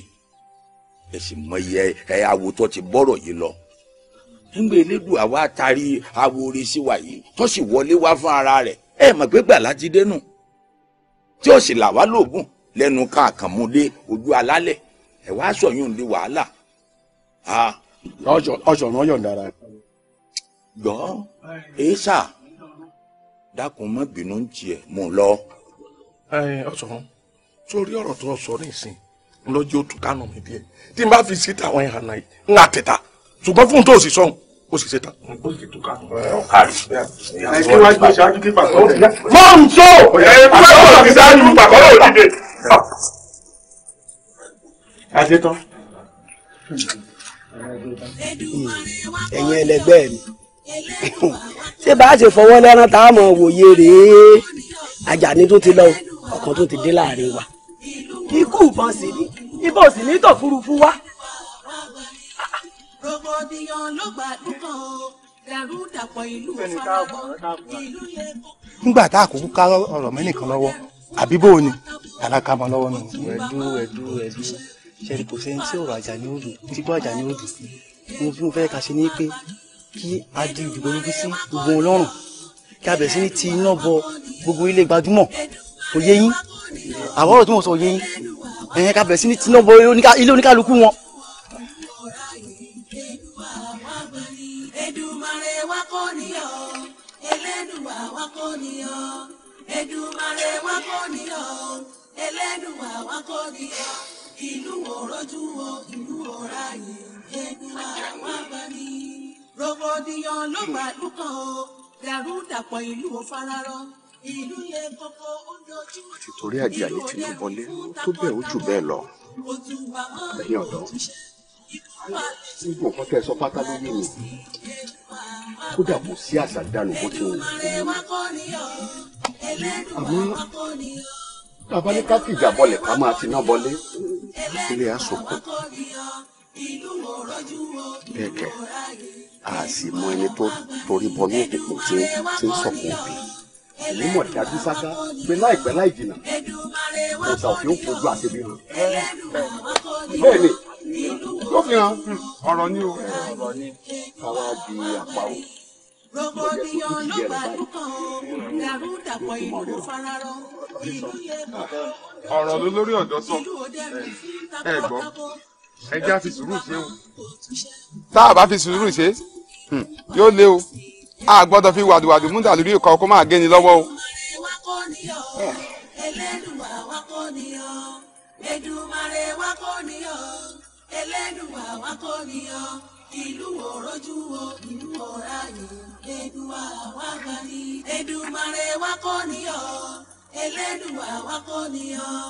ẹ sì mọ iye ẹ awo ti bọ́rọ̀ yìí lọ ńgbé elédùn àwa àtàrí àwo oríṣi wa yìí tó sì wọlé wá fún ara rẹ̀ ẹ mọ̀ pé gbà láti dénú tí ó sì là wá lóògùn lẹ́nu ká àkànmúdé ojú alálẹ̀ ẹ wá sọyún ní wàhálà. ọ̀ṣọ̀nà yọ̀ǹda ara ẹ̀. gbọ́ èésà dákun má bínú ń tiẹ̀ mú un lọ. ọ̀ṣọ̀nà sórí ọ̀rọ̀ tó sọ nísìnyí lọ́jọ́ tó kánú mi díẹ̀ tí n bá fi síta àwọn ìhànà yìí ń àtẹ̀ta ṣùgbọ́n fún tó sì sọ̀hún ó sì ṣe tán. ó sì tún ká kárí. ẹ kí wá gbé ṣáájú kí pàtó ó dìde. mọ́n tó ẹ bá wà ní ṣáájú pàtó ó dìde. adé tán. ẹ̀yin ẹlẹgbẹ́ mi ṣé bá a ṣe fọwọ́ lẹ́rán tá a mọ̀ wòye rèé Àjàní tó ti lọ ọkàn tó ti dé láàrin wa. ikú ìbọn sì ni ìbọn sì ni tọ̀ fúrufú wá rògbòdìyàn ló gbàdúgbò dàrú dàpọ̀ ìlú farabọ̀ ìlú yẹ nígbà tá a kò ká ọ̀rọ̀ mi nìkan lọ́wọ́ àbí bò ni tàlàkà mọ́ lọ́wọ́ nù. ẹ̀dú ẹ̀dú ẹ̀dú ṣẹ̀rí kò sẹ́ni tí ọ̀rọ̀ àjà ní òdù tí gbọ́ àjà ní òdù mo fi fẹ́ ka ṣe ní pé kí a di ìdìbò ojú sí gbogbo ọlọ́run kí a bẹ̀rẹ̀ sí ní ti iná bọ gbogbo ilé gbajúmọ̀ kò yé yín àwọn ọ̀rọ̀ tí mo sọ yé yín ẹ̀yẹn ká bẹ̀rẹ̀ sí ní ti iná bọ ilé oníkálukú wọn kò níyọ Èdùmàrè wa kò níyọ Ẹlẹ́dùwà wa kò níyọ ìlú òrọ́jú o ìlú òráyè rògbòdìyàn ló gbàlú kan o dàrúdàpọ̀ ìlú ìlú yẹ àti torí Àjàyí Tinúbọlé tó bẹ́ẹ̀ ó jù lọ ẹ̀yìn ọ̀dọ́ nígbà kan tẹ sọ pátá ló yé mi kódà kò sí àṣà dànù bó ṣe wù. àmọ́ tàbá ní ká fìjà bọlẹ̀ ká máa ti ná bọlé ilé asòkò kẹ̀kẹ́ a sì mọ ẹni tó torí bọnú òkùnkùn tí ń sọ̀kò òbí èyí mọ̀ dájú sáká pé láìpẹ́ láì jìnnà ọ̀sà òfin ó kojú àtẹ̀bí rẹ̀ bẹ́ẹ̀ ni tó fi hàn ọ̀rọ̀ ni o. ọ̀rọ̀ ni káwá di àpáwò. rògbòdìyàn ló gbàdúrà kan dàrú dàpọ̀ ìlú fararọ ìlú yẹn mọ́. ọ̀rọ̀ ló lórí ọ̀dọ́ sọ ẹ gbọ́ ẹ já fi sùúrù ṣe o. tá a bá fi sùúrù ṣe yóò lé o a gbọ́dọ̀ fi wàdùwàdù mú dàlúrí ìkọ̀ kó máa gé ni lọ́wọ́ o. ìwà kọ́ niyọ̀ ẹlẹ́dùn àwa kọ́ niyọ̀ Èdùmàrè wa kọ́ niyọ̀. Elédùà wa kò níyàn ìlú òrojú wo ìlú ọ̀ráyè Èdùà wa gbà ní. Èdùmàrè wa kò níyàn Elédùà wa kò níyàn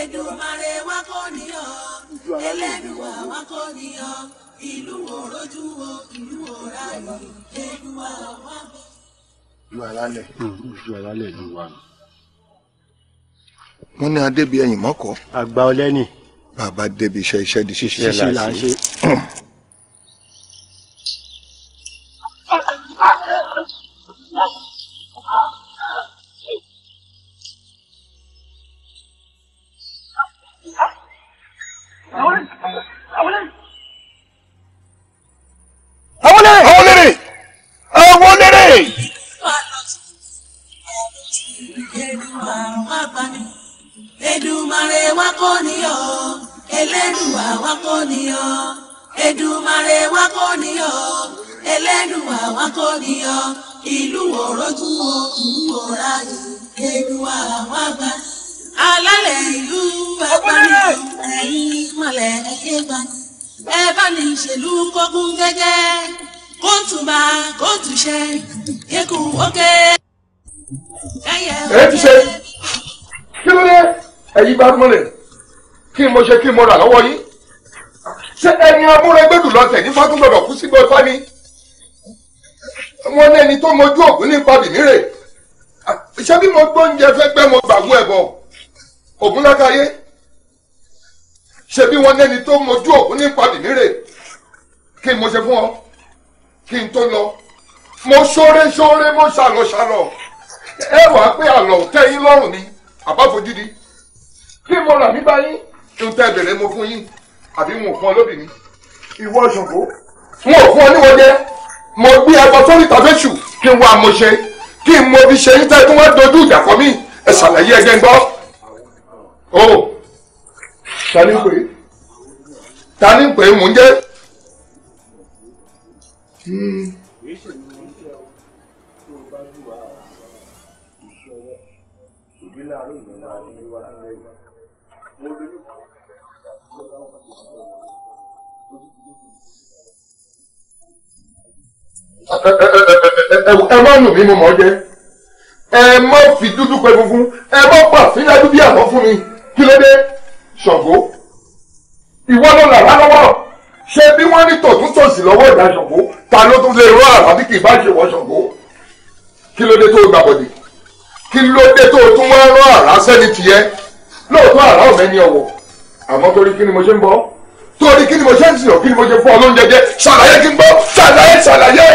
Èdùmàrè wa kò níyàn Elédùà wa kò níyàn ìlú òrojú wo ìlú ọ̀ráyè Èdùà wa gbà ní ju alálẹ̀. Hmm, ju alálẹ̀ ló wà. wọ́n ní adébíyẹ̀yìn mọ́kọ́. àgbà ọlẹ́ni bàbá débi iṣẹ́ iṣẹ́ di ṣíṣe là ṣe. Thank you. Èdùmàrè wa kò níyọ̀ Ẹlẹ́dùà wa kò níyọ̀ Èdùmàrè wa kò níyọ̀ Ẹlẹ́dùà wa kò níyọ̀ ìlú òròjú o ìlú òrayè Èdùà wa gbà alálẹ̀ ìlú agbára ẹ̀yìn mọ̀lẹ́ ẹ̀yẹ́ gbà ẹ bá ní ìṣèlú kókún gẹ́gẹ́ kóòtù bá kóòtù ṣe kíkún ókè ẹ̀yẹ òkè. kí ló dé ẹ̀yin bá múlẹ̀ kí mo ṣe kí mo rà lọ́wọ́ yín ṣé ẹni amúrẹ́gbẹ́dù lọ́tẹ̀ ní fátúgbọ̀dọ̀ kú sí gbọ́fá ni wọ́n ní ẹni tó mojú ògún ní pàbí mírè ṣé bí mo gbóúnjẹ fẹ́ gbẹ́ mo gbàgbó ẹ̀bọ ògún lákàyé ṣé bí wọ́n ní ẹni tó mojú ògún ní pàbí mírè kí mo ṣe fún ọ kí n tó lọ mo ṣóre ṣóre mo ṣàlọ ṣàlọ ẹ wàá pé àlọ tẹ́yìn lọ́rùn ni àbáfojúdi kí mo rà mí bá yín. kí n tẹ́ bẹ̀rẹ̀ mo fún yín àbí wọn ò fún ọ lóbì mi. ìwọ ṣòfò. wọn ò fún ọ níwọ jẹ mo gbé ẹbọ sórí tàbẹ́sù kí n wá mo ṣe kí n mo fi ṣe yín tẹ́ wọ́n dojú ìjà kọ mí ẹ ṣàlàyé ẹgbẹ́ ń gbọ́. o ta pé ta pé mò ń jẹ́. Hmm. ẹ má nù mí mo mọ̀ jẹ́ ẹ má fi dúdú pẹ́ funfun ẹ má pa àfíńdájú bí àná fún mi kí ló dé ṣọ̀gbó ìwọ ló là lálọ́wọ́ ṣé bí wọ́n ní tọ̀tún tòsì lọ́wọ́ ìdá ṣọ̀gbó ta ló tún lè rọ àrà bí kì í bá ṣe wọ́ ṣọ̀gbó kí ló dé tó gbàbọ̀dì kí ló dé tó tún wá rọ àrà sẹ́ni tìyẹ lóòótọ́ àrà ọ̀mẹ́ni ọ̀wọ̀ àmọ́ torí kí ni mo ṣe ń bọ́ torí kí ni mo ṣe ń sìn ọ́ kí ni mo ṣe fún ọ lóúnjẹ jẹ ṣàlàyé kí n gbọ́ ṣàlàyé ṣàlàyé.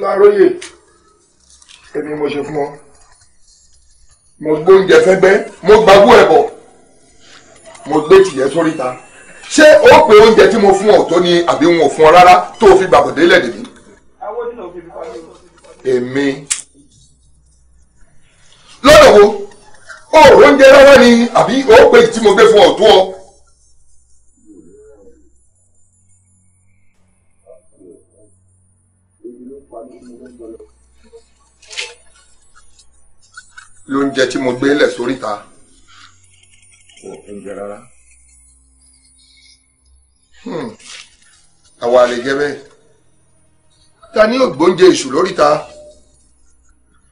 láróyè èmi mo ṣe fún ọ mo gbóúnjẹ fẹ́gbẹ́ mo gbàgbó ẹbọ mo gbé tìyẹ sóríta ṣé ó pe oúnjẹ tí mo fún ọ tó ni àbí wọn ò fún ọ rárá tó o fi gbàgbọ́ délẹ̀ dèmí èmi lọ́dọ̀ wo ó oúnjẹ rárá ni àbí ó pè tí mo gbé fún ọ tó ọ. lóúnjẹ tí mo gbé lẹ̀ sórí ta. oúnjẹ rárá. Hmm. àwa lè jẹ bẹ́ẹ̀ ta ni ògbóúnjẹ èṣù lóríta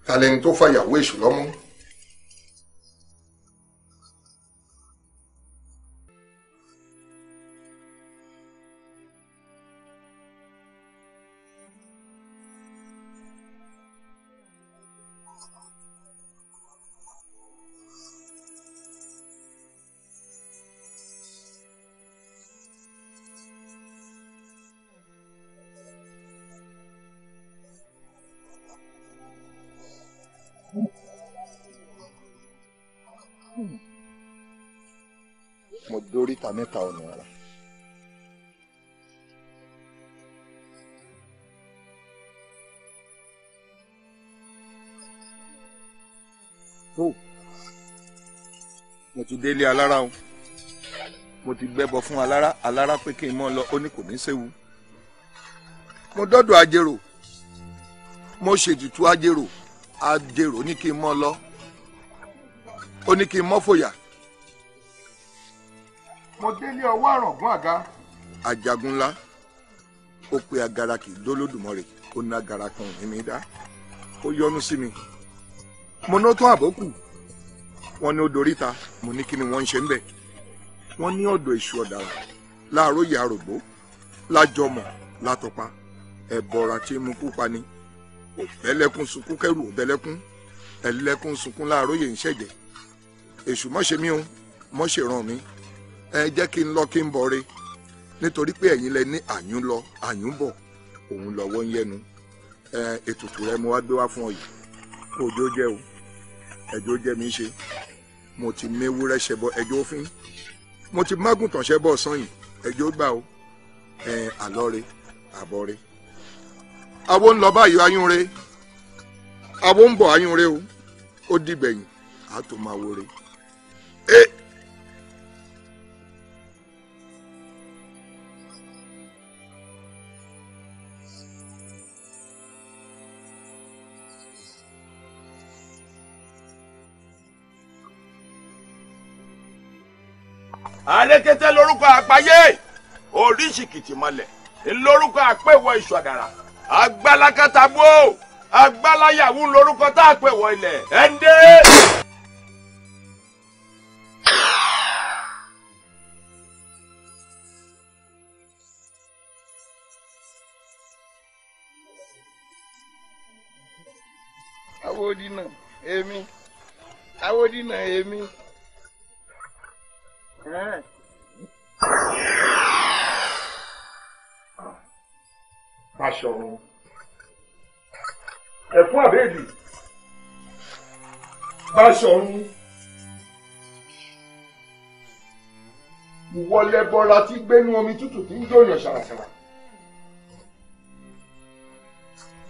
ta lẹni tó fàyàwó èṣù lọ́mú. oríta mẹ́ta ọ̀nà ara. tó mo ti délé alára o mo ti gbẹ́bọ fún alára alára pé kí n mọ́ lọ ó ní kò ní séwu mo dọ́dọ̀ ajérò mo ṣètùtù ajérò ajérò ní kí n mọ́ lọ ó ní kí n mọ́ fòyà mo délé ọwọ́ àrọ̀gún àga. ajagun ńlá ó pe agara kì í lólódùmọ̀rẹ̀ kó ná agara kan òní mi dá ó yọnu sí mi mo ná tó àbókù wọn ní ó doríta mo ní kí ni wọ́n ń ṣe ń bẹ̀ wọ́n ní ọ̀dọ̀ èṣù ọ̀daràn láàárọ̀ ìyá àrògbó lájọmọ̀ látọpa ẹ̀bọ̀ra tí mo kú ni òbẹ́lẹ́kún sunkún kẹrù òbẹ́lẹ́kún ẹ̀lẹ́kún sunkún láàárọ̀ yẹn ń ṣẹ̀jẹ̀ èṣù mọ́ṣe mi o mọ́ṣe ràn mí ẹ jẹ́ kí n lọ kí n bọ̀ re nítorí pé ẹ̀yin lẹ ní àyún lọ àyún bọ̀ òun lọ́wọ́ ń yẹnu ètùtù rẹ mo wá gbé wá fún ọ yìí kó o jó jẹ o ẹjọ́ jẹ́ mi ṣe mo ti méwúrẹ́ ṣẹbọ ẹjọ́ òfin mo ti mágùntàn ṣẹbọ ọ̀sán yìí ẹjọ́ gbà o àlọ́re àbọ̀re àwo ń lọ báyìí ayúnre àwo ń bọ̀ ayúnre o ó dìgbẹ̀yìn àá tó máa àrékété lórúkọ àpáyé oríṣìkìtì mọlẹ̀ lórúkọ àpéwọ ìṣọ̀dàrà agbálakátàbó agbálayàwó lórúkọ tá a pèwọ ilẹ̀ ẹ̀ńdẹ́. awodina èmi awodina èmi. Good. Aṣọ wọn. Ẹ̀fún àbẹ́ẹ̀dì. Báṣọ ọ̀run. Ìwọlẹ̀ bọ́ra tí gbénú omi tútù tí ń jòyàn ṣàràṣàrà.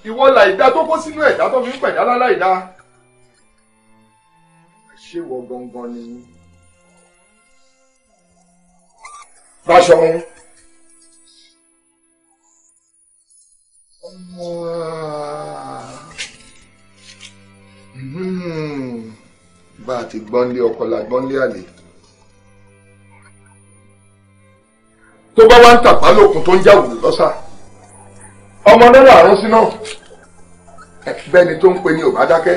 Ìwọ làìdá tó kó sínú ẹ̀dá tó fi ń pẹ̀dá láláìdá. Ṣé wọ gangan ni? fáṣọ wọn. Hmm. bá a ti gbọ́nlé ọkọ la gbọ́nlé àlè. tó bá wá ń tàpá lókun tó ń jáwò lọ́sà ọmọ náà làárọ̀ sí náà bẹ́ni tó ń pè ní òbá dákẹ́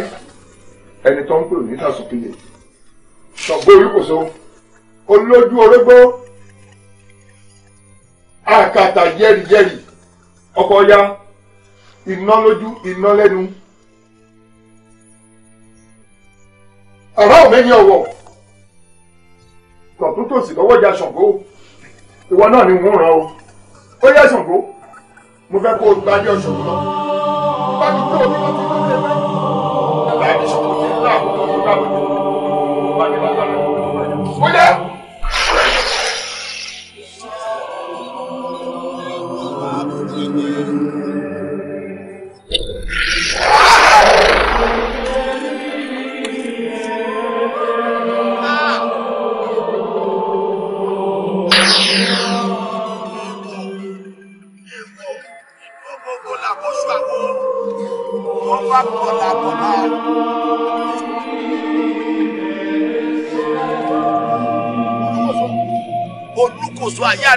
ẹni tó ń pè ní sàṣùpìlẹ̀ ṣọ̀gbọ́n orí kò so olójú orógbó àkàtà yẹ́rìyẹ́rì ọkọ̀ ya iná lójú iná lẹ́nu. ọ̀rá òmẹ́ni ọ̀wọ̀ tọ̀tún tòsì lọ́wọ́ ìjà Ṣàngó ìwọ náà ni mò ràn o ó yẹ Ṣàngó mo fẹ́ kó o gbájú ọ̀ṣọ́gbó lọ. bá mi tó omi lọ́tí ló dé bẹ́ẹ̀. ẹ̀ka ìṣòro ti ń dá àbúrò tó dábòjò.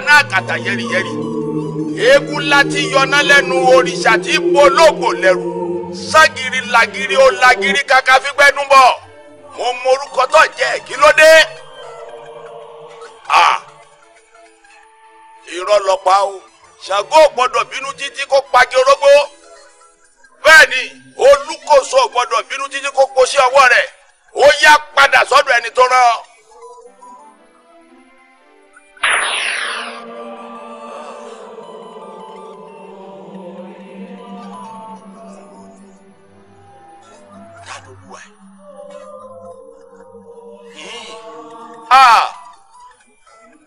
náà kàtà yẹ́rìyẹ́rì eégún ńlá tí yọná lẹ́nu òrìṣà tí polóògbò lẹ́rù ságiri làgiri ó làgiri kàkà fígbẹ́nu bọ̀ mo morúkọ tó jẹ́ kí ló dé. irọ́ lọ o Ṣàngó gbọ́dọ̀ bínú títí kó pagi orógbó bẹ́ẹ̀ ni Olúkòso gbọ́dọ̀ bínú títí kó poṣí ọwọ́ rẹ̀ ó yá padà sọ́dọ̀ ẹni tó rán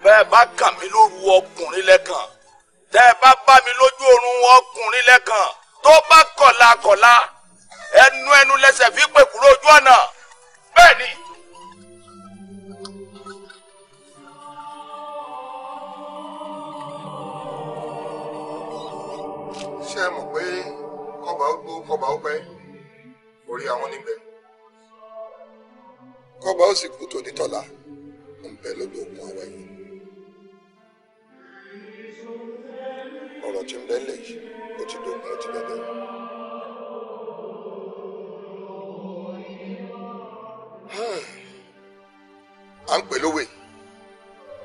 bẹ́ẹ̀ bá kàn mí lóru ọkùnrin lẹ́kàn tẹ́ ẹ bá bá mi lójú oorun ọkùnrin lẹ́kàn tó bá kọ̀la kọ̀la ẹnu ẹnu lẹsẹ̀ fi pè kúrò ojú ọ̀nà bẹ́ẹ̀ ni. ṣé ẹ mọ̀ pé kọba ó gbó kọba ó pẹ́ orí àwọn níbẹ̀ kọba ó sì kú tòní tọ̀la. ń bẹ lọ́dọ̀ ogun àwa yìí ọ̀rọ̀ ń bẹ́lẹ̀ yìí ó ti dógun ó ti bẹ̀bẹ̀. à ń pè lówè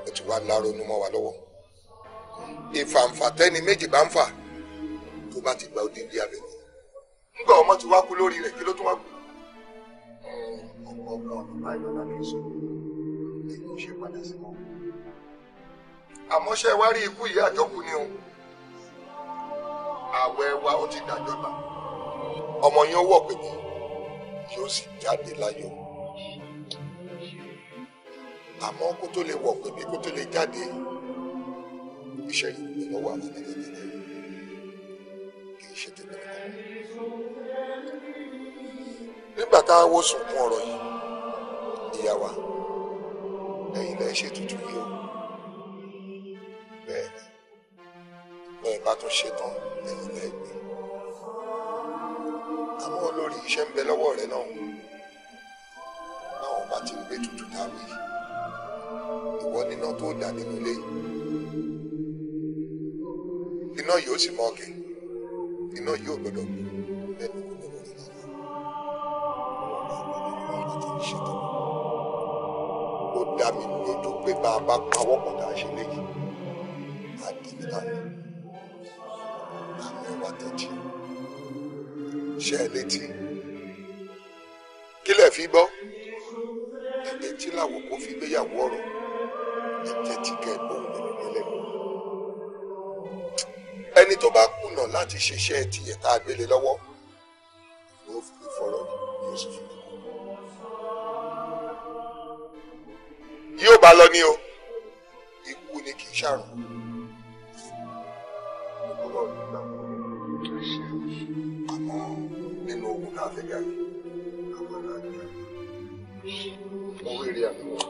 ó ti wá láronú mọ́ wa lọ́wọ́ ìfàǹfà méjì bá ń fà bá ti gba odidi ọmọ ti wá kú lórí rẹ̀ kí ló tún wá kú. tí kò ṣe padà sí mọ́ àmọ́ ṣe wá rí ikú yìí àjọkú ni o àwẹ̀ wa ó ti dàjọba ọmọ yẹn wọ̀ pé ní kí ó sì jáde láyọ̀ àmọ́ kó tó lè wọ̀ pé bí kó tó lè jáde iṣẹ́ yìí ni lọ́wọ́ àwọn ẹlẹ́dẹ̀ẹ́dẹ́ kì í ṣe tèmi nìkan. nígbà tá a wo sùnkún ọ̀rọ̀ yìí ìyá wa ẹ̀yin lẹ ṣe tuntun yìí o bẹ́ẹ̀ ni lọ́ọ̀ bá tún ṣe tán ẹ̀yin lẹ gbé àmọ́ olórí iṣẹ́ ń bẹ lọ́wọ́ rẹ náà báwọn bá ti ń gbé tuntun dáwé ìwọ níná tó dà nínú ilé iná yìí ó sì mọ ọkẹ iná yìí ò gbọ́dọ̀ gbé. ìyá mi ní ètò pé bá a bá pawọ́ pọ̀ tá a ṣe léyìí á àmì ọba tẹ̀jì ṣe létí kí lẹ̀ fi gbọ́ ẹ̀jẹ̀ tí làwọn kò fi gbéyàwó ọ̀rọ̀ ẹ̀jẹ̀ tí kẹ́ ẹ̀ gbóhùn nínú nílẹ̀ ẹni tó bá kùnà láti ṣiṣẹ́ tiẹ̀ tá a gbélé lọ́wọ́ ló fi fọ̀rọ̀ yóò sì fi kú. yóò bá lọ ní o ikú ni kì í ṣàrùn. àmọ́ nínú ogun tá a fẹ́ gà yìí àwọn náà ní àwọn owó èrè àti wọn èrè.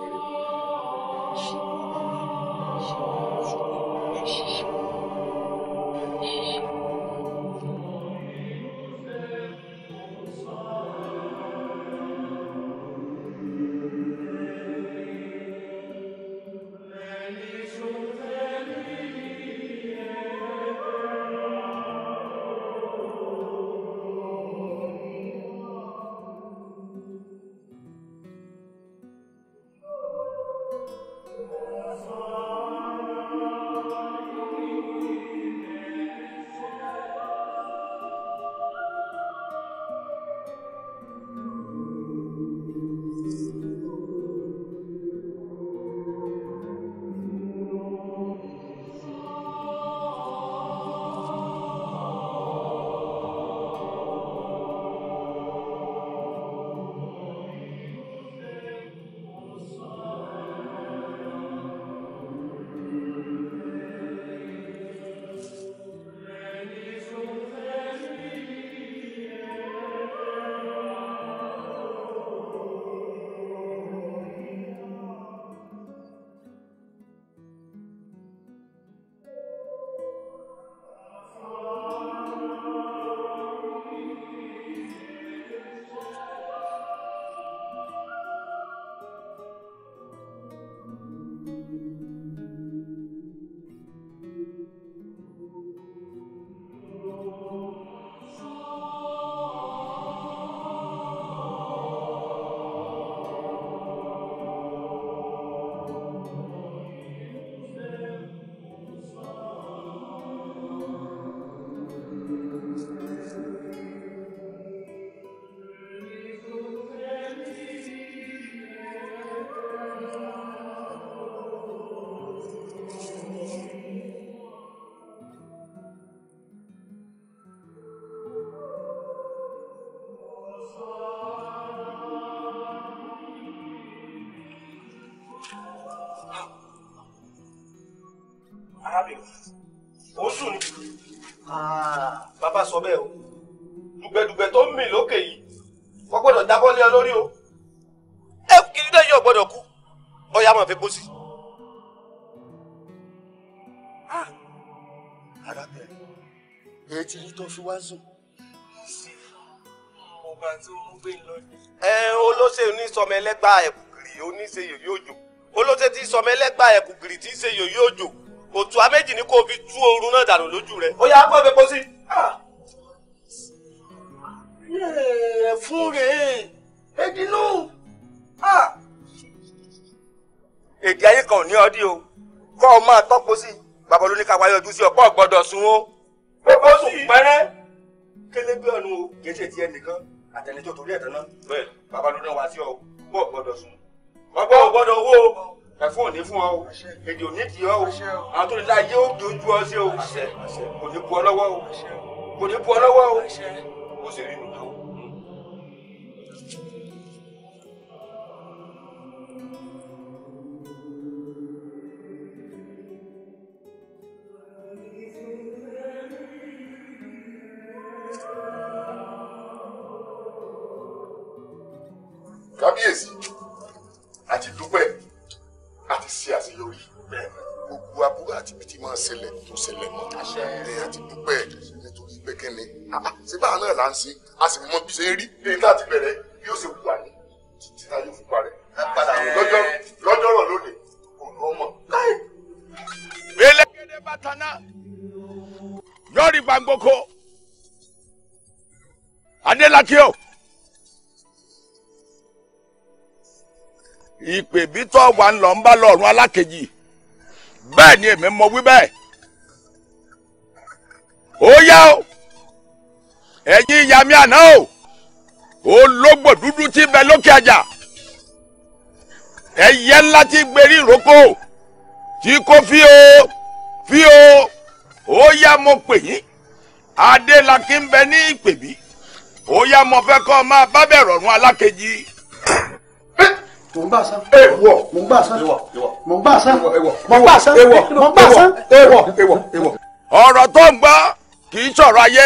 sùn. ọgbà tí mo gbé lọ ni. ẹ olóṣèlú ní sọmọ ẹlẹgbà ẹkùgìrì oníṣe yòyí òjò olóṣèlú ti sọmọ ẹlẹgbà ẹkùgìrì tí ń ṣe yòyí òjò òtù améjì ni kò fi tú oorun náà dànù lójú rẹ. ó yà á gbọ́ pépó sí. fún rèé edinú èdè ayé kan ò ní ọdí o kọ́ ọ máa tọ́pọ̀ sí i bàbá olóníkàwá yọjú sí ọ̀pọ̀ gbọ́dọ̀ sun ó. pépó sùn pẹ́rẹ́ kélébé ọ̀nù o kì í ṣe tiẹ̀ nìkan àtẹni tó torí ẹ̀tàn náà. bẹ́ẹ̀ bàbá ló wa sí ọ bọ́ gbọ́dọ̀ sùn ọgbọ́ ò gbọ́dọ̀ owó o ẹ̀fún ò ní fún ọ o èdè ò ní tì ọ o àwọn tó ní láyé ó dojú ọ sí o kò ní bu ọ lọ́wọ́ o kò ní bu ọ lọ́wọ́ o kò sì rí nù náà o. sí a sì mọ bí ṣe rí èyí tá a ti bẹ̀rẹ̀ bí ó ṣe wù ní títí tá yóò fi parẹ́ lọ́jọ́ lọ́jọ́ rọ̀ lónìí kò mọ̀ gbẹlẹgẹdẹ bàtànà yọrí gbàngboko adélakíò ìpè bí tọ́ wà ń lọ ń bá lọ́ọ̀rùn alákejì bẹ́ẹ̀ ni èmi mọ̀ wí bẹ́ẹ̀ ó yá o ẹ̀yin ìyá mi àná o ológbò dúdú tí bẹ lókè àjà ẹyẹ ńlá tí gbérí ìrókò tí kò fi o fi o ó yá mo pè yín adélakí ń bẹ ní ìpèbí ó yá mo fẹ́ kọ́ máa bá bẹ̀rọ̀ ọ̀run alákejì. mo ń bá a sán. ewọ mo ń bá a sán. ewọ ewọ mo ń bá a sán. ewọ mo ń bá a sán. ewọ mo ń bá a sán. ewọ ewọ ewọ. ọ̀rọ̀ tó ń gbọ́ kì í sọ̀rọ̀ ayé.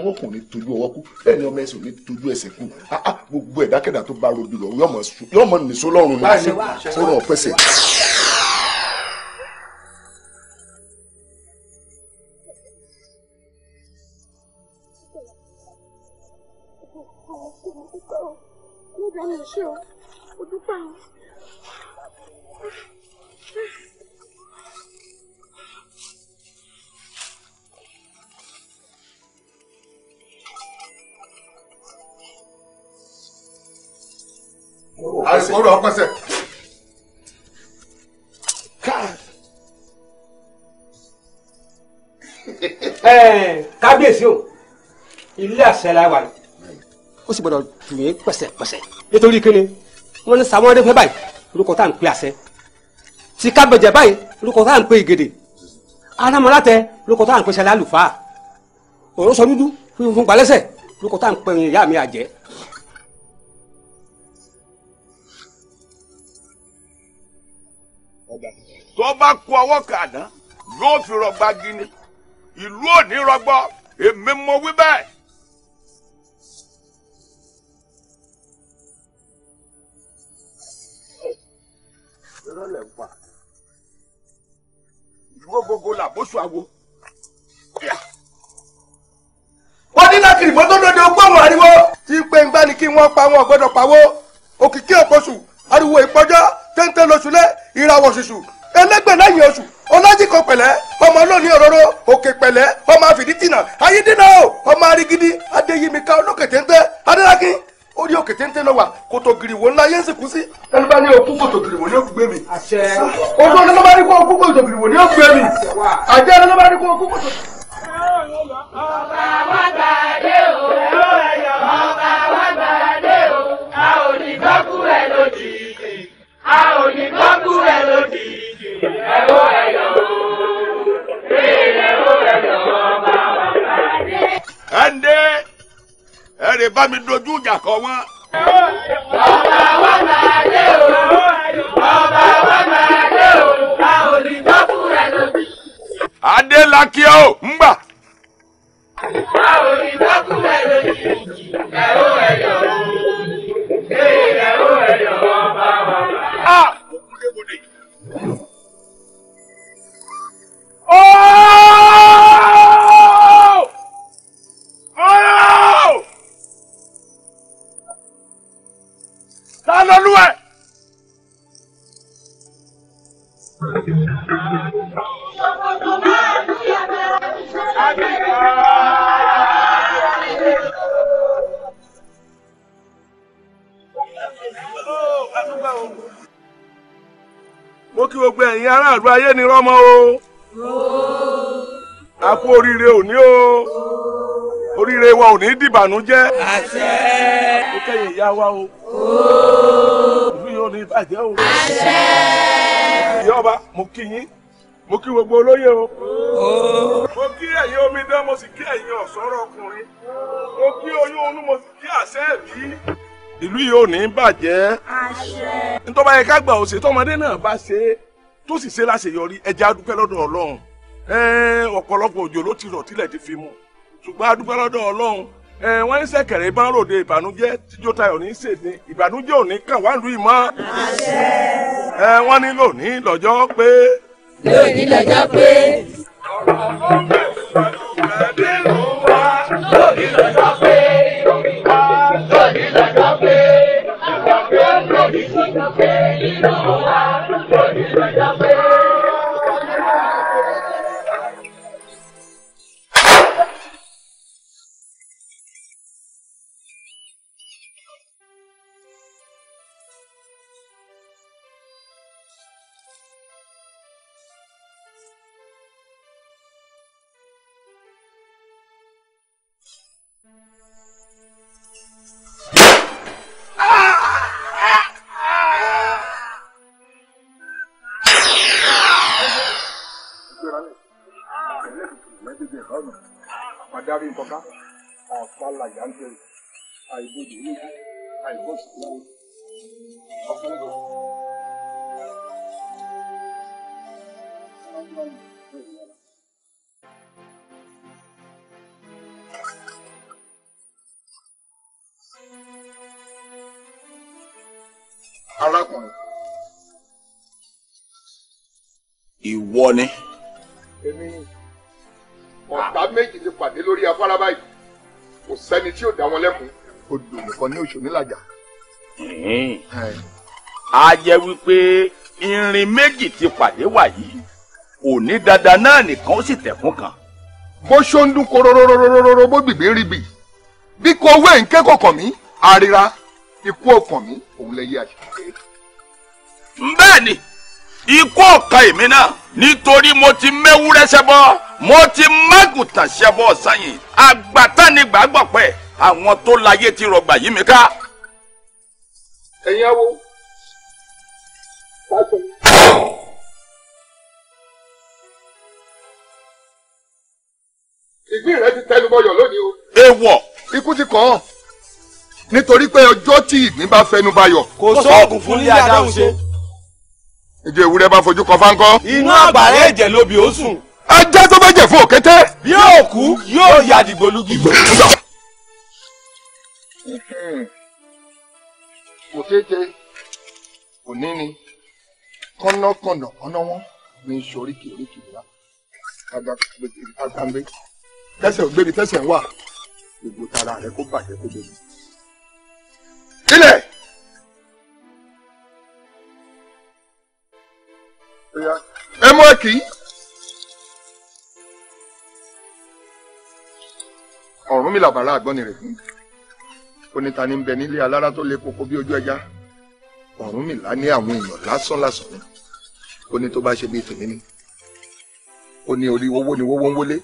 ọmọ ọkùnrin ní tójú ọwọ́ kú bẹ́ẹ̀ ni ọmọ ẹsẹ̀ ní tójú ẹsẹ̀ kú gbogbo ẹ̀dákẹ́dà tó bá robi lọ yọmọ nìṣó lọ́rùn ní fọ́nà ọ̀pẹ̀sẹ̀. Thank kọsẹ̀ ó rọ̀ kọsẹ̀. kábíyèsí o ilé àṣẹ la wà yìí. ó sì gbọ́dọ̀ dùn yín pẹ̀sẹ̀pẹ̀sẹ̀ nítorí kíni wọ́n ní sàmúlẹ́dẹ́ fẹ́ báyìí orúkọ tá à ń pè àṣẹ ti kábẹ̀jẹ̀ báyìí orúkọ tá à ń pè ìgèdè aramọ́látẹ orúkọ tá à ń pè sẹ́lẹ̀ àlùfáà òrósọ dúdú fún gbàlẹ́sẹ̀ orúkọ tá à ń pè ìyá mi àjẹ́ tó bá kó ọwọ́ kàná yóò fi rọgba gini ìlú òní rọgbọ èmi mo wí bẹ́ẹ̀. ìrọ̀lẹ̀ ń pa ìdúró gbogbo làbóṣù àwo. wọ́n ní láti ìbọn tó dòde ogún àwọn ariwo tí péńgbá ni kí wọ́n pa wọn gbọ́dọ̀ pawó òkìkí òpóṣù ariwo ìpọ́jọ́ téńté lóṣùlẹ̀ ìràwọ̀ ṣùṣù ẹlẹ́gbẹ̀ lẹ́yìn oṣù ọlọ́jìkọ pẹ̀lẹ́ ọmọ olóòní òróró òkè pẹ̀lẹ́ ọmọ àfìdítìnà ayédènà o ọmọ arigidi adéyimika olókè téńté orí òkè lọ wà kòtò gìrìwò ńlá yẹn ń sìnkú sí. ẹni bá ní okú kòtò gìrìwò ní ògbé mi. ojú ọ̀nà ló bá ní kó okú kòtò gìrìwò ní ògbé mi. àjẹ́ ló bá ní kó okú kòtò. ẹ ń dé ẹ lè bá mi dojú ìjà kọ wọn. ọba wa máa dé o ọba wa máa dé o a ò lè gbọ́ fúnra lóbi. adélakí o ń gbà. a ò lè gbọ́ fúnra lóbi ẹ̀rọ ẹ̀yọ̀ ẹ̀rọ ẹ̀yọ̀. Oh, oh! mo kí gbogbo ẹ̀yin aráàlú ayé ni rọ́mọ́ o. a kú oríire òní o Orire wa ò ní dìbànújẹ́ ó kẹ́yìn ìyá wa o òbí yóò ní ìbàjẹ́ o ìyá ọba mo kí yín mo gbogbo olóyè o mo oh. kí omi omidan mo kí ẹ̀yin ọ̀sọ́rọ̀ mo mo tó sì ṣe láṣeyọrí ẹ jẹ́ adúpẹ́ lọ́dọ̀ ọlọ́run ọ̀pọ̀lọpọ̀ òjò ló ti rọ̀ tílẹ̀ ti fi mu ṣùgbọ́n adúpẹ́ lọ́dọ̀ ọlọ́run wọ́n ń ṣẹ̀kẹ̀rẹ̀ bá ń ròde ìbànújẹ́ tíjó tayọ̀ ní ṣèdí ìbànújẹ́ òní kàn wá lù ìmọ̀. wọ́n ní lónìí lọ́jọ́ pé. lónìí lọ́jọ́ pé. ọ̀rọ̀ ọlọ́run bẹ̀rù tí ò dá wọn lẹ́kùn odò nìkan ní òṣò nílàjà. a jẹ́ wípé irin méjì ti pàdé wàyí òní dandan náà nìkan ó sì tẹ̀kún kan. bó ṣó ń dún korororororo bó bìbí ríbi bí kò wé nké mi àríra ikú ọkàn mi òun lè yí àṣìṣe. bẹ́ẹ̀ ikú ọ̀kan èmi náà nítorí mo ti mẹ́wúrẹ́ ṣẹbọ mo ti mágùtàn ṣẹbọ sẹ́yìn àgbàtà ni gbàgbọ́ àwọn tó láyé ti rọgbà yí mi ká. ẹ̀yin awo pásọ. ìgbín rẹ ti tẹnu bọyọ lónìí o. èèwọ̀. ikú ti kàn án nítorí pé ọjọ́ tí ìgbín bá fẹnu bayọ̀. kò sóògùn fún ilé adáhùn ṣe. ìjọ ewúrẹ́ bá fojú kan fáńkọ́. inú àgbàrá ẹ̀jẹ̀ lóbi ó sùn. ajá tó bá jẹ̀ fún òkété. bí yóò kú yóò yàdìgbòlugi. Hmm. kò tètè kò ní ni kọ́nọ́kọ́nọ́ ọ̀nà wọn ní sọríkì oríkì ìlà agbambe tẹsẹ̀ ògbébi tẹsẹ̀ ń wà gbogbo tara rẹ kó bàjẹ́ kó bẹ̀rẹ̀. ilẹ̀. ẹ mú ẹ ọ̀run mi làbàrà àgbọ́nì rẹ̀ fún mi ó ní ta ni ń bẹ nílé alára tó le koko bí ojú ẹja Ọ̀rúnmìlà ní àwọn èèyàn lásán lásán ni ó ní tó bá ṣe bí tèmi ni ó ní orí wọ́wọ́ ni wọ́wọ́ ń wọlé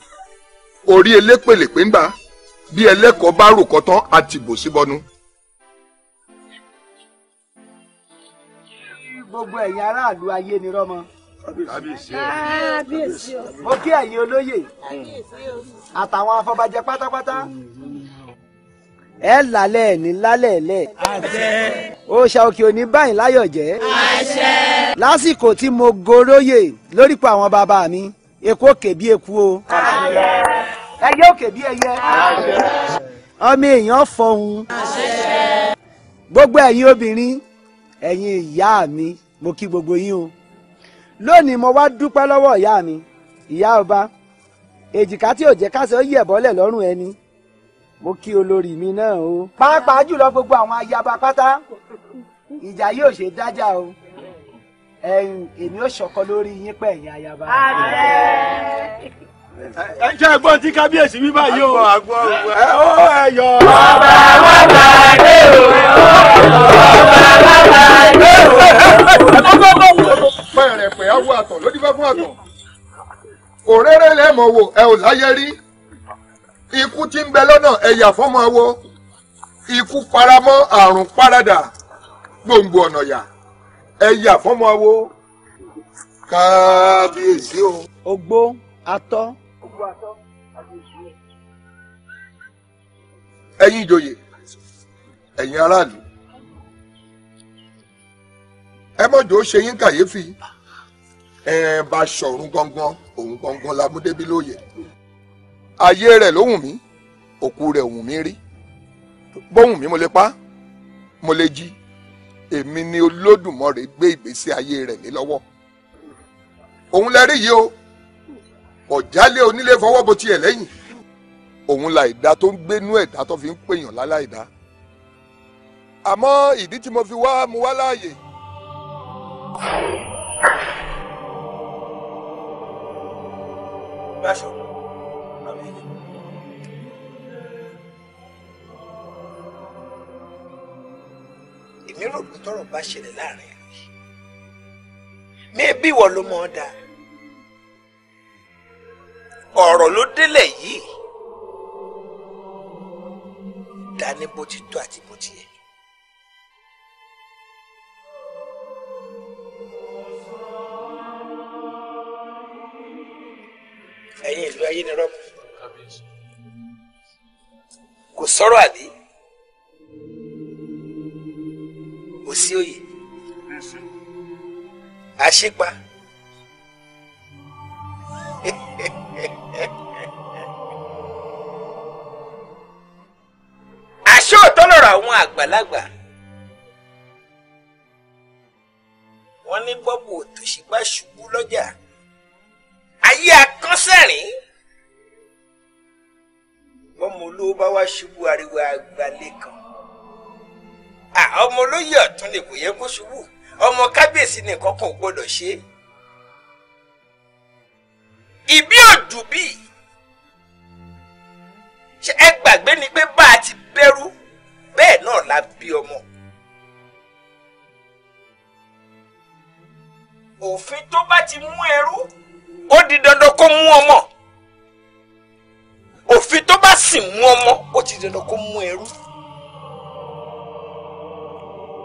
orí elépèlè pé ń gbà bí ẹlẹ́kọ̀ọ́ bá rò kọ́tán àti bò síbọnú. gbogbo ẹ̀yin aráàlú ayé ni rọ́mọ. kábíyèsí o. mo kí ẹ̀yin olóyè àtàwọn afọbajẹ pátápátá ẹ lálẹ́ ní lálẹ́ lẹ̀. àṣẹ. òòṣà òkè òní báyìí láyọ̀ jẹ́. àṣẹ. lásìkò tí mo goróyè lórípò àwọn bàbá mi èkó òkè bí eku o. àṣẹ. ẹyẹ òkè bí ẹyẹ. àṣẹ. ọmọ èèyàn fọhùn. gbogbo ẹ̀yin obìnrin ẹ̀yin ìyá mi mo kí gbogbo yín o lónìí mo wá dúpẹ́ lọ́wọ́ ìyá mi ìyá ọba èjìká tí ò jẹ́ káṣẹ́ ó yẹ̀ lọ́rùn ẹni mo kí olórí mi náà o. pàápàá jùlọ gbogbo àwọn ayaba pátá ìjà yóò ṣe dájà o ẹ̀yin èmi ò ṣọkọ lórí yín pẹ ẹ̀yin ayaba. ẹ jẹ́ ẹgbọ́n tí kábíyèsí wí báyìí o. ẹ ó ẹyọ. ọba bàbá dé o ọba bàbá dé o. pẹ̀rẹ̀pẹ̀ awọ àtọ̀ ló dín bá fún àtọ̀ òréré lẹ́mọ̀ wò ẹ ò láyé rí ikú tí ń bẹ lọ́nà ẹ̀yà fọ́mọ awo ikú paramọ́ àrùn paradà gbòǹgbò ọ̀nà yà ẹ̀yà fọ́mọ awo kábíyèsí o. ogbó atọ́. ogbó atọ́ kábíyèsí o. ẹ̀yin ìjòyè ẹ̀yin aráàlú ẹ mọ̀jọ́ ṣe yín kàyéfì ẹ̀ bá ṣọ̀run gangan òun gangan la mú débi lóye ayé rẹ̀ ló wù mí òkú rẹ̀ wù mí rí bóhùn mi mo lè pa mo lè jí èmi ni olódùmarè gbé ìgbésí ayé rẹ̀ lé lọ́wọ́ òun lẹ rí yìí o ọ̀jálé onílé fọwọ́ bo tiẹ̀ lẹ́yìn òun la ìdá tó ń gbénú ẹ̀dá tó fi ń pèèyàn láláìdá àmọ́ ìdí tí mo fi wá mu wá láàyè. Báṣọ. èmi rò pé tọ́rọ̀ bá ṣẹlẹ̀ láàrin ẹ̀ mi bí ìwọ ló mọ̀ ọ́ da ọ̀rọ̀ ló délẹ̀ yìí dání bó ti tó àti bó ti yẹ. ẹ̀yin ìlú ayé ni rọ́pù kò sọ̀rọ̀ àbí. òsí òyè àṣepa àṣé òótọ́ lọ̀rọ̀ àwọn àgbàlagbà wọ́n ní bọ́bù òtòṣì bá ṣubú lọ́jà ayé akọ́sẹ̀rín bọ́mọ olówó bá wá ṣubú ariwo àgbàlẹ̀ kan ọmọ olóyè ọ̀tún ni kò yẹ kó ṣubú ọmọ kábíyèsí nìkan kan ò gbọdọ̀ ṣe é ìbí òdù bíi ṣe ẹ gbàgbé ni pé bá a ti bẹ̀rù bẹ́ẹ̀ náà la bí ọmọ. òfin tó bá ti mú ẹrú ó di dandan kó mú ọmọ òfin tó bá sì mú ọmọ ó ti dandan kó mú ẹrú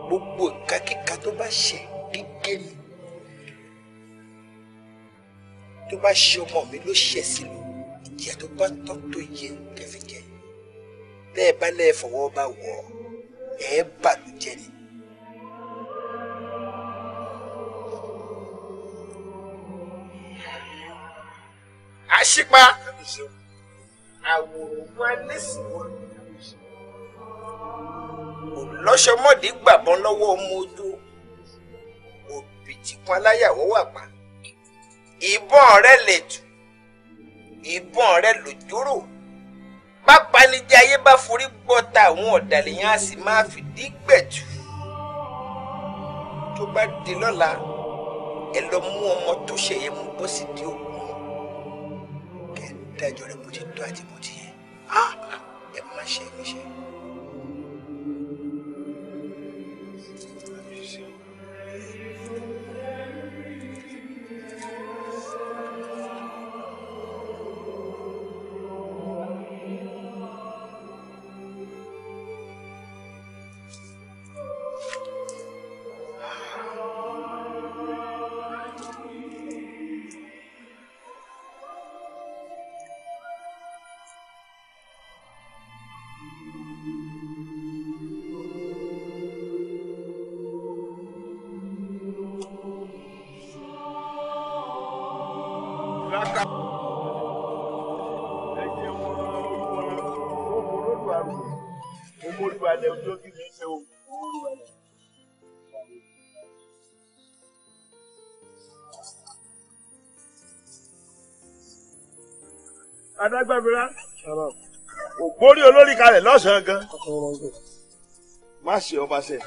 gbogbo ìkákíka tó bá ṣe gígé mi tó bá ṣe ọmọ mi ló ṣẹ̀ sí lò ìjìyà tó bá tọ́ tó yẹ kẹfìjẹ bẹ́ẹ̀ bá lẹ́ẹ̀ fọwọ́ bá wọ̀ ẹ̀ bàlújẹ́ ni. àṣìpa àwòrán wa lẹ́sìn lọ́sọmọ́dé gbàbọ́n lọ́wọ́ mojú òbìtìkun aláyàwó wà pa ìbọn rẹ lẹ̀tù ìbọn rẹ lòjóró pápánijẹ ayé bá forí gbọ́ta àwọn ọ̀dàlẹ̀ yẹn á sì máa fìdí gbẹ̀tù tó bá di lọ́la ẹ lọ mú ọmọ tó ṣẹ̀yẹ mú bọ́ sí di òkun kẹ́ ẹ dájọ́ rẹ bó ti tó àti bó ti yẹ ah! ẹ má ṣe é níṣẹ́. gbàgbéra ògbórí olórí kalẹ̀ lọ́sàn-án gan má ṣe ọba ṣe.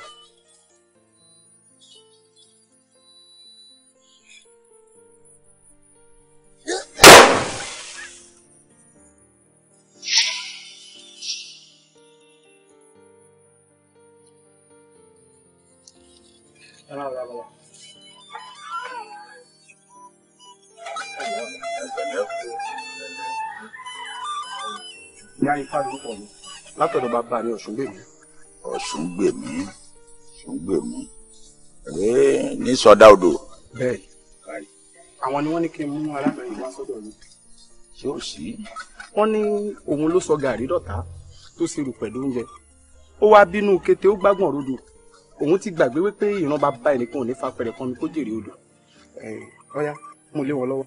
ìyá ifá lórúkọ mi látọ̀dọ̀ bàbá mi ọ̀ṣun gbèmí. ọ̀ṣun gbèmí ọ̀ṣun gbèmí rèé ní sọdá odò. bẹ́ẹ̀ni àwọn ni wọ́n ní kí n mú arábìnrin wá sọ́dọ̀ mi. ṣé o sí. wọ́n ní òun ló sọ gàrí dọ̀tá tó ṣe rù pẹ̀lú oúnjẹ ó wá bínú kété ó gbágbọ̀n rodò òun ti gbàgbé wípé ìran bàbá ẹnìkan ò ní fa pẹ̀rẹ̀ kan mi kó jèrè odò. ọ̀ya mo lé wọn lọ́wọ́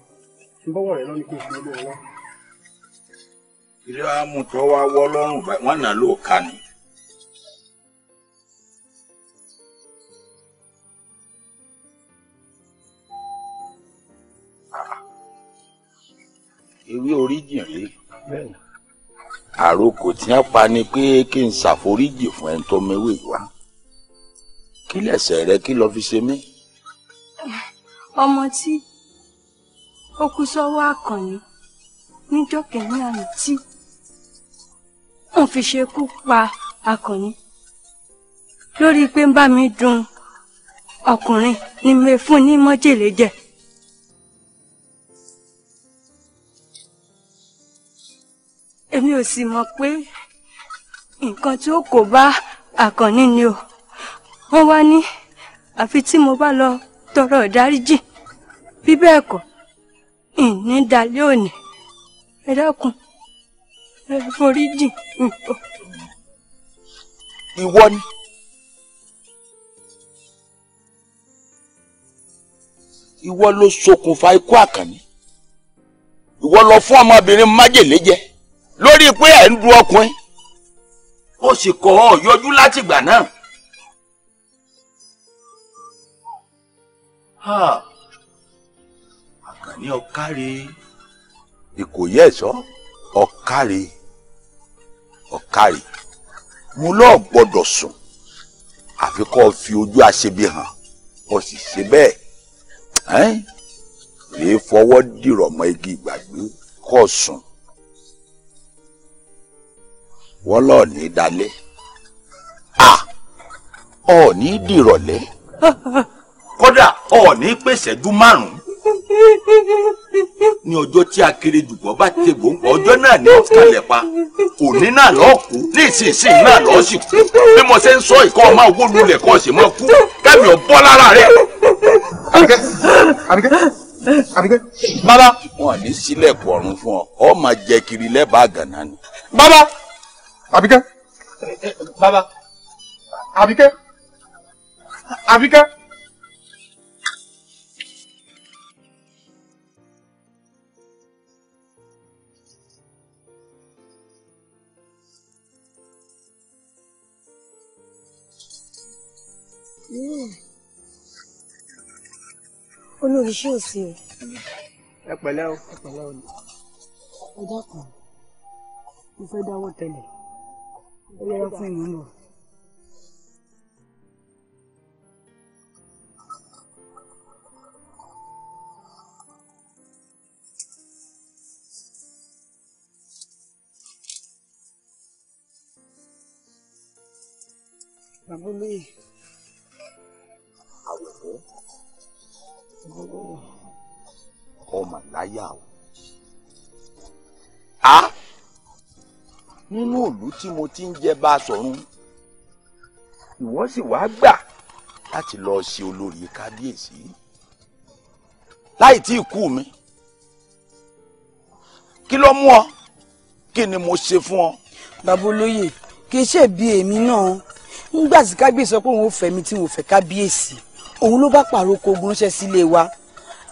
n bọ́wọ́ rẹ̀ lọ́ni kò fi olówó wá ilé amú tó wá wọ́ lọ́rùn wọ́n nà ló ka ni. ewé oríjìn rèé àròkò tí wọ́n pa ni pé kí n ṣàforíjì fún ẹni tó mewé wa kí lẹ̀ṣẹ̀ rẹ kí lọ fi ṣe mí. ọmọ tí ó kú sọ́wọ́ àkànní níjọ́ kẹ́rin àná tí wọ́n fi ṣekú pa akọni lórí pé ń bá mi dun ọkùnrin ni mo fún ní májèlé jẹ. èmi ò sì mọ̀ pé nǹkan tí ó kò bá àkànní ni o wọ́n wá ní àfi tí mo bá lọ tọrọ ìdáríjì bí bẹ́ẹ̀ kọ́ ìní dalẹ́ òní ẹ dákun ẹ forí jìn. ìwọ ni. ìwọ ló ṣokùnfà ikú àkànní ìwọ lọ fún ọmọbìnrin májèlé jẹ lórí pé ẹ ń du ọkùnrin ó sì kọ ọ yọjú látìgbà náà. àkànní ọ̀kárí. ìkòyí ẹ̀ṣọ́. So ọ̀kàrè ọ̀kàrè mo lọ́ọ̀ gbọ́dọ̀ sùn àfi kọ́ fi ojú àṣebi hàn ó sì ṣe bẹ́ẹ̀ rèé fọwọ́ dìrọ̀ mọ́ igi ìgbàgbé kọ́ sùn wọ́n lọ́ọ̀ ní dalẹ́ ọ̀ọ́ni dìrọ̀lẹ́ kódà ọ̀ọ́ni pèsè ju márùn-ún ní ọjọ́ tí Akérédùgbọ̀ bá tẹ gbòǹgbò ọjọ́ náà ni wọ́n kalẹ̀ pa òní náà lọ́ọ́ kú ní ìsinsìnyí náà lọ́ọ́ sì kú bí mo ṣe ń sọ ìkọ́ ọmọ owó lulẹ̀ kọ́ sì mọ́ kú kẹ́mi ò bọ́ lára rẹ̀. Àbíkẹ́ Àbíkẹ́ Àbíkẹ́. bàbá. wọn ní sílẹ̀kùn ọ̀run fún ọ ọ máa jẹ kiri lẹ́bàá gànà ni. bàbá. Àbíkẹ́. bàbá. Àbíkẹ́. Àbíkẹ́. olórí ṣé ò sí o. ẹ pẹ̀lẹ́ o ẹ pẹ̀lẹ́ o. ẹ dákun mo fẹ́ dáwọ́ tẹ́lẹ̀ ó yẹra fún ìyẹn lọ. Bàbá olóyè. ọmọ láyà o a nínú òlú tí mo ti ń jẹ bá a sọ̀run ìwọ́n sì wá gbà láti lọ ṣe olórí kábíyèsí láì tí ì kú mi kí ló mú ọ kí ni mo ṣe fún ọ. bàbá olóyè kì í ṣe bí èmi náà nígbà tí kábíyèsí sọ pé òun ò fẹ́ tí òun ò fẹ́ kábíyèsí òun ló bá pààrọ̀ kogun ránṣẹ́ sílé wa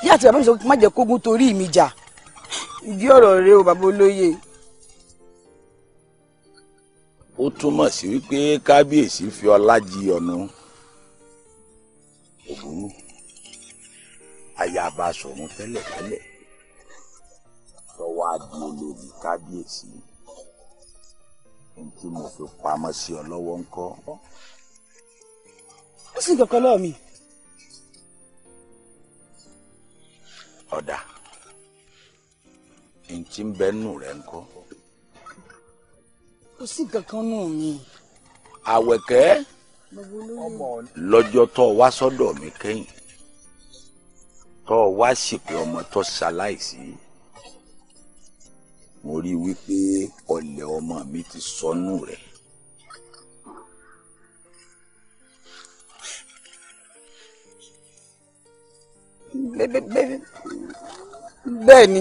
ìyá àti bàbá mi sọ má jẹ́ kógun torí mi jà ìdí ọ̀rọ̀ rẹ o bàbá olóye. ó túmọ̀ sí wípé kábíyèsí fi ọlá ji ọ̀nà òbúrú ayaba sọ̀rọ̀ tẹ́lẹ̀tẹ́lẹ̀ lọ́wọ́ adi olórí kábíyèsí tí mo fi pamọ́ sí ọ lọ́wọ́ ńkọ́. ó sì kankan lọ́ọ̀ mi. ọ̀dà ntí ń bẹ nù rẹ ńkọ́. kò sí nǹkan kan nù mí. àwẹ̀kẹ́ lọ́jọ́ tó wá sọ́dọ̀ mi kẹ́yìn tó wá ṣìpè ọmọ tó ṣaláìsí mo rí i wípé ọ̀lẹ̀ ọmọ mi ti sọnù rẹ̀. bẹ́ẹ̀ ni.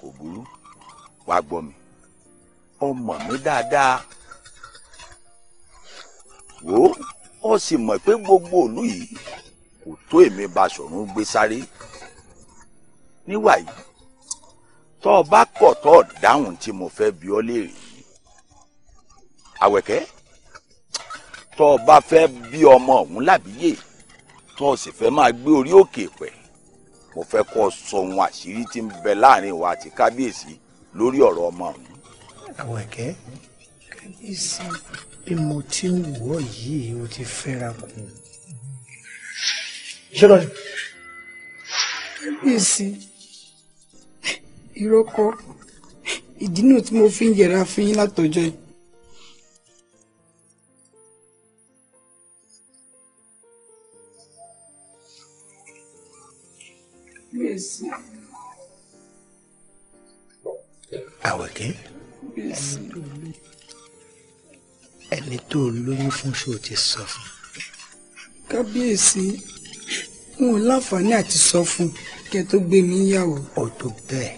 kò burú wàá gbọ́ mi ọmọ mi dáadáa wò ó sì mọ̀ pé gbogbo òlú yìí kò tó èmi Baṣọ̀run gbé sáré níwà yìí tọ́ ọ bá kọ̀ tọ́ ọ dáhùn tí mo fẹ́ bi ọ́ léèrè àwẹ̀kẹ́ tọ́ ọ bá fẹ́ bí ọmọ ọ̀hún làbíyè tó o sì fẹ́ máa gbé orí òkè pẹ̀ mo fẹ́ kọ́ o sọ ohun àṣírí tí ń bẹ láàrin wa àti kábíyèsí lórí ọ̀rọ̀ ọmọ ọ̀hún. àwọn ẹ̀kẹ́ kábíyèsí bí mo ti ń wò yìí o ti fẹ́ra kù. ṣé lọ́dún kábíyèsí ìrókò ìdí náà tí mo fi ń yẹra fún yín látọjọ́ yìí Bíyèsí. Àwẹ̀kẹ́. Bíyèsí. Ẹni tó lóyún fún ṣó ti sọ fún. Kábíyèsí, n ò láǹfààní àti sọ fún kẹ tó gbé mi yàwó. Ó tó bẹ́ẹ̀.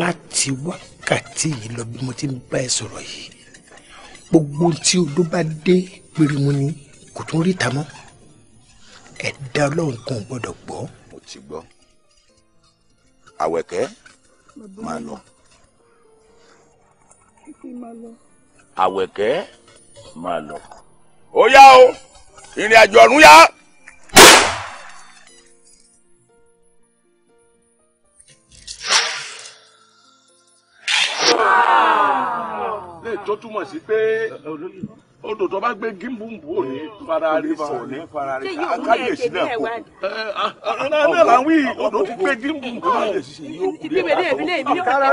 Láti wákàtí yìí lọ bí mo ti ń bá ẹ sọ̀rọ̀ yìí, gbogbo tí odó bá dé pèrè mu ni kò tún rí ta mọ́ ẹ̀dá ọlọ́run kan gbọ́dọ̀ gbọ́. mo ti gbọ́ àwẹ̀kẹ́ máa lọ. àwẹ̀kẹ́ máa lọ. ó yá o ìrìn àjò ọ̀run yá. lè tó túmọ̀ sí pé odò tó bá gbé gímbùmbù ò ní farari sọ ní farari akáyèsí náà kò ọ̀nà náà là ń wí odò ti gbé gímbùmbù náà lè ṣe yóò kú dé àkàrà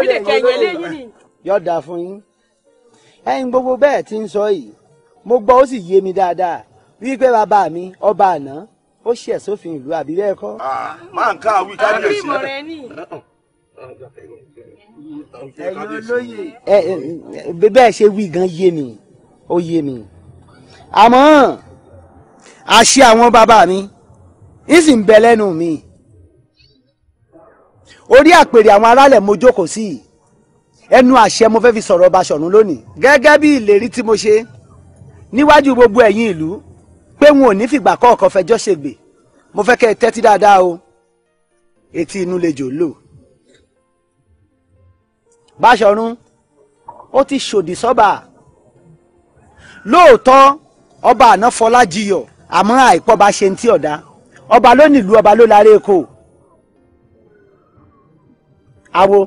yọ̀dà fún yín ẹ̀yin gbogbo bẹ́ẹ̀ ti ń sọ yìí mo gbọ́ ó sì yé mi dáadáa wípé bàbá mi ọba àná ó ṣe ẹ̀sófin ìlú àbí bẹ́ẹ̀ kọ́. máa ń ká àwí kábíyèsí rẹ ẹ̀yin olóyè bẹ́ẹ̀ ṣe wí gan yé mi ó yé mi àmọ́ àṣẹ àwọn bàbá mi ń sì ń bẹ lẹ́nu mi orí àpèrè àwọn aráàlẹ̀ mo jókòó sí i ẹnu àṣẹ mo fẹ́ fi sọ̀rọ̀ Baṣọ̀run lónìí gẹ́gẹ́ bí ìlérí tí mo ṣe níwájú gbogbo ẹ̀yin ìlú pé wọn ò ní fìgbà kọ́ọ̀kan fẹjọ́ ṣègbè mo fẹ́ kẹ́ ẹ tẹ́tí dáadáa o etí inú lè jò lò. Baṣọ̀run ó ti ṣòdì sọ́bà. So lóòótọ́ ọba àná Fọlájiyọ̀ àmọ́ àìpọ́ba ṣe ń tí ọ̀dá ọba ló nílù ọba ló lára èkó. àwo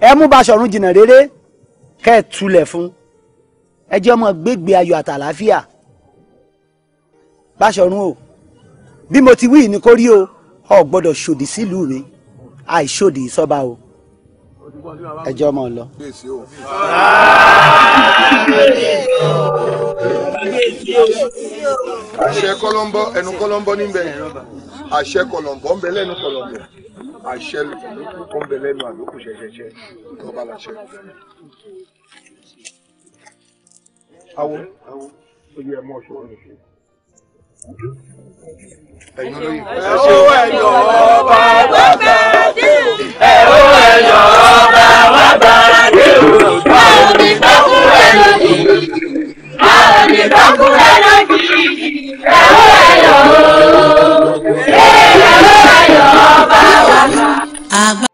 ẹ mú Baṣọ̀run jìnnà réré kẹ́ ẹ tulẹ̀ fún ẹ jẹ́ ọmọ gbégbé ayọ̀ àtàlàáfíà Baṣọ̀run o bí mo ti wí ní kórí o ọ gbọ́dọ̀ ṣòdì sílùú mi àìṣòdì ìsọba o ẹjọ́ mọ̀ lọ. àṣẹ kọlọ́mbọ́ ẹnu kọlọ́mbọ́ níbẹ̀ àṣẹ kọlọ́mbọ́ ń bẹ lẹ́nu kọlọ́mbọ́ àṣẹ lókùnkọ́ ń bẹ lẹ́nu àlòkù ṣẹṣẹṣẹ lọ́ba làṣẹ. awo oye ẹ mọ ọṣọ ọ̀nà ṣe ẹ̀yin olóyè. ẹ ó ẹ̀yọ̀ ọba bàbá dé o. ẹ ó ẹ̀yọ̀ ọba bàbá dé o. a ò ní bá fún ẹ lónìí. a ò ní bá fún ẹ lónìí. ẹ ó ẹ̀yọ̀ o. ẹ ó ẹ̀yọ̀ ọba bàbá.